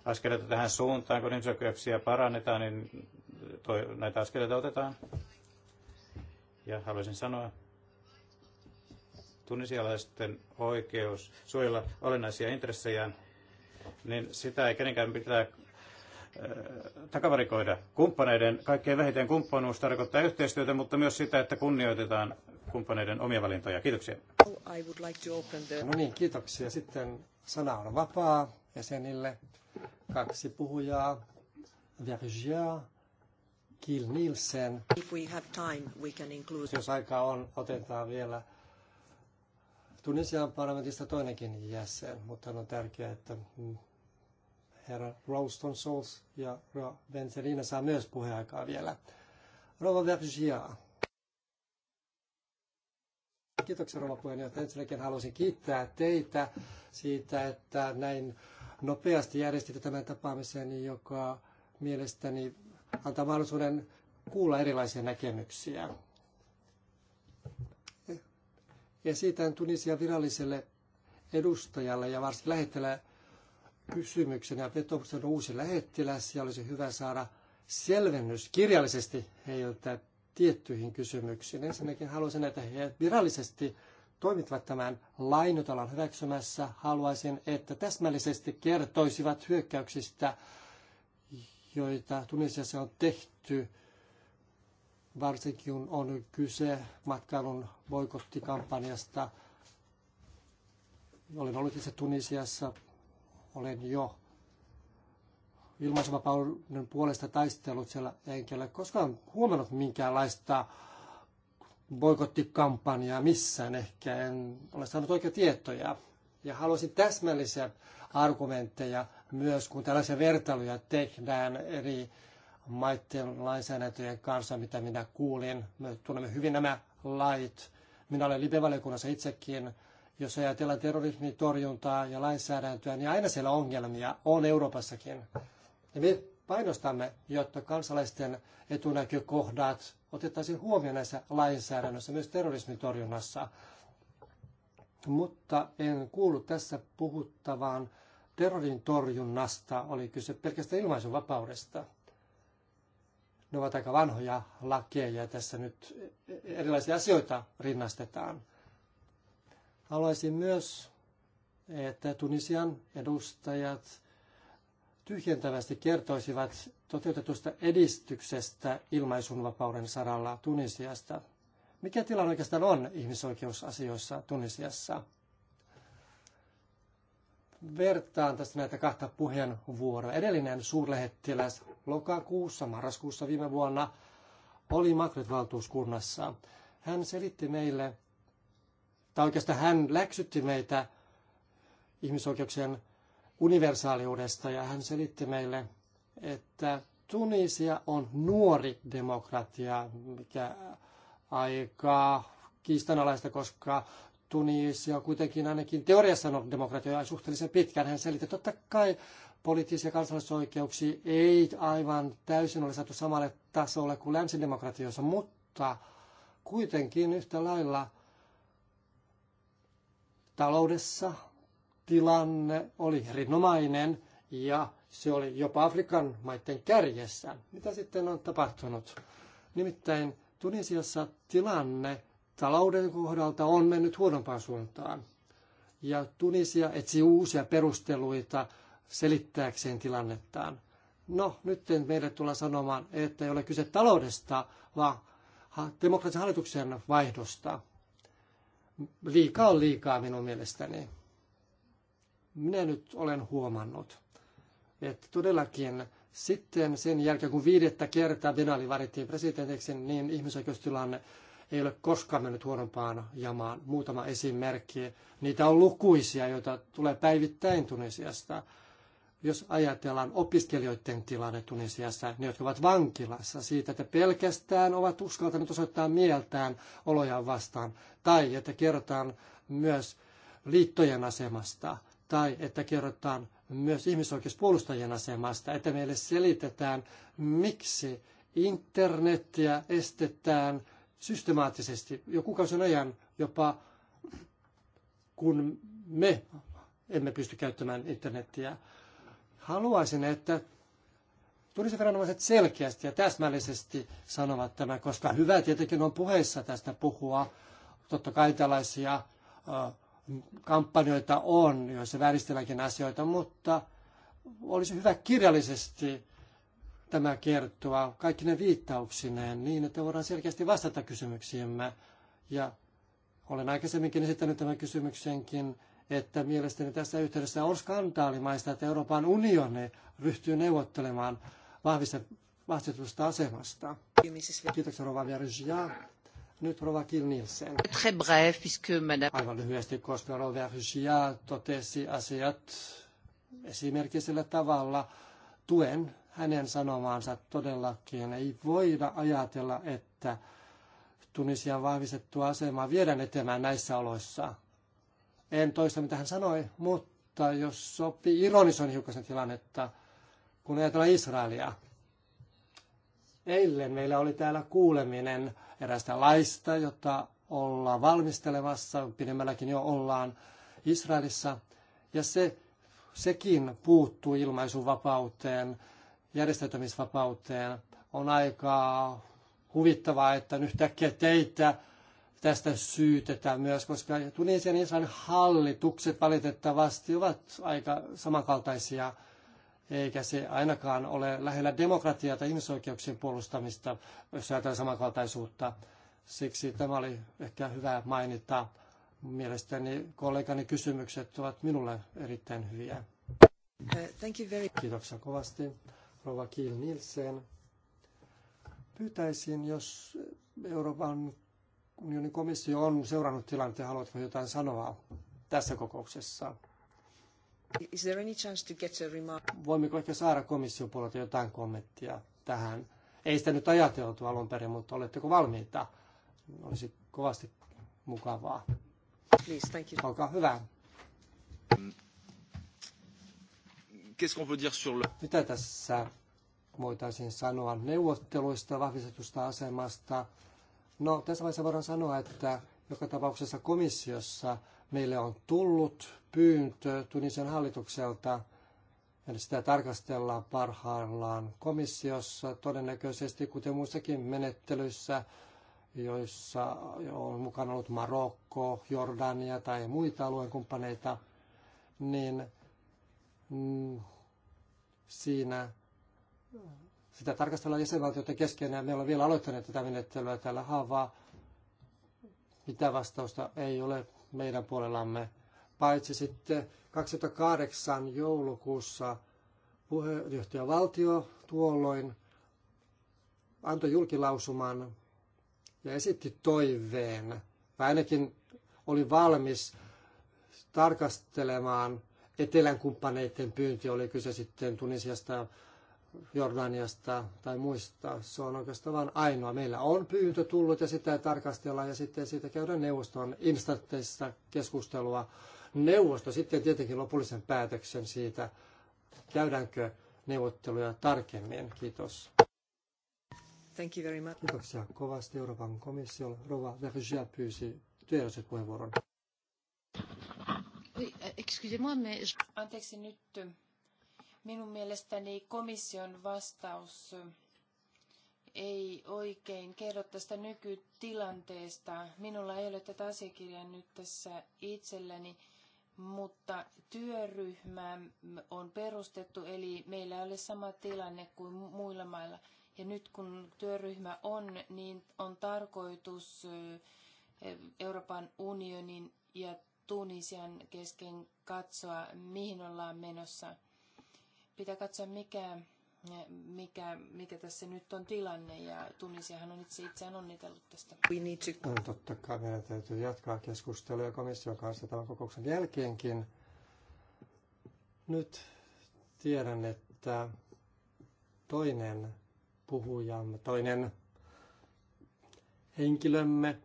askeleita tähän suuntaan, kun ihmisoikeuksia parannetaan, niin toi, näitä askeleita otetaan. Ja haluaisin sanoa, tunisialaisten oikeus suojella olennaisia intressejään, niin sitä ei kenenkään pitää äh, takavarikoida. Kumppaneiden, kaikkein vähiten kumppanuus tarkoittaa yhteistyötä, mutta myös sitä, että kunnioitetaan kumppaneiden omia valintoja. Kiitoksia. I would like to open the... No niin, kiitoksia. Sitten sana on vapaa jäsenille. Kaksi puhujaa. Vergia, Kill Nielsen. If we have time, we can include... Jos aikaa on, otetaan vielä Tunisian parlamentista toinenkin jäsen, mutta on tärkeää, että herra Ralston Souls ja Venselina saa myös puheaikaa vielä. Rova Vergia. Kiitoksia Rova puheenjohtaja. Ensinnäkin haluaisin kiittää teitä siitä, että näin nopeasti järjestitte tämän tapaamisen, joka mielestäni antaa mahdollisuuden kuulla erilaisia näkemyksiä. Esitän Tunisia viralliselle edustajalle ja varsinkin lähettelä kysymyksen ja vetomuksen uusi lähettiläs ja olisi hyvä saada selvennys kirjallisesti heiltä tiettyihin kysymyksiin. Ensinnäkin haluaisin, että he virallisesti toimivat tämän lainotalan hyväksymässä, haluaisin, että täsmällisesti kertoisivat hyökkäyksistä, joita Tunisiassa on tehty, varsinkin kun on kyse matkailun boikottikampanjasta. Olen ollut itse Tunisiassa, olen jo ilmaisuvapauden puolesta taistellut siellä, enkä ole koskaan huomannut minkäänlaista boikottikampanjaa missään ehkä, en ole saanut oikea tietoja. Ja haluaisin täsmällisiä argumentteja myös, kun tällaisia vertailuja tehdään eri maiden lainsäädäntöjen kanssa, mitä minä kuulin. Me tunnemme hyvin nämä lait. Minä olen libevaliokunnassa itsekin. Jos ajatellaan terrorismin torjuntaa ja lainsäädäntöä, niin aina siellä ongelmia on Euroopassakin. Ja me painostamme, jotta kansalaisten etunäkökohdat otettaisiin huomioon näissä lainsäädännössä, myös terrorismin torjunnassa. Mutta en kuullut tässä puhuttavaan terrorin torjunnasta, oli kyse pelkästään ilmaisuvapaudesta. Ne ovat aika vanhoja lakeja, tässä nyt erilaisia asioita rinnastetaan. Haluaisin myös, että Tunisian edustajat tyhjentävästi kertoisivat toteutetusta edistyksestä ilmaisunvapauden saralla Tunisiasta. Mikä tilanne oikeastaan on ihmisoikeusasioissa Tunisiassa? Vertaan tästä näitä kahta puheenvuoroa. Edellinen suurlähettiläs lokakuussa, marraskuussa viime vuonna oli Magret valtuuskunnassa Hän selitti meille, tai oikeastaan hän läksytti meitä ihmisoikeuksien universaaliudesta ja hän selitti meille, että Tunisia on nuori demokratia, mikä aika kiistanalaista, koska Tunisia on kuitenkin ainakin teoriassa on demokratia ja suhteellisen pitkään. Hän selitti, totta kai poliittisia kansalaisoikeuksia ei aivan täysin ole saatu samalle tasolle kuin länsidemokratioissa, mutta kuitenkin yhtä lailla taloudessa tilanne oli erinomainen ja se oli jopa Afrikan maiden kärjessä. Mitä sitten on tapahtunut? Nimittäin Tunisiassa tilanne talouden kohdalta on mennyt huonompaan suuntaan. Ja Tunisia etsi uusia perusteluita selittääkseen tilannettaan. No, nyt meille tulla sanomaan, että ei ole kyse taloudesta, vaan demokraattisen hallituksen vaihdosta. Liikaa on liikaa minun mielestäni. Minä nyt olen huomannut, että todellakin sitten sen jälkeen, kun viidettä kertaa Benali varittiin presidentiksi, niin ihmisoikeustilanne ei ole koskaan mennyt huonompaan jamaan. Muutama esimerkki. Niitä on lukuisia, joita tulee päivittäin Tunisiasta. Jos ajatellaan opiskelijoiden tilanne Tunisiassa, ne jotka ovat vankilassa siitä, että pelkästään ovat uskaltaneet osoittaa mieltään olojaan vastaan, tai että kerrotaan myös liittojen asemasta, tai että kerrotaan myös ihmisoikeuspuolustajien asemasta, että meille selitetään, miksi internettiä estetään systemaattisesti jo kuukausien ajan jopa, kun me emme pysty käyttämään internettiä. Haluaisin, että viranomaiset selkeästi ja täsmällisesti sanovat tämä koska hyvä tietenkin on puheissa tästä puhua. Totta kai tällaisia kampanjoita on, joissa vääristelläänkin asioita, mutta olisi hyvä kirjallisesti tämä kertoa kaikki ne viittauksineen niin, että voidaan selkeästi vastata kysymyksiimme. Ja olen aikaisemminkin esittänyt tämän kysymyksenkin, että mielestäni tässä yhteydessä on skandaalimaista, että Euroopan unioni ryhtyy neuvottelemaan vahvistetusta asemasta. Kiitoksia Rova Très bref, puisque madame... hänen sanomaansa todellakin. Ei voida ajatella, että Tunisian vahvistettua asemaa viedään eteenpäin näissä oloissa. En toista, mitä hän sanoi, mutta jos sopii, ironisoin hiukan sen tilannetta, kun ajatellaan Israelia – Eilen meillä oli täällä kuuleminen erästä laista, jota ollaan valmistelemassa, pidemmälläkin jo ollaan Israelissa. Ja se, sekin puuttuu ilmaisuvapauteen, järjestäytymisvapauteen. On aika huvittavaa, että yhtäkkiä teitä tästä syytetään myös, koska Tunisian Israelin hallitukset valitettavasti ovat aika samankaltaisia – eikä se ainakaan ole lähellä demokratiaa tai ihmisoikeuksien puolustamista, jos ajatellaan samankaltaisuutta. Siksi tämä oli ehkä hyvä mainita. Mielestäni kollegani kysymykset ovat minulle erittäin hyviä. Thank you very... Kiitoksia kovasti, Rova Kiil Nielsen. Pyytäisin, jos Euroopan unionin komissio on seurannut tilanteen, haluatko jotain sanoa tässä kokouksessa? Is there any chance to get a remark? Voimmeko ehkä saada komission puolelta jotain kommenttia tähän? Ei sitä nyt ajateltu alun perin, mutta oletteko valmiita? Olisi kovasti mukavaa. Please, thank you. Olkaa hyvä. Qu'est-ce qu'on peut dire sur le... Mitä tässä voitaisiin sanoa neuvotteluista, vahvistetusta asemasta? No, tässä vaiheessa voidaan sanoa, että joka tapauksessa komissiossa meille on tullut pyyntö Tunisian hallitukselta, eli sitä tarkastellaan parhaillaan komissiossa, todennäköisesti kuten muissakin menettelyissä, joissa on mukana ollut Marokko, Jordania tai muita alueen kumppaneita, niin mm, siinä sitä tarkastellaan jäsenvaltioiden kesken ja meillä ollaan vielä aloittaneet tätä menettelyä tällä haavaa. Mitä vastausta ei ole meidän puolellamme paitsi sitten 2008 joulukuussa valtio tuolloin antoi julkilausuman ja esitti toiveen, tai ainakin oli valmis tarkastelemaan etelän kumppaneiden pyynti, oli kyse sitten Tunisiasta, Jordaniasta tai muista. Se on oikeastaan vain ainoa. Meillä on pyyntö tullut ja sitä tarkastellaan ja sitten siitä käydään neuvoston instantteissa keskustelua neuvosto sitten tietenkin lopullisen päätöksen siitä, käydäänkö neuvotteluja tarkemmin. Kiitos. Thank you very much. Kiitoksia kovasti Euroopan komissiolle. Rova Vergia pyysi työjärjestöt puheenvuoron. Eh, Anteeksi nyt. Minun mielestäni komission vastaus eh, ei oikein kerro tästä nykytilanteesta. Minulla ei ole tätä asiakirjaa nyt tässä itselläni mutta työryhmä on perustettu, eli meillä ei ole sama tilanne kuin muilla mailla. Ja nyt kun työryhmä on, niin on tarkoitus Euroopan unionin ja Tunisian kesken katsoa, mihin ollaan menossa. Pitää katsoa, mikä mikä, mikä tässä nyt on tilanne ja Tunisiahan on itse itseään onnitellut tästä. No, totta kai meidän täytyy jatkaa keskustelua komission kanssa tämän kokouksen jälkeenkin. Nyt tiedän, että toinen puhujamme, toinen henkilömme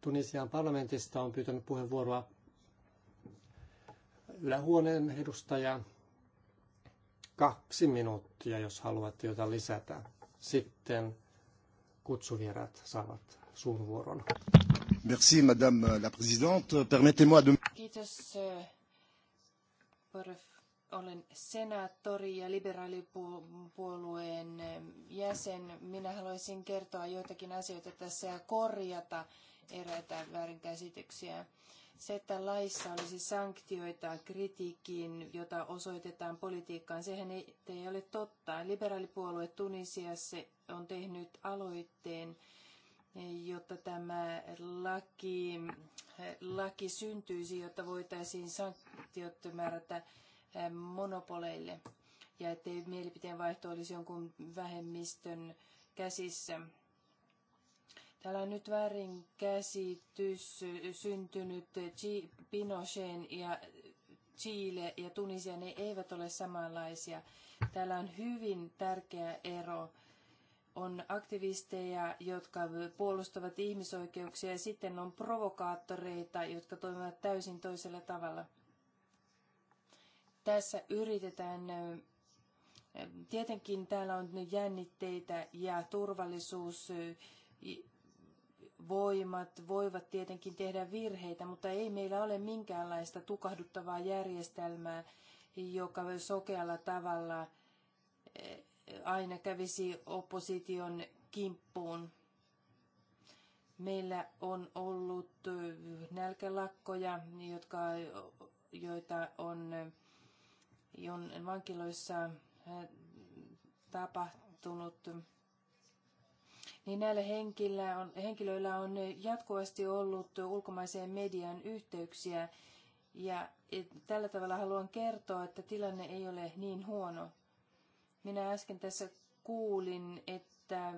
Tunisian parlamentista on pyytänyt puheenvuoroa ylähuoneen edustaja kaksi minuuttia, jos haluatte jotain lisätä. Sitten kutsuvierat saavat vuoron. Merci, madame la présidente. Permettez-moi de... Kiitos. Äh, Olen senaattori ja liberaalipuolueen äh, jäsen. Minä haluaisin kertoa joitakin asioita tässä ja korjata eräitä väärinkäsityksiä. Se, että laissa olisi sanktioita kritiikkiin, jota osoitetaan politiikkaan, sehän ei, ei ole totta. Liberaalipuolue Tunisiassa on tehnyt aloitteen, jotta tämä laki, laki syntyisi, jotta voitaisiin sanktiot määrätä eh, monopoleille ja ettei mielipiteen vaihto olisi jonkun vähemmistön käsissä. Täällä on nyt väärin käsitys syntynyt Pinochet ja Chile ja Tunisia, ne eivät ole samanlaisia. Täällä on hyvin tärkeä ero. On aktivisteja, jotka puolustavat ihmisoikeuksia ja sitten on provokaattoreita, jotka toimivat täysin toisella tavalla. Tässä yritetään Tietenkin täällä on jännitteitä ja turvallisuus voimat voivat tietenkin tehdä virheitä, mutta ei meillä ole minkäänlaista tukahduttavaa järjestelmää, joka sokealla tavalla eh, aina kävisi opposition kimppuun. Meillä on ollut eh, nälkälakkoja, jotka, joita on, eh, on vankiloissa tapahtunut niin näillä henkilöillä on, henkilöillä on jatkuvasti ollut ulkomaiseen median yhteyksiä. Ja e, tällä tavalla haluan kertoa, että tilanne ei ole niin huono. Minä äsken tässä kuulin, että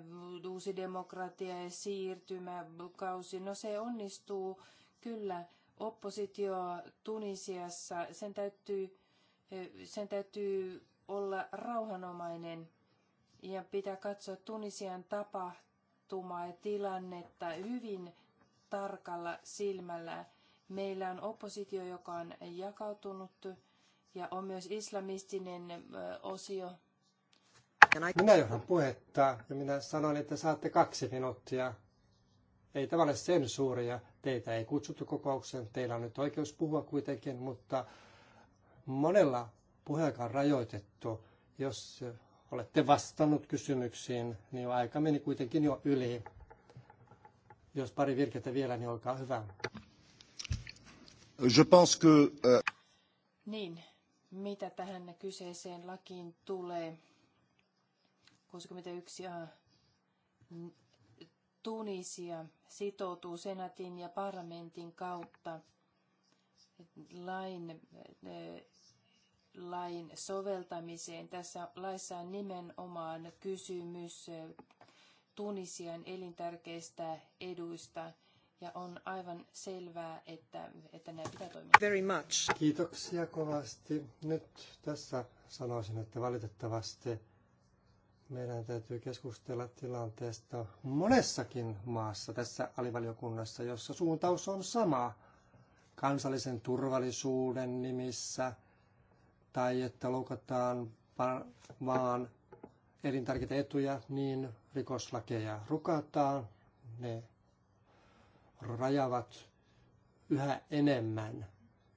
uusi demokratia ja siirtymäkausi, no se onnistuu kyllä. Oppositio Tunisiassa, sen täytyy, e, sen täytyy olla rauhanomainen ja pitää katsoa Tunisian tapa, tapahtumaa ja tilannetta hyvin tarkalla silmällä. Meillä on oppositio, joka on jakautunut ja on myös islamistinen osio. Minä johdan puhetta ja minä sanoin, että saatte kaksi minuuttia. Ei tämä ole sensuuria. Teitä ei kutsuttu kokoukseen. Teillä on nyt oikeus puhua kuitenkin, mutta monella puheella on rajoitettu. Jos olette vastannut kysymyksiin, niin aika meni kuitenkin jo yli. Jos pari virkettä vielä, niin olkaa hyvä. Je pense que, uh... Niin, mitä tähän kyseiseen lakiin tulee? 61 a Tunisia sitoutuu senatin ja parlamentin kautta lain lain soveltamiseen. Tässä laissa on nimenomaan kysymys Tunisian elintärkeistä eduista ja on aivan selvää, että, että näin pitää toimia. Very much. Kiitoksia kovasti. Nyt tässä sanoisin, että valitettavasti meidän täytyy keskustella tilanteesta monessakin maassa tässä alivaliokunnassa, jossa suuntaus on sama kansallisen turvallisuuden nimissä – tai että loukataan maan elintärkeitä etuja, niin rikoslakeja rukataan, ne rajavat yhä enemmän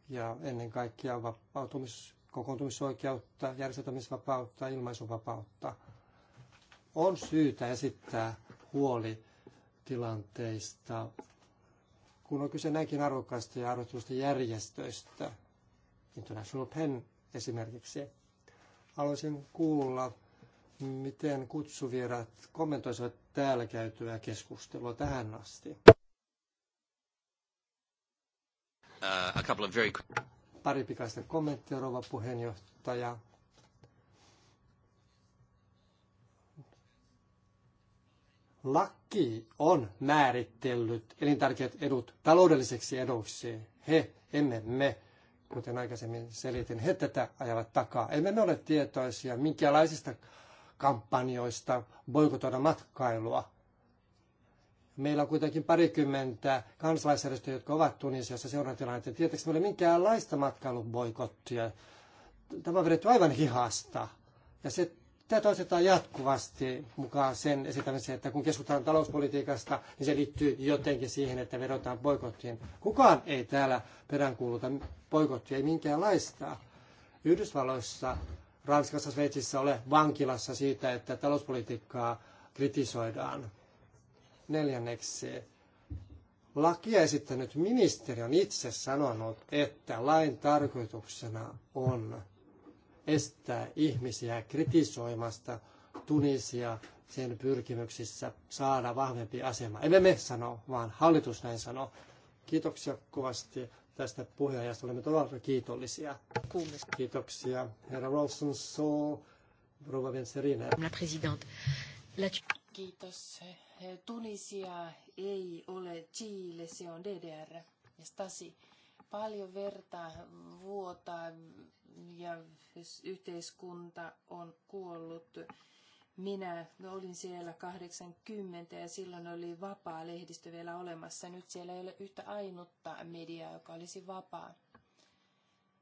ja ennen kaikkea vapautumis, kokoontumisoikeutta, järjestämisvapautta ilmaisuvapautta. On syytä esittää huoli tilanteista, kun on kyse näinkin arvokkaista ja arvotuista järjestöistä. International Pen esimerkiksi. Haluaisin kuulla, miten kutsuvierat kommentoisivat täällä käytyä keskustelua tähän asti. Uh, a couple of very... Pari pikaista kommenttia, rouva puheenjohtaja. Laki on määritellyt elintärkeät edut taloudelliseksi eduksi. He, emme me kuten aikaisemmin selitin, he tätä ajavat takaa. Emme me ole tietoisia minkälaisista kampanjoista boikotoida matkailua. Meillä on kuitenkin parikymmentä kansalaisjärjestöä, jotka ovat Tunisiassa seurantilanteen. Tietääkö meillä minkäänlaista matkailuboikottia? Tämä on vedetty aivan hihasta. Ja se Tämä toistetaan jatkuvasti mukaan sen esittämiseen, että kun keskustellaan talouspolitiikasta, niin se liittyy jotenkin siihen, että vedotaan boikottiin. Kukaan ei täällä peräänkuuluta boikottia, ei minkäänlaista. Yhdysvalloissa, Ranskassa, Sveitsissä ole vankilassa siitä, että talouspolitiikkaa kritisoidaan. Neljänneksi, lakia esittänyt ministeri on itse sanonut, että lain tarkoituksena on estää ihmisiä kritisoimasta Tunisia sen pyrkimyksissä saada vahvempi asema. Emme me sano, vaan hallitus näin sanoo. Kiitoksia kovasti tästä puheenjohtajasta. Olemme todella kiitollisia. Kiitoksia. Herra Rolson So, Rova Venserina. La president. La... Kiitos. Tunisia ei ole Chile, se on DDR ja Stasi. Paljon vertaa vuotaa ja yhteiskunta on kuollut. Minä olin siellä 80 ja silloin oli vapaa lehdistö vielä olemassa. Nyt siellä ei ole yhtä ainutta mediaa, joka olisi vapaa.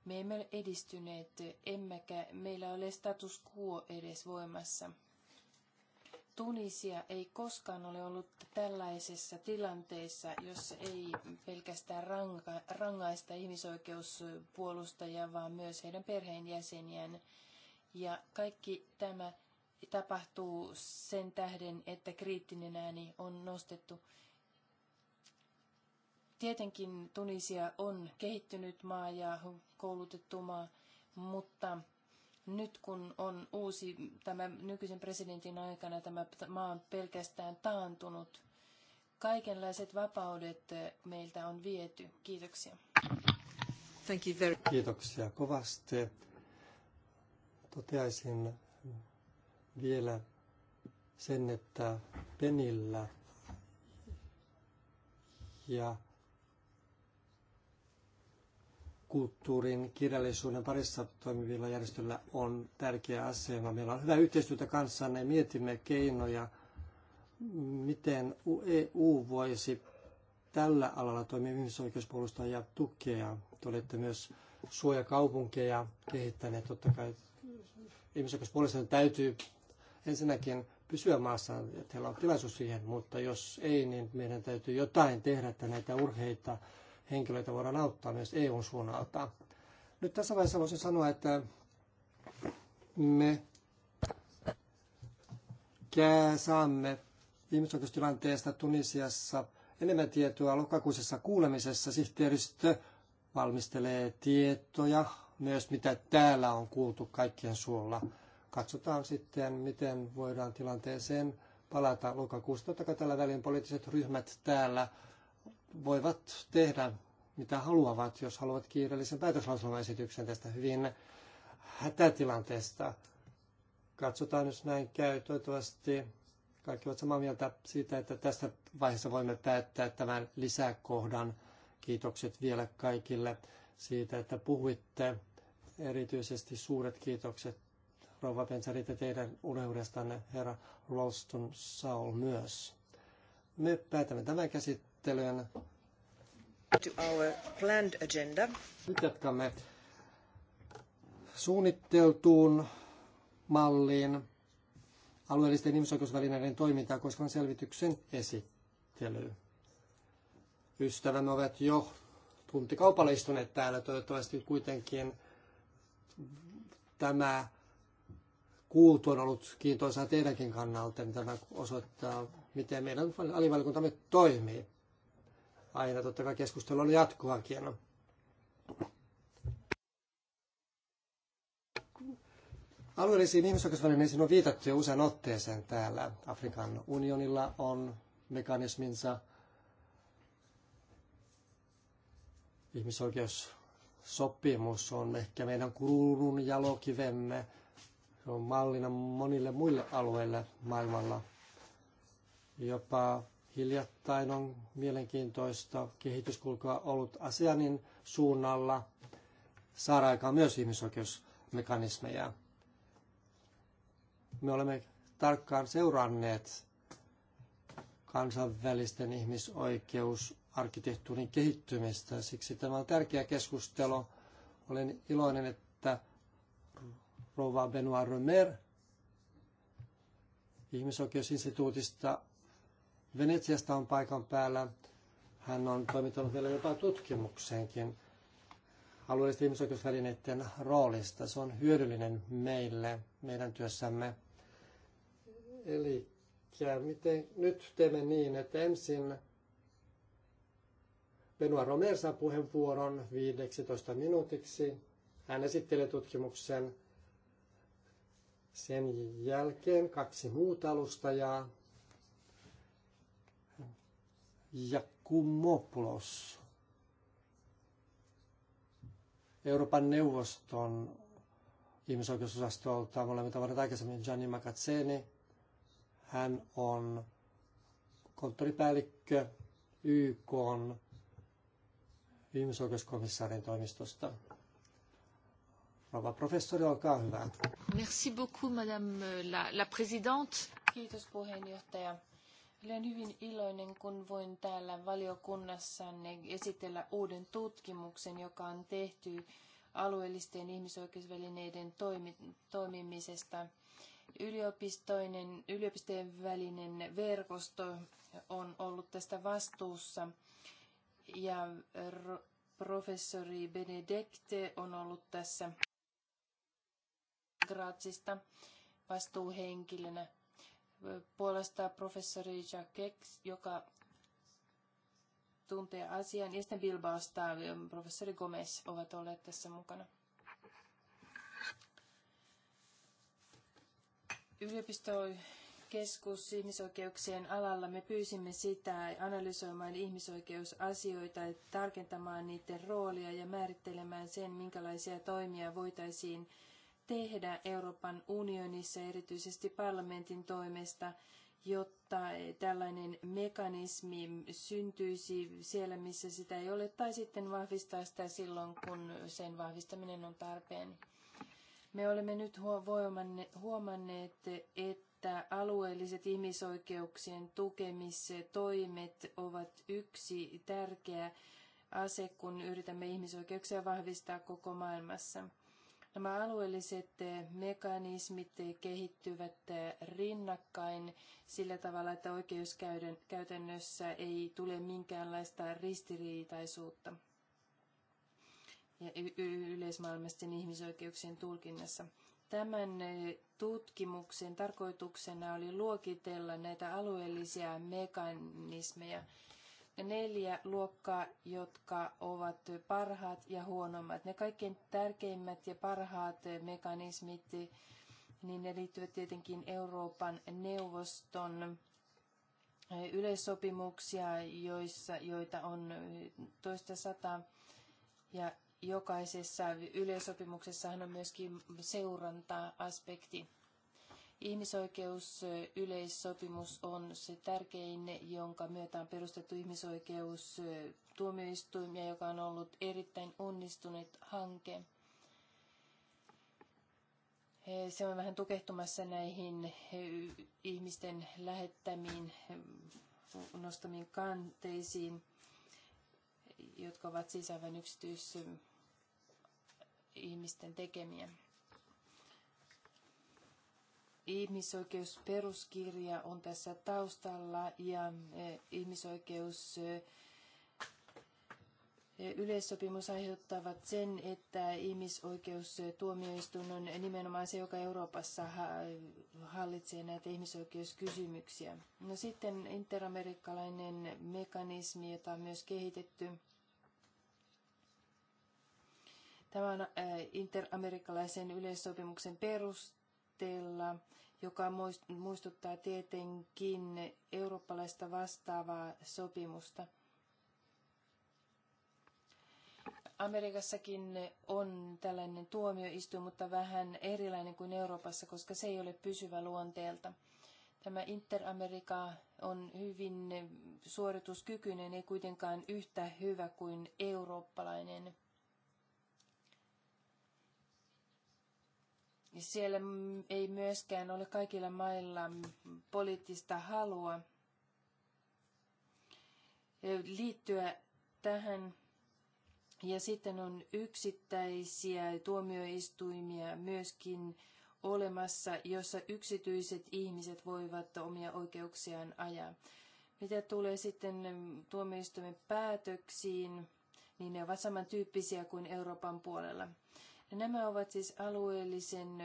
Me emme ole edistyneet, emmekä meillä ole status quo edes voimassa. Tunisia ei koskaan ole ollut tällaisessa tilanteessa, jossa ei pelkästään rangaista ihmisoikeuspuolustajia, vaan myös heidän perheenjäseniään. Ja kaikki tämä tapahtuu sen tähden, että kriittinen ääni on nostettu. Tietenkin Tunisia on kehittynyt maa ja koulutettu maa, mutta nyt kun on uusi, tämä nykyisen presidentin aikana tämä maa on pelkästään taantunut, kaikenlaiset vapaudet meiltä on viety. Kiitoksia. Thank you very... Kiitoksia kovasti. Toteaisin vielä sen, että Penillä ja kulttuurin, kirjallisuuden parissa toimivilla järjestöillä on tärkeä asema. Meillä on hyvä yhteistyötä kanssanne ja mietimme keinoja, miten EU e voisi tällä alalla toimia ihmisoikeuspuolustajia tukea. Te olette myös suojakaupunkeja kehittäneet. Totta kai ihmisoikeuspuolustajien täytyy ensinnäkin pysyä maassa, että heillä on tilaisuus siihen, mutta jos ei, niin meidän täytyy jotain tehdä, että näitä urheita henkilöitä voidaan auttaa myös EUn suunnalta. Nyt tässä vaiheessa voisin sanoa, että me saamme ihmisoikeustilanteesta Tunisiassa enemmän tietoa lokakuisessa kuulemisessa. Sihteeristö valmistelee tietoja myös, mitä täällä on kuultu kaikkien suulla. Katsotaan sitten, miten voidaan tilanteeseen palata lokakuussa. Totta kai tällä välin poliittiset ryhmät täällä voivat tehdä mitä haluavat, jos haluavat kiireellisen päätöslauselmaesityksen tästä hyvin hätätilanteesta. Katsotaan, jos näin käy. Toivottavasti kaikki ovat samaa mieltä siitä, että tästä vaiheessa voimme päättää tämän lisäkohdan. Kiitokset vielä kaikille siitä, että puhuitte. Erityisesti suuret kiitokset Rouva Pensarit teidän uneudestanne, herra Ralston Saul myös. Me päätämme tämän käsittelyn. Pahoittelen. To our planned agenda. Nyt jatkamme suunnitteltuun malliin alueellisten ihmisoikeusvälineiden toimintaa koskevan selvityksen esittelyyn. Ystävämme ovat jo tuntikaupalla istuneet täällä. Toivottavasti kuitenkin tämä kuultu on ollut kiintoisaa teidänkin kannalta. Tämä osoittaa, miten meidän alivalikuntamme toimii aina totta kai keskustelu on jatkuakin. Alueellisiin ihmisoikeusvälineisiin on viitattu jo usein otteeseen täällä. Afrikan unionilla on mekanisminsa sopimus on ehkä meidän kulunun jalokivemme. Se on mallina monille muille alueille maailmalla. Jopa Hiljattain on mielenkiintoista kehityskulkua ollut ASEANin suunnalla saada aikaan myös ihmisoikeusmekanismeja. Me olemme tarkkaan seuranneet kansainvälisten ihmisoikeusarkkitehtuurin kehittymistä. Siksi tämä on tärkeä keskustelu. Olen iloinen, että Rova Benoit Römer ihmisoikeusinstituutista Venetsiasta on paikan päällä. Hän on toimittanut vielä jopa tutkimuksenkin alueellisten ihmisoikeusvälineiden roolista. Se on hyödyllinen meille, meidän työssämme. Eli miten nyt teemme niin, että ensin Benoit Romer saa puheenvuoron 15 minuutiksi. Hän esittelee tutkimuksen. Sen jälkeen kaksi muuta alustajaa ja Euroopan neuvoston ihmisoikeusosastolta me olemme tavanneet aikaisemmin Gianni Macazzeni. Hän on konttoripäällikkö YK on ihmisoikeuskomissaarin toimistosta. Rouva professori, olkaa hyvä. Merci beaucoup, madame la, la présidente. Kiitos puheenjohtaja. Olen hyvin iloinen, kun voin täällä valiokunnassanne esitellä uuden tutkimuksen, joka on tehty alueellisten ihmisoikeusvälineiden toimi, toimimisesta. Yliopistoinen, yliopistojen välinen verkosto on ollut tästä vastuussa ja professori Benedekte on ollut tässä Grazista vastuuhenkilönä puolesta professori Jacques, joka tuntee asian, ja sitten Bilbaosta professori Gomez ovat olleet tässä mukana. Yliopistokeskus ihmisoikeuksien alalla me pyysimme sitä analysoimaan ihmisoikeusasioita, tarkentamaan niiden roolia ja määrittelemään sen, minkälaisia toimia voitaisiin tehdä Euroopan unionissa, erityisesti parlamentin toimesta, jotta tällainen mekanismi syntyisi siellä, missä sitä ei ole, tai sitten vahvistaa sitä silloin, kun sen vahvistaminen on tarpeen. Me olemme nyt huomanneet, että alueelliset ihmisoikeuksien tukemistoimet ovat yksi tärkeä ase, kun yritämme ihmisoikeuksia vahvistaa koko maailmassa. Nämä alueelliset eh, mekanismit eh, kehittyvät eh, rinnakkain sillä tavalla, että oikeuskäytännössä ei tule minkäänlaista ristiriitaisuutta ja yleismaailmasten ihmisoikeuksien tulkinnassa. Tämän tutkimuksen tarkoituksena oli luokitella näitä alueellisia mekanismeja – neljä luokkaa, jotka ovat parhaat ja huonommat. Ne kaikkein tärkeimmät ja parhaat mekanismit, niin ne liittyvät tietenkin Euroopan neuvoston yleissopimuksia, joissa, joita on toista sataa. Ja jokaisessa yleissopimuksessa on myöskin seuranta-aspekti. Ihmisoikeusyleissopimus on se tärkein, jonka myötä on perustettu ihmisoikeustuomioistuin ja joka on ollut erittäin onnistunut hanke. Se on vähän tukehtumassa näihin ihmisten lähettämiin nostamiin kanteisiin, jotka ovat siis aivan yksityis ihmisten tekemiä ihmisoikeusperuskirja on tässä taustalla ja e, ihmisoikeus e, e, yleissopimus aiheuttavat sen, että ihmisoikeustuomioistuin on nimenomaan se, joka Euroopassa hallitsee näitä ihmisoikeuskysymyksiä. No sitten interamerikkalainen mekanismi, jota on myös kehitetty. Tämä on interamerikkalaisen yleissopimuksen perus, aatteella, joka muistuttaa tietenkin eurooppalaista vastaavaa sopimusta. Amerikassakin on tällainen tuomioistuin, mutta vähän erilainen kuin Euroopassa, koska se ei ole pysyvä luonteelta. Tämä Interamerika on hyvin suorituskykyinen, ei kuitenkaan yhtä hyvä kuin eurooppalainen Siellä ei myöskään ole kaikilla mailla poliittista halua liittyä tähän. Ja sitten on yksittäisiä tuomioistuimia myöskin olemassa, jossa yksityiset ihmiset voivat omia oikeuksiaan ajaa. Mitä tulee sitten tuomioistuimen päätöksiin, niin ne ovat samantyyppisiä kuin Euroopan puolella. Nämä ovat siis alueellisen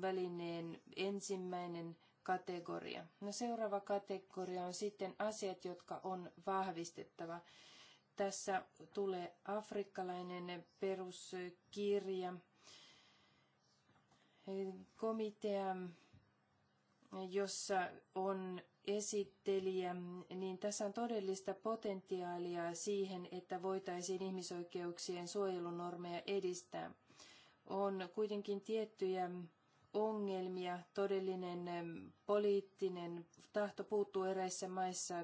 välineen ensimmäinen kategoria. No seuraava kategoria on sitten asiat, jotka on vahvistettava. Tässä tulee afrikkalainen peruskirja, komitea, jossa on esittelijä, niin tässä on todellista potentiaalia siihen, että voitaisiin ihmisoikeuksien suojelunormeja edistää on kuitenkin tiettyjä ongelmia. Todellinen poliittinen tahto puuttuu eräissä maissa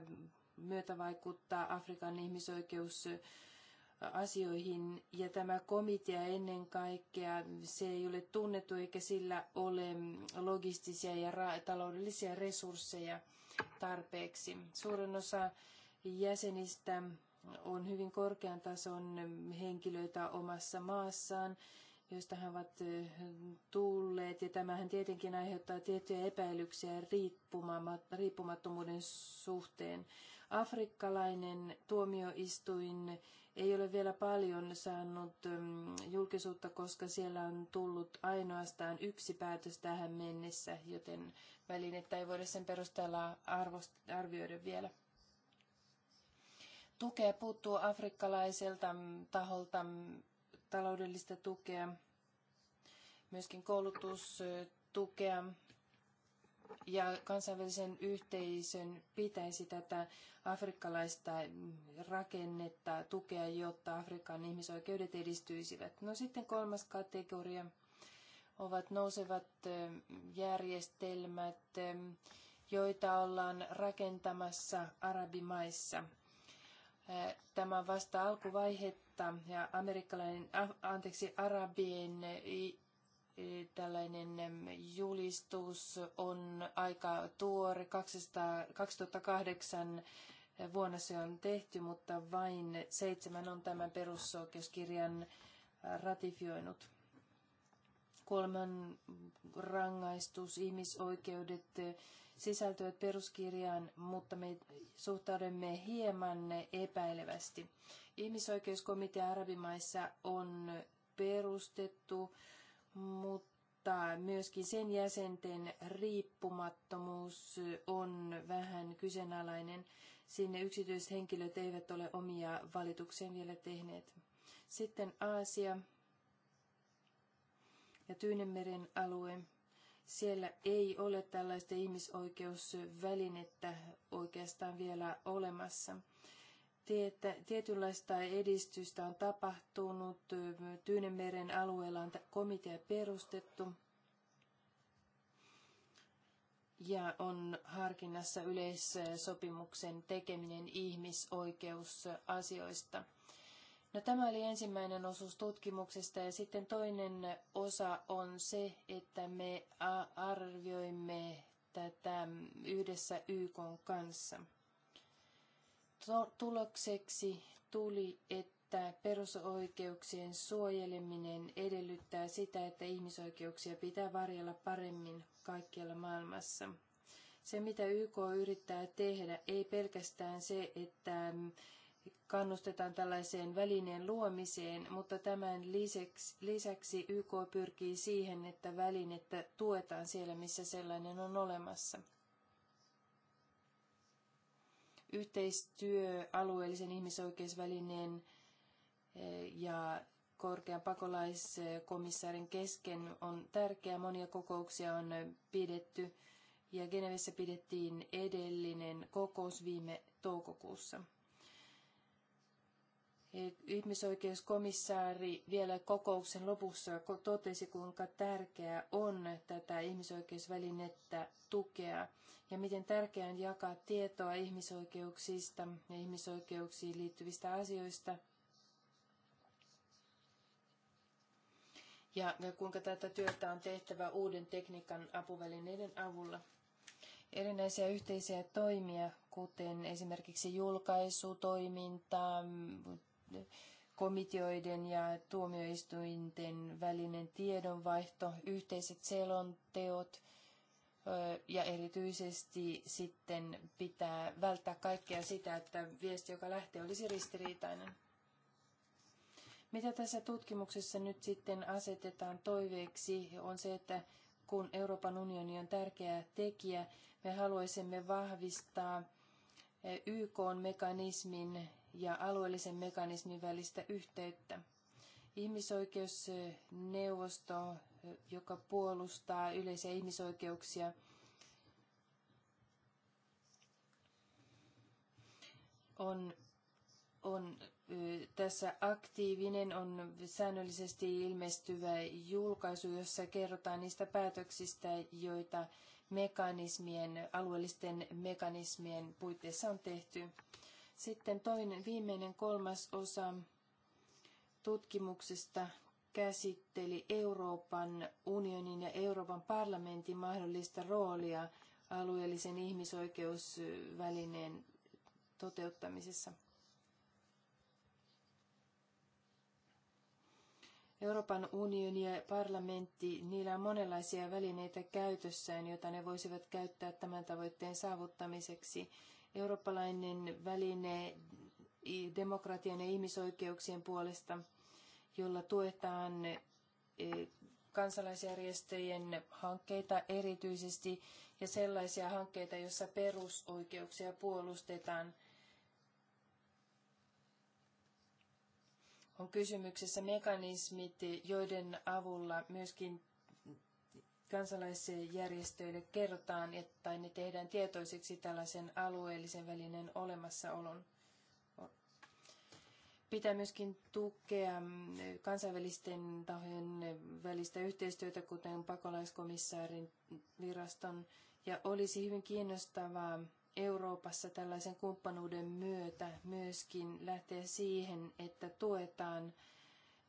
myötävaikuttaa Afrikan ihmisoikeusasioihin. Ja tämä komitea ennen kaikkea, se ei ole tunnettu eikä sillä ole logistisia ja taloudellisia resursseja tarpeeksi. Suurin osa jäsenistä on hyvin korkean tason henkilöitä omassa maassaan joista he ovat tulleet. Ja tämähän tietenkin aiheuttaa tiettyjä epäilyksiä riippumattomuuden suhteen. Afrikkalainen tuomioistuin ei ole vielä paljon saanut julkisuutta, koska siellä on tullut ainoastaan yksi päätös tähän mennessä, joten välinettä ei voida sen perusteella arvioida vielä. Tukea puuttuu afrikkalaiselta taholta taloudellista tukea, myöskin koulutustukea. Ja kansainvälisen yhteisön pitäisi tätä afrikkalaista rakennetta tukea, jotta Afrikan ihmisoikeudet edistyisivät. No sitten kolmas kategoria ovat nousevat järjestelmät, joita ollaan rakentamassa arabimaissa – Tämä on vasta alkuvaihetta ja amerikkalainen, anteeksi, arabien e, e, tällainen julistus on aika tuore, 2008 vuonna se on tehty, mutta vain seitsemän on tämän perusoikeuskirjan ratifioinut kolman rangaistus, ihmisoikeudet sisältyvät peruskirjaan, mutta me suhtaudumme hieman epäilevästi. Ihmisoikeuskomitea arabimaissa on perustettu, mutta myöskin sen jäsenten riippumattomuus on vähän kyseenalainen. Sinne yksityishenkilöt eivät ole omia valituksia vielä tehneet. Sitten Aasia ja Tyynemeren alue. Siellä ei ole tällaista ihmisoikeusvälinettä oikeastaan vielä olemassa. Tietynlaista edistystä on tapahtunut. Tyynemeren alueella on komitea perustettu ja on harkinnassa yleissopimuksen tekeminen ihmisoikeusasioista – No tämä oli ensimmäinen osuus tutkimuksesta ja sitten toinen osa on se, että me arvioimme tätä yhdessä YK kanssa. Tulokseksi tuli, että perusoikeuksien suojeleminen edellyttää sitä, että ihmisoikeuksia pitää varjella paremmin kaikkialla maailmassa. Se, mitä YK yrittää tehdä, ei pelkästään se, että kannustetaan tällaiseen välineen luomiseen, mutta tämän lisäksi, lisäksi YK pyrkii siihen, että välinettä tuetaan siellä, missä sellainen on olemassa. Yhteistyö alueellisen ihmisoikeusvälineen eh, ja korkean pakolaiskomissaarin kesken on tärkeää. Monia kokouksia on pidetty ja Genevessä pidettiin edellinen kokous viime toukokuussa ihmisoikeuskomissaari vielä kokouksen lopussa totesi, kuinka tärkeää on tätä ihmisoikeusvälinettä tukea ja miten tärkeää on jakaa tietoa ihmisoikeuksista ja ihmisoikeuksiin liittyvistä asioista. Ja kuinka tätä työtä on tehtävä uuden tekniikan apuvälineiden avulla erinäisiä yhteisiä toimia, kuten esimerkiksi julkaisutoiminta, komiteoiden ja tuomioistuinten välinen tiedonvaihto, yhteiset selonteot ja erityisesti sitten pitää välttää kaikkea sitä, että viesti, joka lähtee, olisi ristiriitainen. Mitä tässä tutkimuksessa nyt sitten asetetaan toiveeksi on se, että kun Euroopan unioni on tärkeä tekijä, me haluaisimme vahvistaa YK-mekanismin ja alueellisen mekanismin välistä yhteyttä. Ihmisoikeusneuvosto, joka puolustaa yleisiä ihmisoikeuksia, on, on tässä aktiivinen, on säännöllisesti ilmestyvä julkaisu, jossa kerrotaan niistä päätöksistä, joita mekanismien, alueellisten mekanismien puitteissa on tehty. Sitten toinen, viimeinen kolmas osa tutkimuksesta käsitteli Euroopan unionin ja Euroopan parlamentin mahdollista roolia alueellisen ihmisoikeusvälineen toteuttamisessa. Euroopan unioni ja parlamentti, niillä on monenlaisia välineitä käytössään, joita ne voisivat käyttää tämän tavoitteen saavuttamiseksi eurooppalainen väline demokratian ja ihmisoikeuksien puolesta, jolla tuetaan e, kansalaisjärjestöjen hankkeita erityisesti ja sellaisia hankkeita, joissa perusoikeuksia puolustetaan. On kysymyksessä mekanismit, joiden avulla myöskin kansalaisjärjestöille kerrotaan, että ne tehdään tietoisiksi tällaisen alueellisen välinen olemassaolon. Pitää myöskin tukea mm, kansainvälisten tahojen välistä yhteistyötä, kuten pakolaiskomissaarin viraston. Ja olisi hyvin kiinnostavaa Euroopassa tällaisen kumppanuuden myötä myöskin lähteä siihen, että tuetaan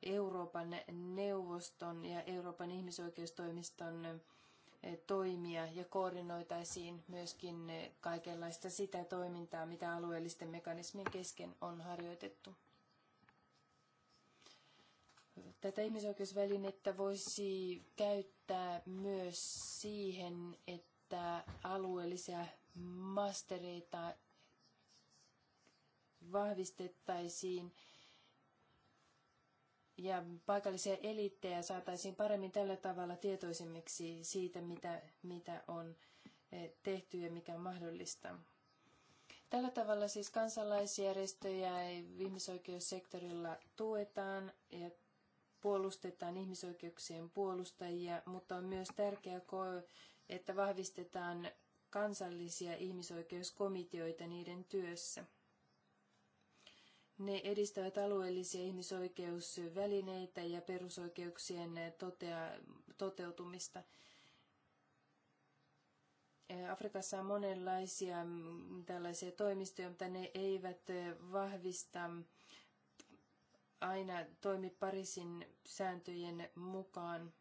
Euroopan neuvoston ja Euroopan ihmisoikeustoimiston eh, toimia ja koordinoitaisiin myöskin eh, kaikenlaista sitä toimintaa, mitä alueellisten mekanismien kesken on harjoitettu. Tätä ihmisoikeusvälinettä voisi käyttää myös siihen, että alueellisia mastereita vahvistettaisiin ja paikallisia eliittejä saataisiin paremmin tällä tavalla tietoisemmiksi siitä, mitä, mitä on eh, tehty ja mikä on mahdollista. Tällä tavalla siis kansalaisjärjestöjä ihmisoikeussektorilla tuetaan ja puolustetaan ihmisoikeuksien puolustajia, mutta on myös tärkeää, että vahvistetaan kansallisia ihmisoikeuskomiteoita niiden työssä. Ne edistävät alueellisia ihmisoikeusvälineitä ja perusoikeuksien totea, toteutumista. Afrikassa on monenlaisia mm, tällaisia toimistoja, mutta ne eivät e, vahvista aina toimi Pariisin sääntöjen mukaan.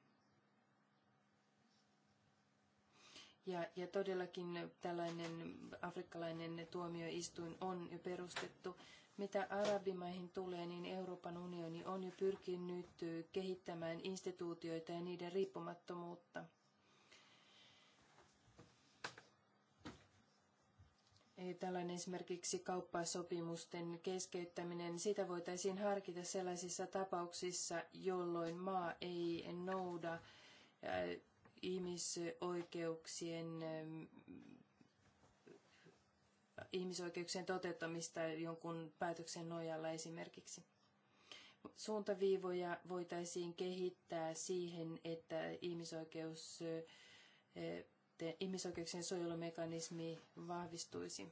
Ja, ja todellakin tällainen afrikkalainen tuomioistuin on jo perustettu. Mitä arabimaihin tulee, niin Euroopan unioni on jo pyrkinyt kehittämään instituutioita ja niiden riippumattomuutta. Tällainen esimerkiksi kauppasopimusten keskeyttäminen, sitä voitaisiin harkita sellaisissa tapauksissa, jolloin maa ei nouda ihmisoikeuksien ihmisoikeuksien toteuttamista jonkun päätöksen nojalla esimerkiksi. Suuntaviivoja voitaisiin kehittää siihen, että ihmisoikeus, ihmisoikeuksien suojelumekanismi vahvistuisi.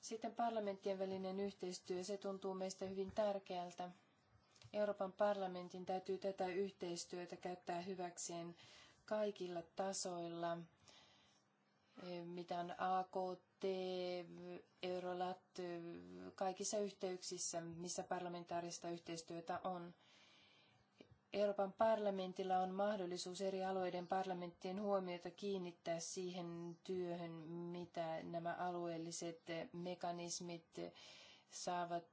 Sitten parlamenttien välinen yhteistyö, se tuntuu meistä hyvin tärkeältä. Euroopan parlamentin täytyy tätä yhteistyötä käyttää hyväkseen kaikilla tasoilla mitä on AKT, Eurolat, kaikissa yhteyksissä, missä parlamentaarista yhteistyötä on. Euroopan parlamentilla on mahdollisuus eri alueiden parlamenttien huomiota kiinnittää siihen työhön, mitä nämä alueelliset mekanismit saavat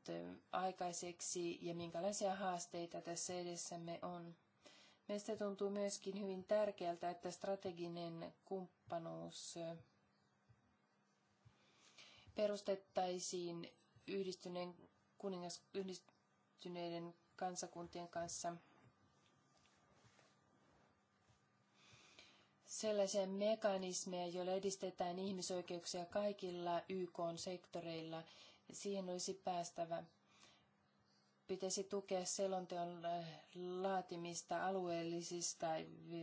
aikaiseksi ja minkälaisia haasteita tässä edessämme on. Meistä tuntuu myöskin hyvin tärkeältä, että strateginen kumppanuus perustettaisiin yhdistyneen kuningas, yhdistyneiden kansakuntien kanssa sellaisia mekanismeja, joilla edistetään ihmisoikeuksia kaikilla YK-sektoreilla. Siihen olisi päästävä pitäisi tukea selonteon äh, laatimista alueellisista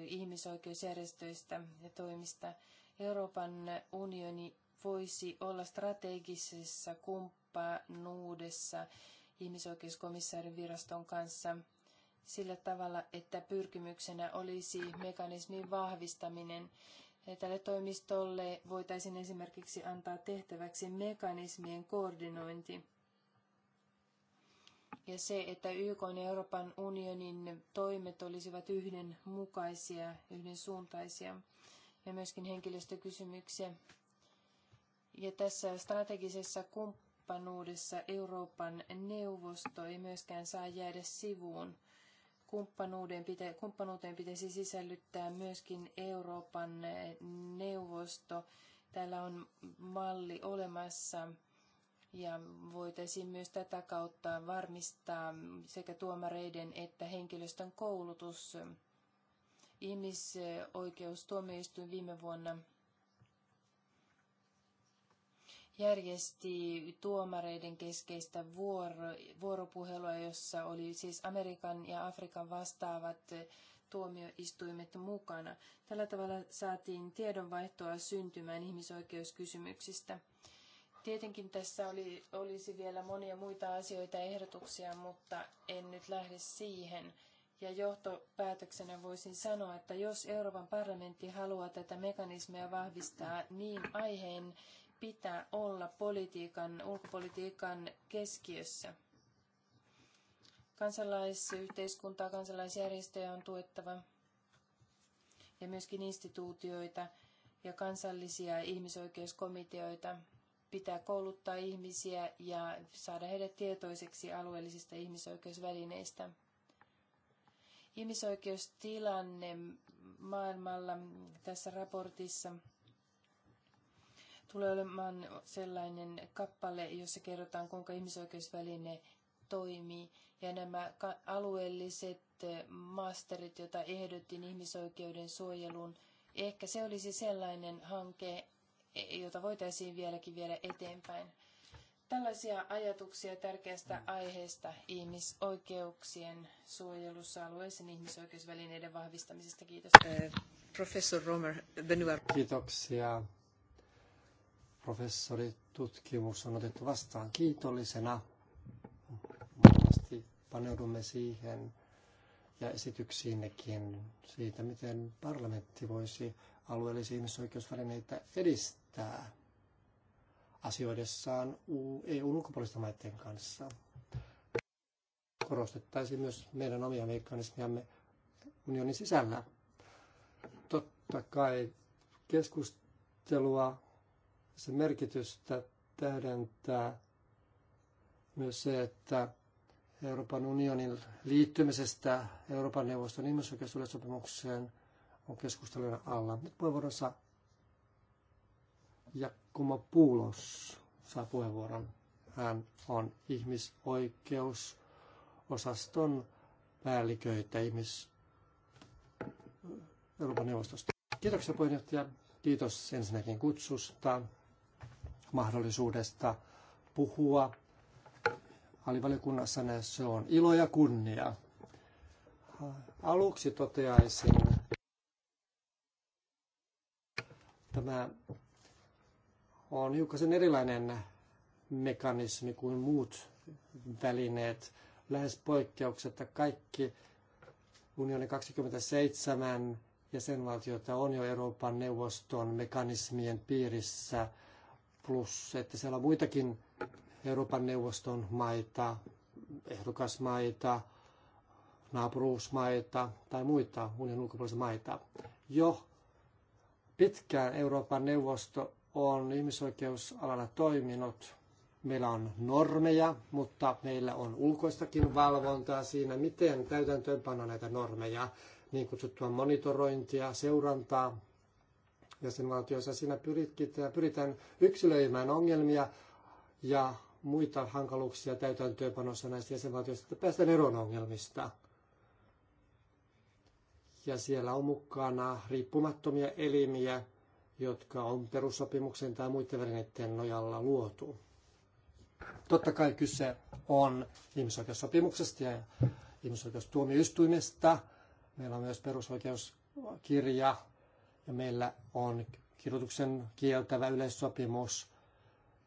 ihmisoikeusjärjestöistä ja toimista. Euroopan unioni voisi olla strategisessa kumppanuudessa ihmisoikeuskomissaarin viraston kanssa sillä tavalla, että pyrkimyksenä olisi mekanismin vahvistaminen. Tälle toimistolle voitaisiin esimerkiksi antaa tehtäväksi mekanismien koordinointi ja se, että YK ja Euroopan unionin toimet olisivat yhdenmukaisia, yhdensuuntaisia ja myöskin henkilöstökysymyksiä. Ja tässä strategisessa kumppanuudessa Euroopan neuvosto ei myöskään saa jäädä sivuun. Kumppanuuteen, pitä, kumppanuuteen pitäisi sisällyttää myöskin Euroopan neuvosto. Täällä on malli olemassa ja voitaisiin myös tätä kautta varmistaa sekä tuomareiden että henkilöstön koulutus. Ihmisoikeustuomioistuin viime vuonna järjesti tuomareiden keskeistä vuoro- vuoropuhelua, jossa oli siis Amerikan ja Afrikan vastaavat tuomioistuimet mukana. Tällä tavalla saatiin tiedonvaihtoa syntymään ihmisoikeuskysymyksistä. Tietenkin tässä oli, olisi vielä monia muita asioita ja ehdotuksia, mutta en nyt lähde siihen. Ja johtopäätöksenä voisin sanoa, että jos Euroopan parlamentti haluaa tätä mekanismia vahvistaa, niin aiheen pitää olla politiikan, ulkopolitiikan keskiössä. Kansalaisyhteiskuntaa, kansalaisjärjestöjä on tuettava ja myöskin instituutioita ja kansallisia ihmisoikeuskomiteoita pitää kouluttaa ihmisiä ja saada heidät tietoisiksi alueellisista ihmisoikeusvälineistä. Ihmisoikeustilanne maailmalla tässä raportissa tulee olemaan sellainen kappale, jossa kerrotaan, kuinka ihmisoikeusväline toimii. Ja nämä alueelliset masterit, joita ehdotin ihmisoikeuden suojeluun, ehkä se olisi sellainen hanke, jota voitaisiin vieläkin viedä eteenpäin. Tällaisia ajatuksia tärkeästä aiheesta ihmisoikeuksien suojelussa alueisen ihmisoikeusvälineiden vahvistamisesta. Kiitos. Eh, professor Romer Benuar. Kiitoksia. Professori tutkimus on otettu vastaan kiitollisena. Varmasti paneudumme siihen ja esityksiinnekin siitä, miten parlamentti voisi alueellisia ihmisoikeusvälineitä edistää asioidessaan EUn ulkopuolisten maiden kanssa. Korostettaisiin myös meidän omia mekanismiamme unionin sisällä. Totta kai keskustelua, sen merkitystä tähdentää myös se, että Euroopan unionin liittymisestä Euroopan neuvoston ihmisoikeusyleissopimukseen on keskustelujen alla. Nyt puheenvuoronsa Jakkuma Puulos saa puheenvuoron. Hän on ihmisoikeusosaston päälliköitä ihmis Euroopan neuvostosta. Kiitoksia puheenjohtaja. Kiitos ensinnäkin kutsusta, mahdollisuudesta puhua alivaliokunnassa. Se on ilo ja kunnia. Aluksi toteaisin, Tämä on hiukan erilainen mekanismi kuin muut välineet. Lähes poikkeuksetta kaikki unionin 27 jäsenvaltiota on jo Euroopan neuvoston mekanismien piirissä, plus että siellä on muitakin Euroopan neuvoston maita, ehdokasmaita, naapuruusmaita tai muita unionin ulkopuolisia maita. Jo pitkään Euroopan neuvosto on ihmisoikeusalalla toiminut. Meillä on normeja, mutta meillä on ulkoistakin valvontaa siinä, miten täytäntöönpano näitä normeja, niin kutsuttua monitorointia, seurantaa jäsenvaltioissa. Siinä pyritään yksilöimään ongelmia ja muita hankaluuksia täytäntöönpanossa näistä jäsenvaltioista, että päästään eroon ongelmista – ja siellä on mukana riippumattomia elimiä, jotka on perussopimuksen tai muiden välineiden nojalla luotu. Totta kai kyse on ihmisoikeussopimuksesta ja ihmisoikeustuomioistuimesta. Meillä on myös perusoikeuskirja ja meillä on kirjoituksen kieltävä yleissopimus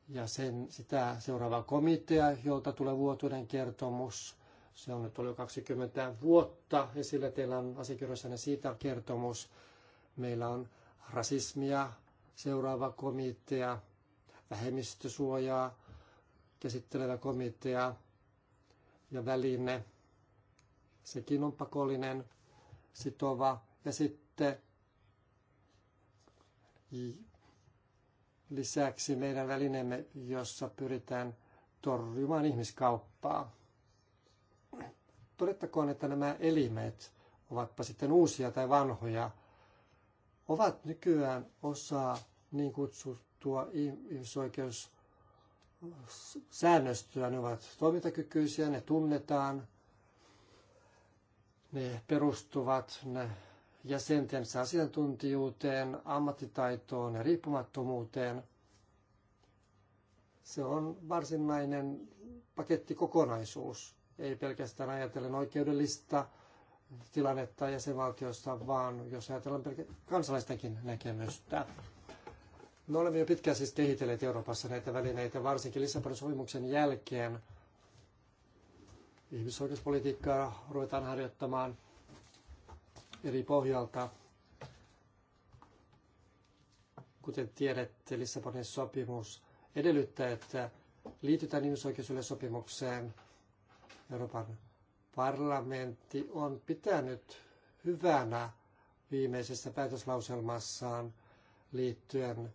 ja sen, sitä seuraava komitea, jolta tulee vuotuinen kertomus se on nyt ollut 20 vuotta esillä. Teillä on asiakirjoissanne siitä kertomus. Meillä on rasismia, seuraava komitea, vähemmistösuojaa käsittelevä komitea ja väline. Sekin on pakollinen, sitova. Ja sitten lisäksi meidän välineemme, jossa pyritään torjumaan ihmiskauppaa. Todettakoon, että nämä elimet, ovatpa sitten uusia tai vanhoja, ovat nykyään osa niin kutsuttua ihmisoikeussäännöstöä. Ne ovat toimintakykyisiä, ne tunnetaan, ne perustuvat ne jäsentensä asiantuntijuuteen, ammattitaitoon ja riippumattomuuteen. Se on varsinainen pakettikokonaisuus ei pelkästään ajatellen oikeudellista tilannetta jäsenvaltiossa, vaan jos ajatellaan pelkä- kansalaistenkin näkemystä. Me olemme jo pitkään siis kehitelleet Euroopassa näitä välineitä, varsinkin Lissabonin sopimuksen jälkeen. Ihmisoikeuspolitiikkaa ruvetaan harjoittamaan eri pohjalta. Kuten tiedätte, Lissabonin sopimus edellyttää, että liitytään ihmisoikeusyleissopimukseen – Euroopan parlamentti on pitänyt hyvänä viimeisessä päätöslauselmassaan liittyen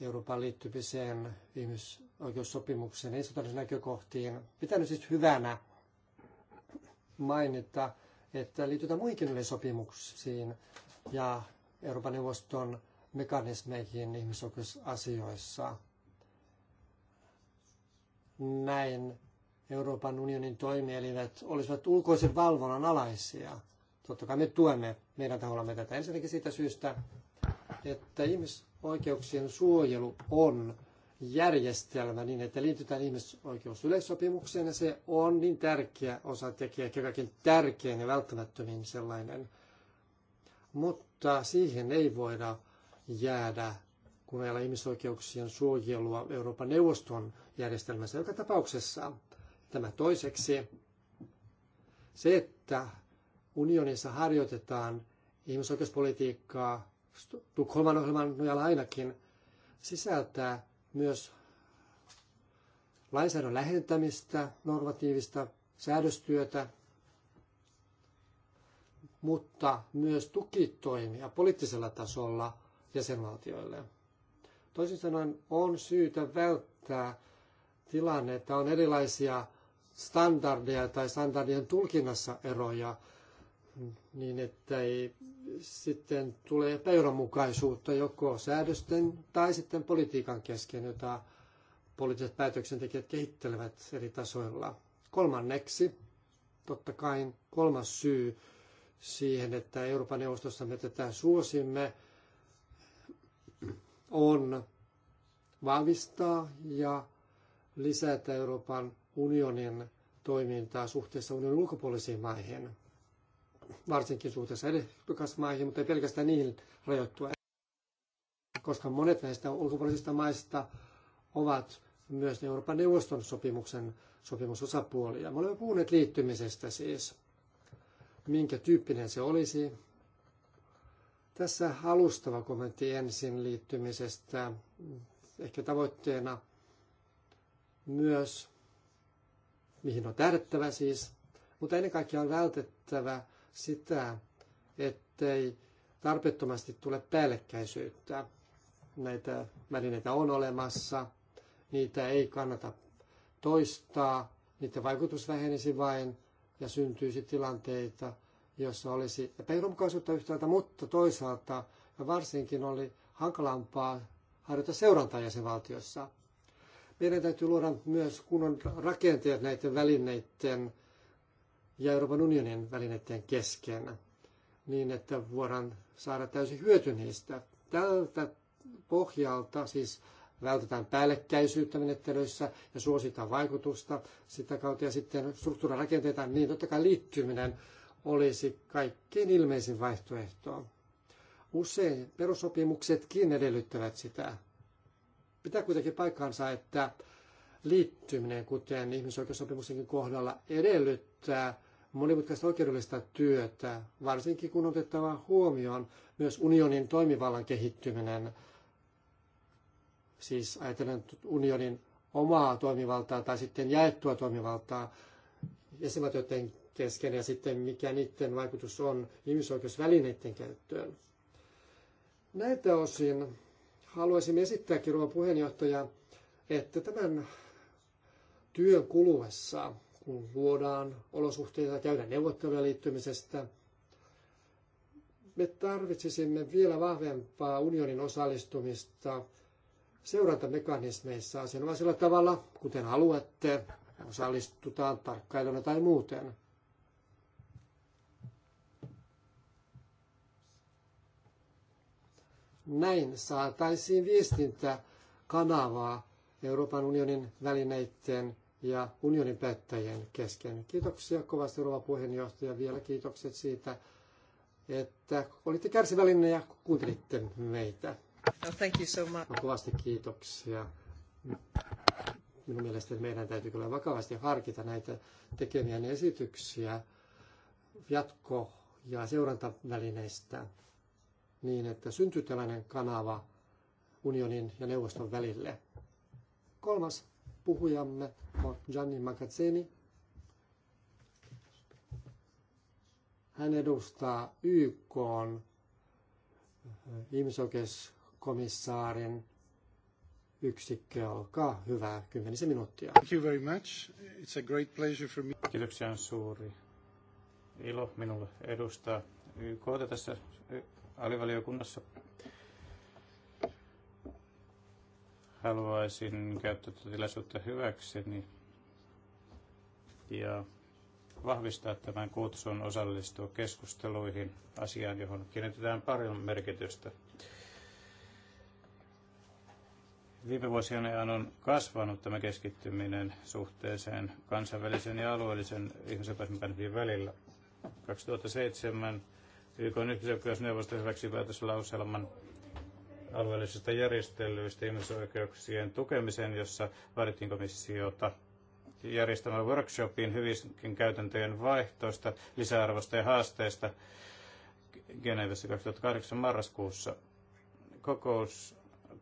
Euroopan liittymiseen ihmisoikeussopimuksen instituutioiden näkökohtiin. Pitänyt siis hyvänä mainita, että liitytään muihinkin sopimuksiin ja Euroopan neuvoston mekanismeihin ihmisoikeusasioissa. Näin Euroopan unionin toimielimet olisivat ulkoisen valvonnan alaisia. Totta kai me tuemme meidän tahollamme tätä ensinnäkin siitä syystä, että ihmisoikeuksien suojelu on järjestelmä niin, että liitytään ihmisoikeusyleissopimukseen ja se on niin tärkeä osa tekijä, ehkä kaikkein tärkein ja välttämättömin sellainen. Mutta siihen ei voida jäädä, kun meillä ihmisoikeuksien suojelua Euroopan neuvoston järjestelmässä joka tapauksessa. Tämä toiseksi se, että unionissa harjoitetaan ihmisoikeuspolitiikkaa, Tukholman ohjelman nojalla ainakin, sisältää myös lainsäädännön lähentämistä, normatiivista säädöstyötä, mutta myös tukitoimia poliittisella tasolla jäsenvaltioille. Toisin sanoen on syytä välttää tilanne, että on erilaisia standardeja tai standardien tulkinnassa eroja, niin että ei sitten tule epäjohdonmukaisuutta joko säädösten tai sitten politiikan kesken, jota poliittiset päätöksentekijät kehittelevät eri tasoilla. Kolmanneksi, totta kai kolmas syy siihen, että Euroopan neuvostossa me tätä suosimme, on vahvistaa ja lisätä Euroopan unionin toimintaa suhteessa unionin ulkopuolisiin maihin, varsinkin suhteessa ehdokasmaihin, mutta ei pelkästään niihin rajoittua, koska monet näistä ulkopuolisista maista ovat myös Euroopan neuvoston sopimuksen sopimusosapuolia. Me olemme puhuneet liittymisestä siis, minkä tyyppinen se olisi. Tässä alustava kommentti ensin liittymisestä, ehkä tavoitteena myös mihin on tähdettävä siis, mutta ennen kaikkea on vältettävä sitä, ettei tarpeettomasti tule päällekkäisyyttä. Näitä välineitä on olemassa, niitä ei kannata toistaa, niiden vaikutus vähenisi vain ja syntyisi tilanteita, jossa olisi epäjohdonmukaisuutta yhtäältä, mutta toisaalta varsinkin oli hankalampaa harjoittaa seurantaa jäsenvaltiossa. Meidän täytyy luoda myös kunnon rakenteet näiden välineiden ja Euroopan unionin välineiden kesken, niin että voidaan saada täysin hyöty niistä. Tältä pohjalta siis vältetään päällekkäisyyttä menettelyissä ja suositaan vaikutusta sitä kautta. Ja sitten struktuurirakenteita, niin totta kai liittyminen olisi kaikkein ilmeisin vaihtoehto. Usein perussopimuksetkin edellyttävät sitä. Pitää kuitenkin paikkaansa, että liittyminen, kuten ihmisoikeussopimuksenkin kohdalla, edellyttää monimutkaista oikeudellista työtä, varsinkin kun otettava huomioon myös unionin toimivallan kehittyminen. Siis ajatellen unionin omaa toimivaltaa tai sitten jaettua toimivaltaa jäsenvaltioiden kesken ja sitten mikä niiden vaikutus on ihmisoikeusvälineiden käyttöön. Näitä osin haluaisin esittääkin, rouva puheenjohtaja, että tämän työn kuluessa, kun luodaan olosuhteita käydä neuvotteluja liittymisestä, me tarvitsisimme vielä vahvempaa unionin osallistumista seurantamekanismeissa asianomaisella tavalla, kuten haluatte, osallistutaan tarkkailuna tai muuten. Näin saataisiin viestintäkanavaa Euroopan unionin välineiden ja unionin päättäjien kesken. Kiitoksia kovasti rouva puheenjohtaja. Vielä kiitokset siitä, että olitte kärsivällinen ja kuuntelitte meitä. No, thank you so much. No, kovasti kiitoksia. Minun mielestäni meidän täytyy kyllä vakavasti harkita näitä tekemiä esityksiä jatko- ja seurantavälineistä niin, että syntyy tällainen kanava unionin ja neuvoston välille. Kolmas puhujamme on Gianni Macazzeni. Hän edustaa YK on eh, ihmisoikeuskomissaarin yksikkö. Olkaa hyvä, kymmenisen minuuttia. Thank you very much. It's a great pleasure for me. Kiitoksia on suuri ilo minulle edustaa YK tässä alivaliokunnassa. Haluaisin käyttää tätä tilaisuutta hyväkseni ja vahvistaa tämän kutsun osallistua keskusteluihin asiaan, johon kiinnitetään paljon merkitystä. Viime vuosien ajan on kasvanut tämä keskittyminen suhteeseen kansainvälisen ja alueellisen ihmisen välillä. 2007 YK on ihmisoikeusneuvosto hyväksyi päätöslauselman alueellisista järjestelyistä ihmisoikeuksien tukemiseen, jossa vaadittiin komissiota järjestämään workshopin hyvinkin käytäntöjen vaihtoista, lisäarvosta ja haasteista Genevessä 2008 marraskuussa. Kokous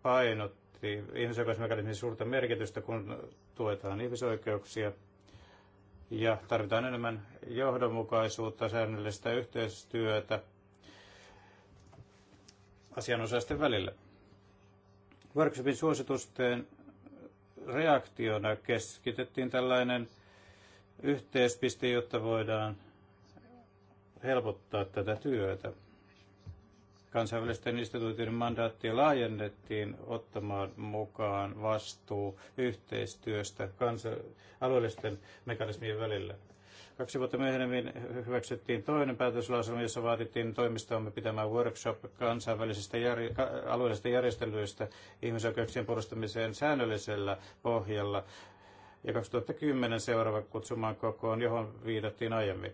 painotti ihmisoikeusmekanismin suurta merkitystä, kun tuetaan ihmisoikeuksia ja tarvitaan enemmän johdonmukaisuutta, säännöllistä yhteistyötä asianosaisten välillä. Workshopin suositusten reaktiona keskitettiin tällainen yhteispiste, jotta voidaan helpottaa tätä työtä. Kansainvälisten instituutioiden mandaattia laajennettiin ottamaan mukaan vastuu yhteistyöstä kansa- alueellisten mekanismien välillä. Kaksi vuotta myöhemmin hyväksyttiin toinen päätöslauselma, jossa vaadittiin toimistoamme pitämään workshop kansainvälisistä järj- alueellisista järjestelyistä ihmisoikeuksien puolustamiseen säännöllisellä pohjalla ja 2010 seuraava kutsumaan kokoon, johon viitattiin aiemmin.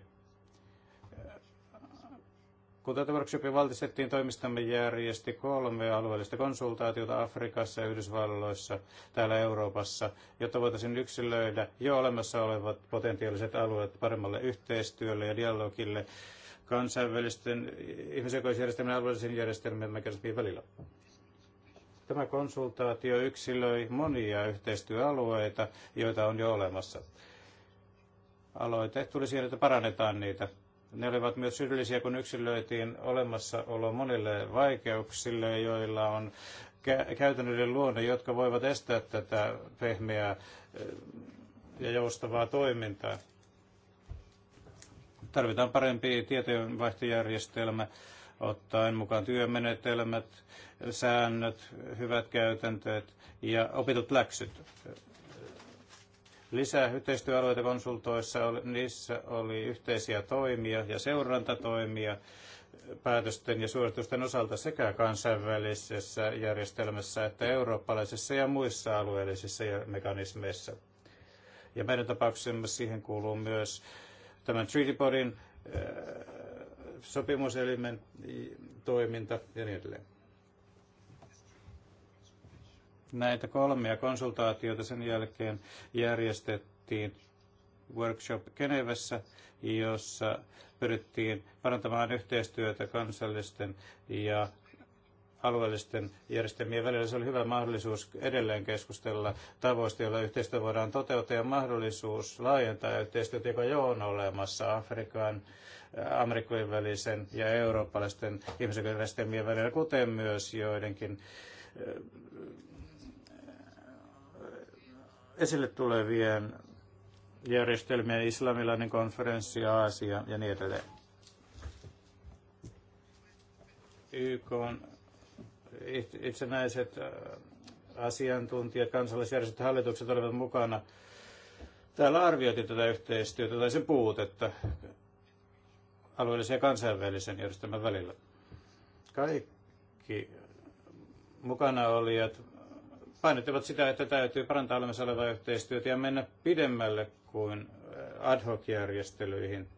Kun tätä workshopia valtistettiin, toimistamme järjesti kolme alueellista konsultaatiota Afrikassa ja Yhdysvalloissa, täällä Euroopassa, jotta voitaisiin yksilöidä jo olemassa olevat potentiaaliset alueet paremmalle yhteistyölle ja dialogille kansainvälisten ihmisoikeusjärjestelmien ja alueellisen järjestelmien mekanismien välillä. Tämä konsultaatio yksilöi monia yhteistyöalueita, joita on jo olemassa. Aloite tuli siihen, että parannetaan niitä ne olivat myös syrjillisiä, kun yksilöitiin olemassaolo monille vaikeuksille, joilla on käytännöllinen luonne, jotka voivat estää tätä pehmeää eh, ja joustavaa toimintaa. Tarvitaan parempi tietojenvaihtojärjestelmä, ottaen mukaan työmenetelmät, säännöt, hyvät käytänteet ja opitut läksyt. Lisää yhteistyöalueita konsultoissa, niissä oli yhteisiä toimia ja seurantatoimia päätösten ja suoritusten osalta sekä kansainvälisessä järjestelmässä että eurooppalaisissa ja muissa alueellisissa mekanismeissa. Ja meidän tapauksessamme siihen kuuluu myös tämän Treaty Bodyn äh, sopimuselimen toiminta ja niin edelleen. Näitä kolmea konsultaatiota sen jälkeen järjestettiin workshop Genevessä, jossa pyrittiin parantamaan yhteistyötä kansallisten ja alueellisten järjestelmien välillä. Se oli hyvä mahdollisuus edelleen keskustella tavoista, joilla yhteistyö voidaan toteuttaa ja mahdollisuus laajentaa yhteistyötä, joka jo on olemassa Afrikan, Amerikojen välisen ja eurooppalaisten ihmisoikeusjärjestelmien välillä, kuten myös joidenkin esille tulevien järjestelmien islamilainen konferenssi Aasia ja niin edelleen. YK on itsenäiset äh, asiantuntijat, kansallisjärjestöt hallitukset olivat mukana. Täällä arvioitiin tätä yhteistyötä tai sen puutetta alueellisen ja kansainvälisen järjestelmän välillä. Kaikki mukana olijat painottivat sitä, että täytyy parantaa olemassa olevaa yhteistyötä ja mennä pidemmälle kuin äh, ad hoc-järjestelyihin,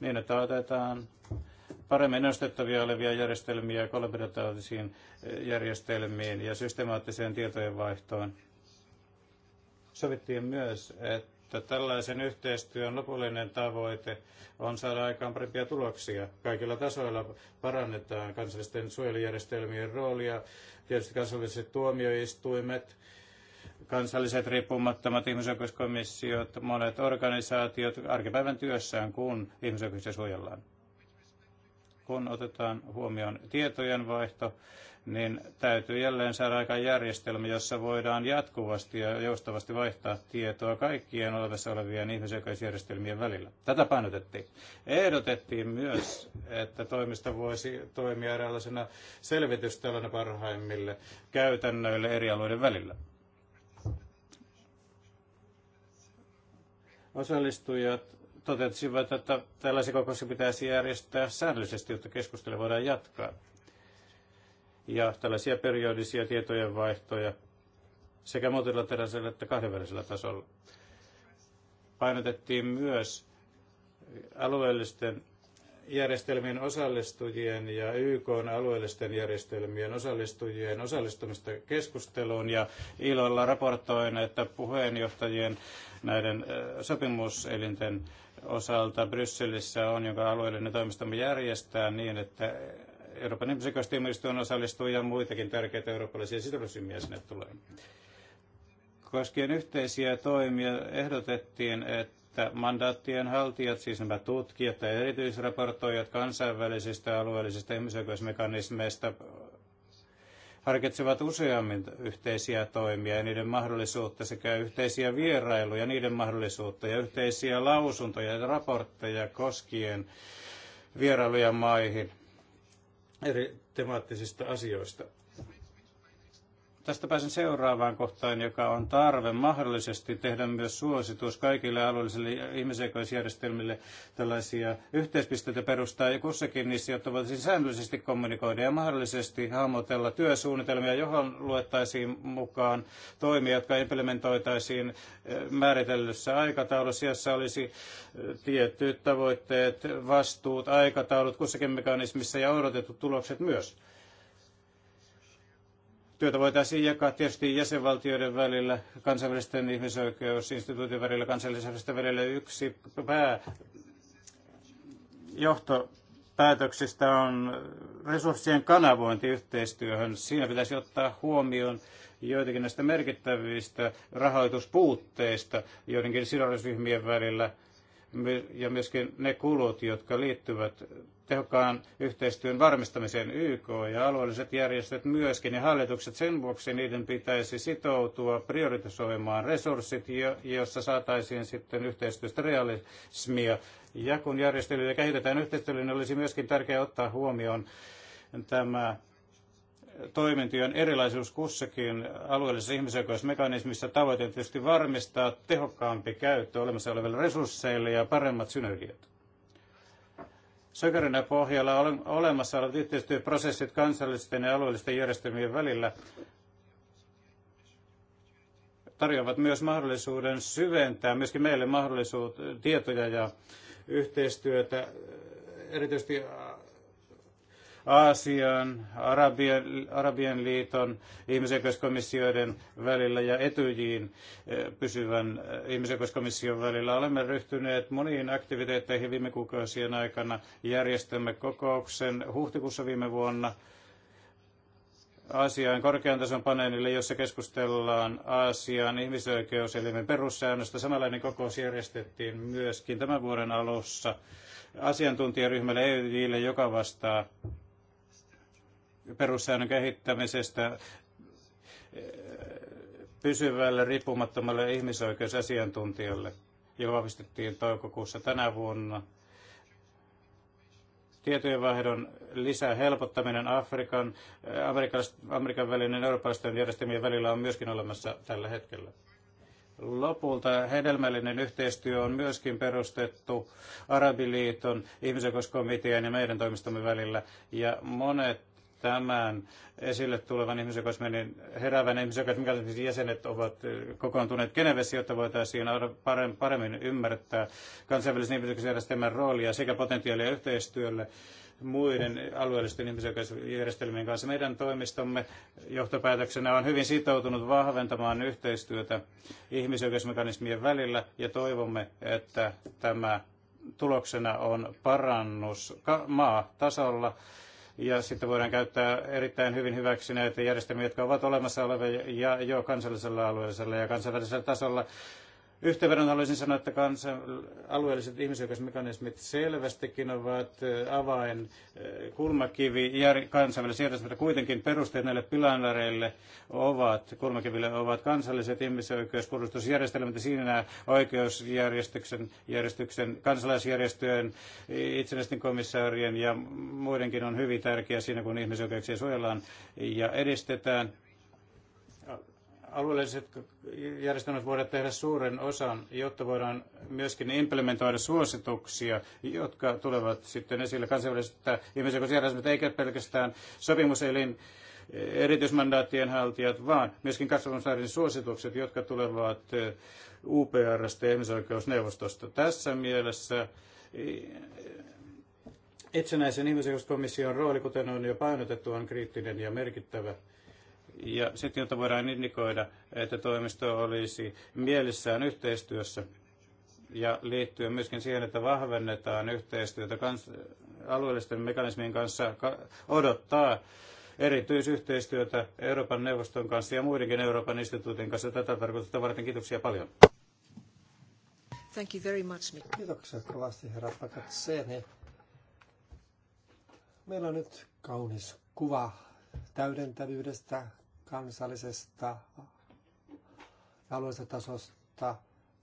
niin että otetaan paremmin nostettavia olevia järjestelmiä kollaboratiivisiin äh, järjestelmiin ja systemaattiseen tietojenvaihtoon. Sovittiin myös, että että tällaisen yhteistyön lopullinen tavoite on saada aikaan parempia tuloksia. Kaikilla tasoilla parannetaan kansallisten suojelujärjestelmien roolia, tietysti kansalliset tuomioistuimet, kansalliset riippumattomat ihmisoikeuskomissiot, monet organisaatiot arkipäivän työssään, kun ihmisoikeuksia suojellaan kun otetaan huomioon tietojen niin täytyy jälleen saada aika järjestelmä, jossa voidaan jatkuvasti ja joustavasti vaihtaa tietoa kaikkien olevassa olevien ihmisoikeusjärjestelmien välillä. Tätä painotettiin. Ehdotettiin myös, että toimista voisi toimia eräänlaisena selvitystalona parhaimmille käytännöille eri alueiden välillä. Osallistujat totesivat, että tällaisia kokouksia pitäisi järjestää säännöllisesti, jotta keskustelu voidaan jatkaa ja tällaisia periodisia tietojenvaihtoja sekä multilateraalisella että kahdenvälisellä tasolla. Painotettiin myös alueellisten järjestelmien osallistujien ja YK alueellisten järjestelmien osallistujien osallistumista keskusteluun ja ilolla raportoin, että puheenjohtajien näiden sopimuselinten osalta Brysselissä on, jonka alueellinen toimistamme järjestää niin, että Euroopan ihmisoikeustuomioistuin osallistuu ja muitakin tärkeitä eurooppalaisia sidosryhmiä sinne tulee. Koskien yhteisiä toimia ehdotettiin, että mandaattien haltijat, siis nämä tutkijat tai erityisraportoijat kansainvälisistä alueellisista ihmisoikeusmekanismeista harkitsevat useammin yhteisiä toimia ja niiden mahdollisuutta sekä yhteisiä vierailuja, niiden mahdollisuutta ja yhteisiä lausuntoja ja raportteja koskien vierailuja maihin eri temaattisista asioista. Tästä pääsen seuraavaan kohtaan, joka on tarve mahdollisesti tehdä myös suositus kaikille alueellisille ihmisoikeusjärjestelmille tällaisia yhteispisteitä perustaa ja kussakin niissä, jotta voitaisiin säännöllisesti kommunikoida ja mahdollisesti hahmotella työsuunnitelmia, johon luettaisiin mukaan toimia, jotka implementoitaisiin eh, määritellyssä aikataulussa, jossa olisi eh, tietyt tavoitteet, vastuut, aikataulut kussakin mekanismissa ja odotetut tulokset myös Työtä voitaisiin jakaa tietysti jäsenvaltioiden välillä, kansainvälisten ihmisoikeusinstituutin välillä, kansallisjärjestön välillä. Yksi pää johtopäätöksistä on resurssien kanavointi yhteistyöhön. Siinä pitäisi ottaa huomioon joitakin näistä merkittävistä rahoituspuutteista joidenkin sidosryhmien välillä ja myöskin ne kulut, jotka liittyvät tehokkaan yhteistyön varmistamiseen YK ja alueelliset järjestöt myöskin ja hallitukset. Sen vuoksi niiden pitäisi sitoutua prioritisoimaan resurssit, jossa saataisiin sitten yhteistyöstä realismia. Ja kun järjestelyjä kehitetään yhteistyölle, niin olisi myöskin tärkeää ottaa huomioon tämä toimintojen erilaisuus kussakin alueellisessa ihmisoikeusmekanismissa tavoite tietysti varmistaa tehokkaampi käyttö olemassa olevilla resursseilla ja paremmat synergiat. Sokerina pohjalla on olemassa olevat yhteistyöprosessit kansallisten ja alueellisten järjestelmien välillä tarjoavat myös mahdollisuuden syventää myöskin meille mahdollisuutta tietoja ja yhteistyötä erityisesti Aasian, Arabian, liiton, ihmisoikeuskomissioiden välillä ja Etyjiin eh, pysyvän eh, ihmisoikeuskomission välillä. Olemme ryhtyneet moniin aktiviteetteihin viime kuukausien aikana. Järjestämme kokouksen huhtikuussa viime vuonna Aasian korkean tason paneelille, jossa keskustellaan Aasian ihmisoikeuselimen perussäännöstä. Samanlainen kokous järjestettiin myöskin tämän vuoden alussa asiantuntijaryhmälle EYJille, joka vastaa perussäännön kehittämisestä eh, pysyvälle riippumattomalle ihmisoikeusasiantuntijalle, joka vahvistettiin toukokuussa tänä vuonna. Tietojenvaihdon helpottaminen Afrikan, eh, Amerikan, Amerikan välinen eurooppalaisten järjestelmien välillä on myöskin olemassa tällä hetkellä. Lopulta hedelmällinen yhteistyö on myöskin perustettu Arabiliiton, ihmisoikeuskomitean ja meidän toimistomme välillä, ja monet tämän esille tulevan ihmisoikeusmenin niin heräävän siis jäsenet ovat eh, kokoontuneet Genevessä, jotta voitaisiin paremmin ymmärtää kansainvälisen ihmisoikeusjärjestelmän roolia sekä potentiaalia yhteistyölle muiden alueellisten ihmisoikeusjärjestelmien kanssa. Meidän toimistomme johtopäätöksenä on hyvin sitoutunut vahventamaan yhteistyötä ihmisoikeusmekanismien välillä ja toivomme, että tämä tuloksena on parannus maa tasolla ja sitten voidaan käyttää erittäin hyvin hyväksi näitä järjestelmiä, jotka ovat olemassa olevia ja jo kansallisella alueellisella ja kansainvälisellä tasolla Yhteenvedon haluaisin sanoa, että kansan, alueelliset ihmisoikeusmekanismit selvästikin ovat äh, avain äh, kulmakivi kansainvälisessä järjestelmässä. Kuitenkin perusteet näille pilareille ovat, kulmakiville ovat kansalliset ihmisoikeuspuolustusjärjestelmät ja siinä oikeusjärjestyksen, järjestyksen, kansalaisjärjestöjen, itsenäisten komissaarien ja muidenkin on hyvin tärkeä siinä, kun ihmisoikeuksia suojellaan ja edistetään alueelliset järjestelmät voivat tehdä suuren osan, jotta voidaan myöskin implementoida suosituksia, jotka tulevat sitten esille kansainvälisestä ihmisoikeusjärjestelmästä, eikä pelkästään sopimuselin erityismandaattien haltijat, vaan myöskin kasvamusnaarin suositukset, jotka tulevat eh, UPRstä ja ihmisoikeusneuvostosta. Tässä mielessä eh, itsenäisen ihmisoikeuskomission rooli, kuten on jo painotettu, on kriittinen ja merkittävä – ja sitten jotta voidaan indikoida, että toimisto olisi mielissään yhteistyössä ja liittyen myöskin siihen, että vahvennetaan yhteistyötä kans, alueellisten mekanismien kanssa, ka, odottaa erityisyhteistyötä Euroopan neuvoston kanssa ja muidenkin Euroopan instituutin kanssa. Tätä tarkoitusta varten kiitoksia paljon. Thank you very much, Mikko. Kiitoksia kovasti, herra Pakatseni. Meillä on nyt kaunis kuva täydentävyydestä, kansallisesta ja alueellisesta tasosta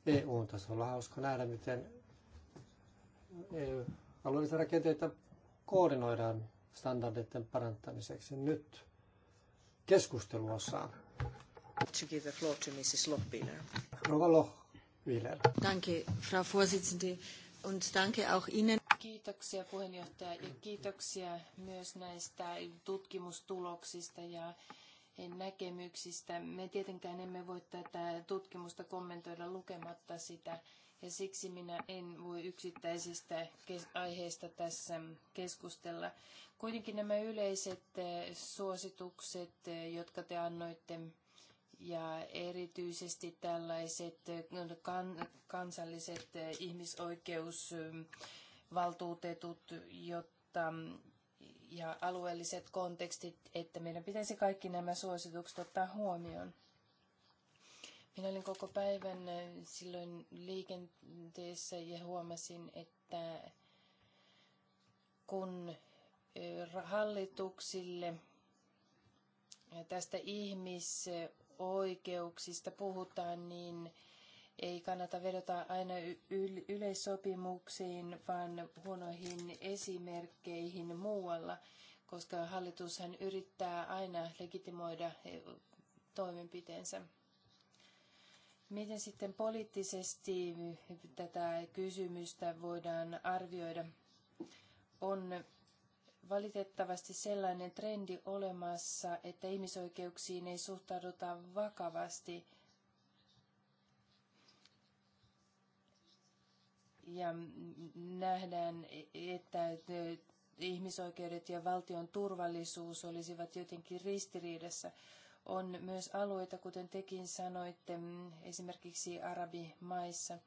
EU-tasolla. Hauska nähdä, miten EU alueellisia rakenteita koordinoidaan standardeiden parantamiseksi nyt keskusteluosaan. To give the floor to Mrs. Rova Lochbihler. Danke, Frau Vorsitzende, und danke auch Ihnen. Kiitoksia puheenjohtaja ja kiitoksia myös näistä tutkimustuloksista ja näkemyksistä. Me tietenkään emme voi tätä tutkimusta kommentoida lukematta sitä, ja siksi minä en voi yksittäisistä aiheista tässä keskustella. Kuitenkin nämä yleiset eh, suositukset, eh, jotka te annoitte, ja erityisesti tällaiset eh, kansalliset ihmisoikeusvaltuutetut, jotta ja alueelliset kontekstit, että meidän pitäisi kaikki nämä suositukset ottaa huomioon. Minä olin koko päivän silloin liikenteessä ja huomasin, että kun hallituksille tästä ihmisoikeuksista puhutaan, niin ei kannata vedota aina yleissopimuksiin, vaan huonoihin esimerkkeihin muualla, koska hallitushan yrittää aina legitimoida eh, toimenpiteensä. Miten sitten poliittisesti tätä kysymystä voidaan arvioida? On valitettavasti sellainen trendi olemassa, että ihmisoikeuksiin ei suhtauduta vakavasti – ja nähdään, että ihmisoikeudet ja valtion turvallisuus olisivat jotenkin ristiriidassa. On myös alueita, kuten tekin sanoitte, esimerkiksi arabimaissa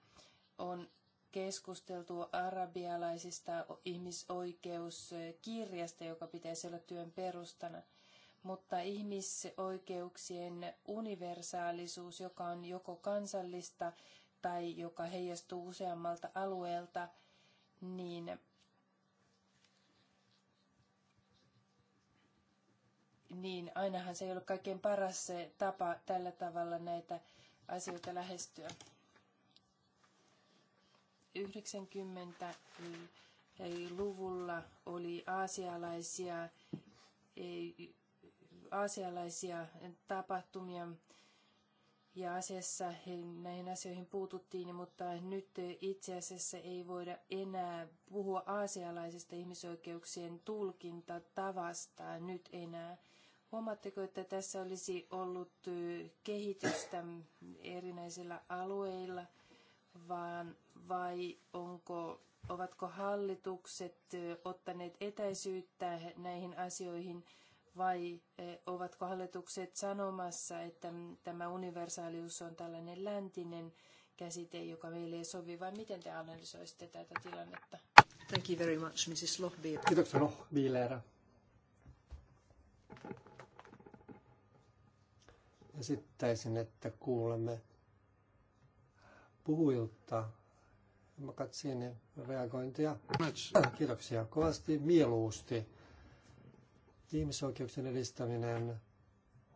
on keskusteltu arabialaisista ihmisoikeuskirjasta, joka pitäisi olla työn perustana. Mutta ihmisoikeuksien universaalisuus, joka on joko kansallista tai joka heijastuu useammalta alueelta, niin niin ainahan se ei ole kaikkein paras se tapa tällä tavalla näitä asioita lähestyä. 90-luvulla oli aasialaisia, aasialaisia tapahtumia ja asiassa näihin asioihin puututtiin, mutta nyt itse asiassa ei voida enää puhua aasialaisesta ihmisoikeuksien tulkintatavasta nyt enää. Huomaatteko, että tässä olisi ollut kehitystä erinäisillä alueilla, vaan vai onko, ovatko hallitukset ottaneet etäisyyttä näihin asioihin vai eh, ovatko hallitukset sanomassa, että tämä universaalius on tällainen läntinen käsite, joka meille ei sovi, vai miten te analysoisitte tätä tilannetta? Thank you very much, Mrs. Lohbier. Kiitoksia, Lohbier. Esittäisin, että kuulemme puhujilta katsin reagointia. Kiitoksia kovasti, mieluusti Ihmisoikeuksien edistäminen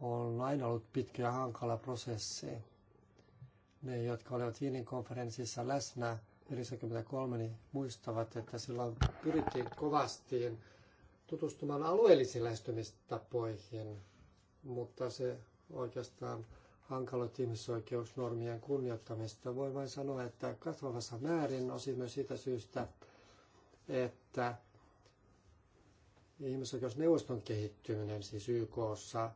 on aina ollut pitkä ja hankala prosessi. Ne, jotka olivat Viinin konferenssissa läsnä 1993, niin muistavat, että silloin pyrittiin kovasti tutustumaan alueellisiin lähestymistapoihin, mutta se oikeastaan hankaloitti ihmisoikeusnormien kunnioittamista. Voi vain sanoa, että kasvavassa määrin osin myös siitä syystä, että ihmisoikeusneuvoston kehittyminen siis YKssa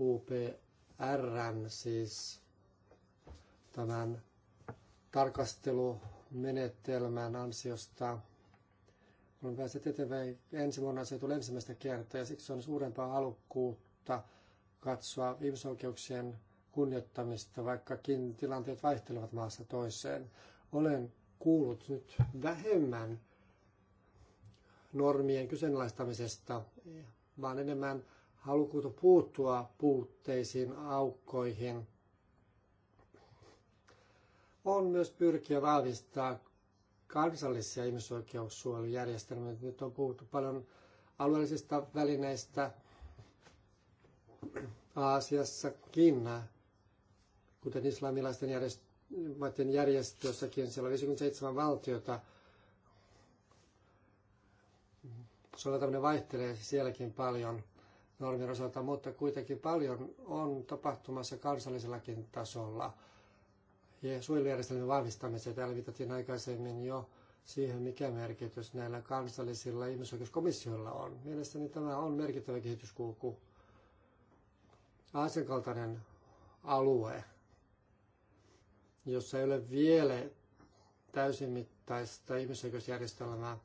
UPRn siis tämän tarkastelumenetelmän ansiosta olen päässyt eteenpäin. Ensi vuonna se tulee ensimmäistä kertaa ja siksi on suurempaa halukkuutta katsoa ihmisoikeuksien kunnioittamista, vaikkakin tilanteet vaihtelevat maassa toiseen. Olen kuullut nyt vähemmän normien kyseenalaistamisesta, vaan enemmän halukkuutta puuttua puutteisiin, aukkoihin. On myös pyrkiä vahvistaa kansallisia ihmisoikeussuojelujärjestelmiä. Nyt on puhuttu paljon alueellisista välineistä Aasiassakin, kuten islamilaisten järjest- järjestössäkin. Siellä on 57 valtiota – soveltaminen vaihtelee sielläkin paljon normin osalta, mutta kuitenkin paljon on tapahtumassa kansallisellakin tasolla. Ja suojelujärjestelmän vahvistamiseen täällä viitattiin aikaisemmin jo siihen, mikä merkitys näillä kansallisilla ihmisoikeuskomissioilla on. Mielestäni tämä on merkittävä kehityskulku. Aasian kaltainen alue, jossa ei ole vielä täysimittaista ihmisoikeusjärjestelmää,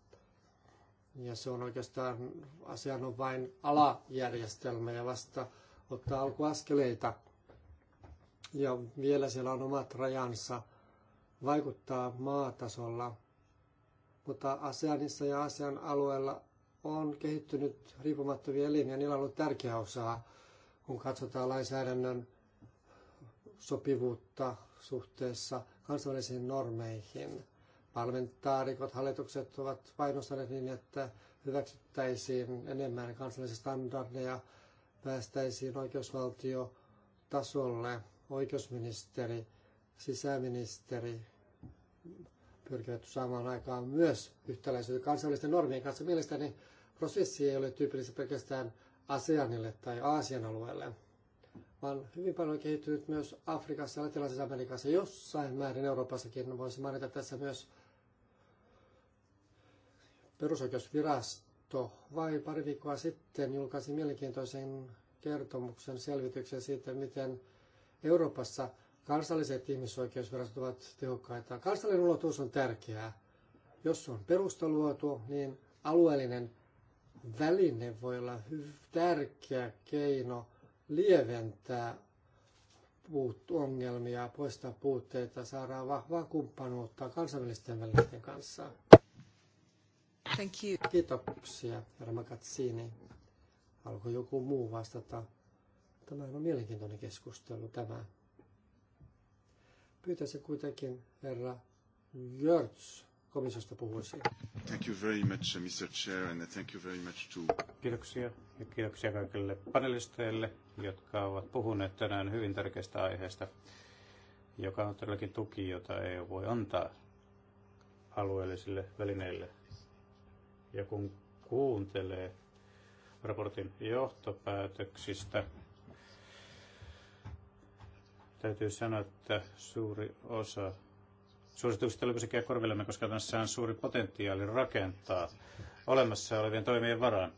ja se on oikeastaan, asian on vain alajärjestelmä ja vasta ottaa alkuaskeleita. Ja vielä siellä on omat rajansa vaikuttaa maatasolla. Mutta ASEANissa ja ASEAN alueella on kehittynyt riippumattomia elimiä. Niillä on ollut tärkeä osa, kun katsotaan lainsäädännön sopivuutta suhteessa kansainvälisiin normeihin parlamentaarikot, hallitukset ovat painostaneet niin, että hyväksyttäisiin enemmän kansallisia standardeja, päästäisiin oikeusvaltiotasolle, oikeusministeri, sisäministeri pyrkivät saamaan aikaan myös yhtäläisyyttä kansallisten normien kanssa. Mielestäni prosessi ei ole tyypillistä pelkästään ASEANille tai Aasian alueelle, vaan hyvin paljon kehittynyt myös Afrikassa ja Latinalaisessa Amerikassa, jossain määrin Euroopassakin. Voisi mainita tässä myös Perusoikeusvirasto vain pari viikkoa sitten julkaisi mielenkiintoisen kertomuksen selvityksen siitä, miten Euroopassa kansalliset ihmisoikeusvirastot ovat tehokkaita. Kansallinen ulottuvuus on tärkeää. Jos on perusta luotu, niin alueellinen väline voi olla tärkeä keino lieventää puut, ongelmia, poistaa puutteita, saada vahvaa kumppanuutta kansainvälisten välineiden kanssa. Thank you. Kiitoksia, Herma Katsini. Alkoi joku muu vastata. Tämä on mielenkiintoinen keskustelu tämä. Pyytäisin kuitenkin herra Görtz komissiosta puhuisi. Thank you very much, uh, Mr. Chair, and uh, thank you very much to... Kiitoksia ja kiitoksia kaikille panelisteille, jotka ovat puhuneet tänään hyvin tärkeästä aiheesta, joka on todellakin tuki, jota EU voi antaa alueellisille välineille ja kun kuuntelee raportin johtopäätöksistä, täytyy sanoa, että suuri osa suosituksista oli käy korvillemme, koska tässä on suuri potentiaali rakentaa olemassa olevien toimien varaan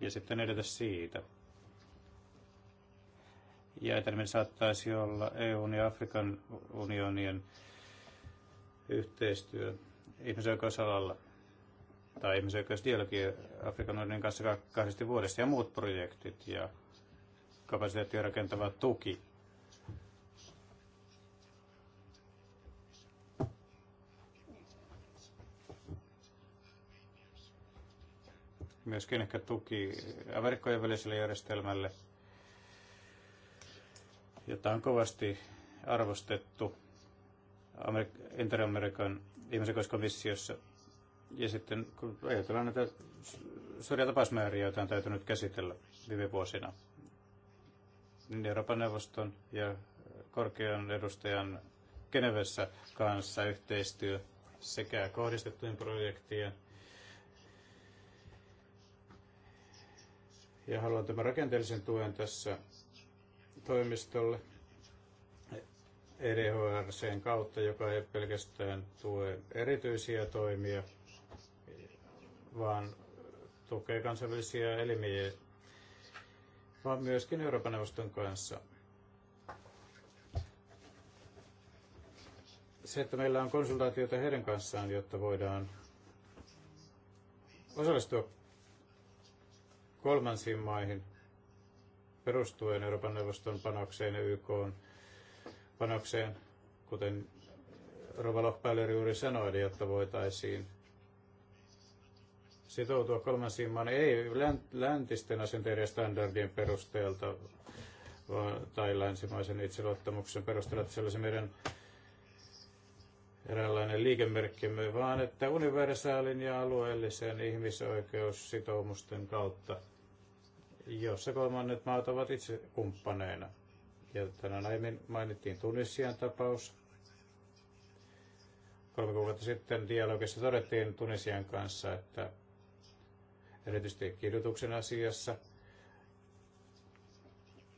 ja sitten edetä siitä. Ja eteneminen saattaisi olla EUn ja Afrikan unionien yhteistyö ihmisoikeusalalla tai ihmisoikeusdialogi Afrikan unionin kanssa kahdesti vuodessa ja muut projektit ja kapasiteettia rakentava tuki. Myöskin ehkä tuki Amerikkojen väliselle järjestelmälle, jota on kovasti arvostettu Inter-Amerikan ihmisoikeuskomissiossa ja sitten kun ajatellaan näitä suuria tapausmääriä, joita on täytynyt käsitellä viime vuosina, niin Euroopan neuvoston ja korkean edustajan Genevessä kanssa yhteistyö sekä kohdistettujen projektien ja haluan tämän rakenteellisen tuen tässä toimistolle EDHRCn kautta, joka ei pelkästään tue erityisiä toimia, vaan tukee kansainvälisiä elimiä, vaan myöskin Euroopan neuvoston kanssa. Se, että meillä on konsultaatioita heidän kanssaan, jotta voidaan osallistua kolmansiin maihin perustuen Euroopan neuvoston panokseen ja YK panokseen, kuten Rova Lohpäiler juuri sanoi, jotta voitaisiin sitoutua kolmansiin maan, ei läntisten asenteiden ja standardien perusteelta tai länsimaisen itseluottamuksen perusteella, että se olisi meidän eräänlainen liikemerkkimme, vaan että universaalin ja alueellisen ihmisoikeussitoumusten kautta, jossa kolmannet maat ovat itse kumppaneina. Ja tänään aiemmin mainittiin Tunisian tapaus. Kolme kuukautta sitten dialogissa todettiin Tunisian kanssa, että erityisesti kirjoituksen asiassa,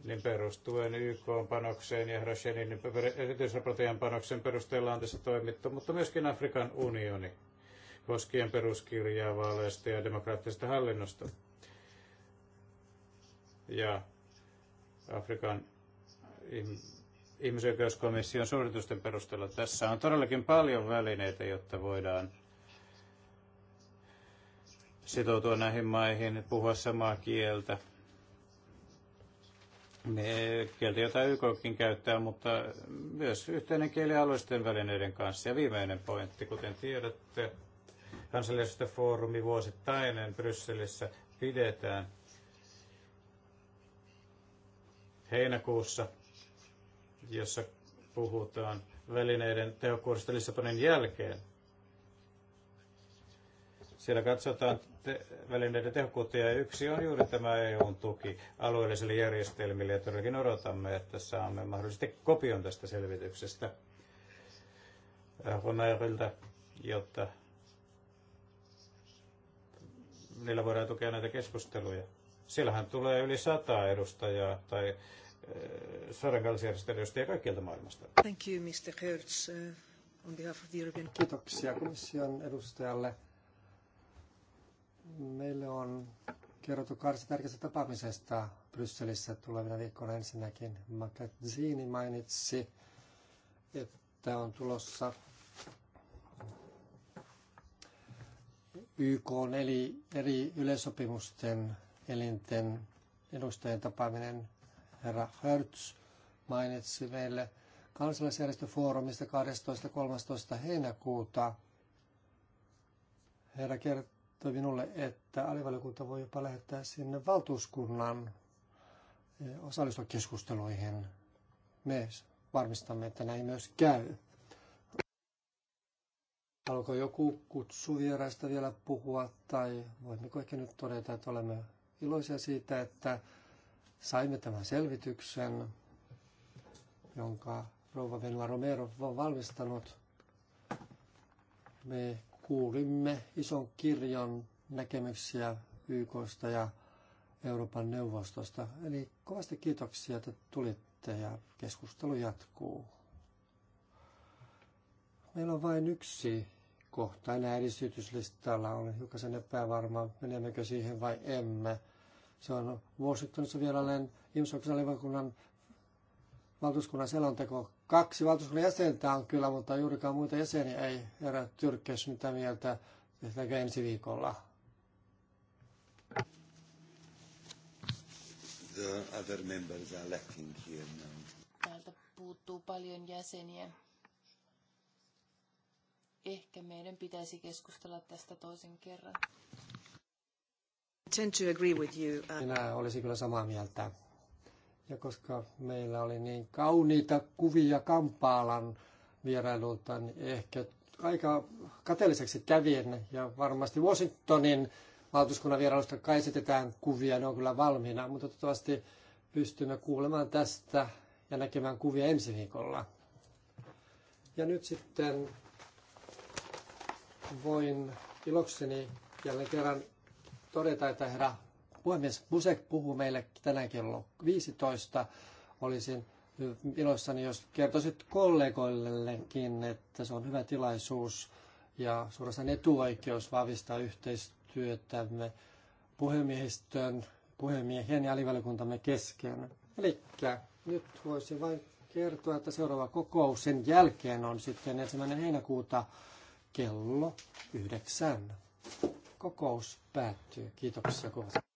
niin perustuen YK panokseen ja Roshenin erityisraportajan panoksen perusteella on tässä toimittu, mutta myöskin Afrikan unioni koskien peruskirjaa vaaleista ja demokraattisesta hallinnosta. Ja Afrikan ihmisoikeuskomission suoritusten perusteella tässä on todellakin paljon välineitä, jotta voidaan sitoutua näihin maihin, puhua samaa kieltä. Kieltä, jota YKkin käyttää, mutta myös yhteinen kieli alueisten välineiden kanssa. Ja viimeinen pointti, kuten tiedätte, kansallisesta foorumi vuosittainen Brysselissä pidetään heinäkuussa, jossa puhutaan välineiden tehokkuudesta Lissabonin jälkeen siellä katsotaan te- välineiden tehokkuutta ja yksi on juuri tämä eu tuki alueellisille järjestelmille ja todellakin odotamme, että saamme mahdollisesti kopion tästä selvityksestä äh, Ronairilta, jotta niillä voidaan tukea näitä keskusteluja. Siellähän tulee yli sata edustajaa tai äh, sodankallisjärjestön ja kaikkialta maailmasta. Thank you, Mr. Hertz, äh, on behalf of the European... Kiitoksia komission edustajalle. Meille on kerrottu kahdesta tärkeästä tapaamisesta Brysselissä tulevina viikkoina ensinnäkin. Magazzini mainitsi, että on tulossa YK on eli eri yleisopimusten elinten edustajien tapaaminen. Herra Hertz mainitsi meille kansalaisjärjestöfoorumista 12.13. heinäkuuta. Herra Kert kertoi minulle, että alivaliokunta voi jopa lähettää sinne valtuuskunnan eh, osallistua keskusteluihin. Me varmistamme, että näin myös käy. Haluatko joku kutsuvieraista vielä puhua tai voimmeko ehkä nyt todeta, että olemme iloisia siitä, että saimme tämän selvityksen, jonka rouva Venua Romero on valmistanut. Me kuulimme ison kirjon näkemyksiä YKsta ja Euroopan neuvostosta. Eli kovasti kiitoksia, että tulitte ja keskustelu jatkuu. Meillä on vain yksi kohta enää edistytyslistalla. Olen hiukan epävarma, menemmekö siihen vai emme. Se on Washingtonissa vierailen ihmisoikeusvaliokunnan valtuuskunnan selonteko Kaksi valtuuskunnan jäsentä on kyllä, mutta juurikaan muita jäseniä ei herra Tyrkkäs mitä mieltä tehdäänkö ensi viikolla. The other members are lacking here now. Täältä puuttuu paljon jäseniä. Ehkä meidän pitäisi keskustella tästä toisen kerran. Tend to agree with you. Uh, Minä olisin kyllä samaa mieltä. Ja koska meillä oli niin kauniita kuvia Kampaalan vierailulta, niin ehkä aika kateelliseksi kävin. Ja varmasti Washingtonin valtuuskunnan vierailusta kai esitetään kuvia, ne on kyllä valmiina, mutta toivottavasti pystymme kuulemaan tästä ja näkemään kuvia ensi viikolla. Ja nyt sitten voin ilokseni jälleen kerran todeta, että herra puhemies Busek puhuu meille tänään kello 15. Olisin iloissani, jos kertoisit kollegoillekin, että se on hyvä tilaisuus ja suorastaan etuoikeus vahvistaa yhteistyötämme puhemiehistön, puhemiehen ja alivalikuntamme kesken. Eli nyt voisi vain kertoa, että seuraava kokous sen jälkeen on sitten ensimmäinen heinäkuuta kello yhdeksän. Kokous päättyy. Kiitoksia kovasti.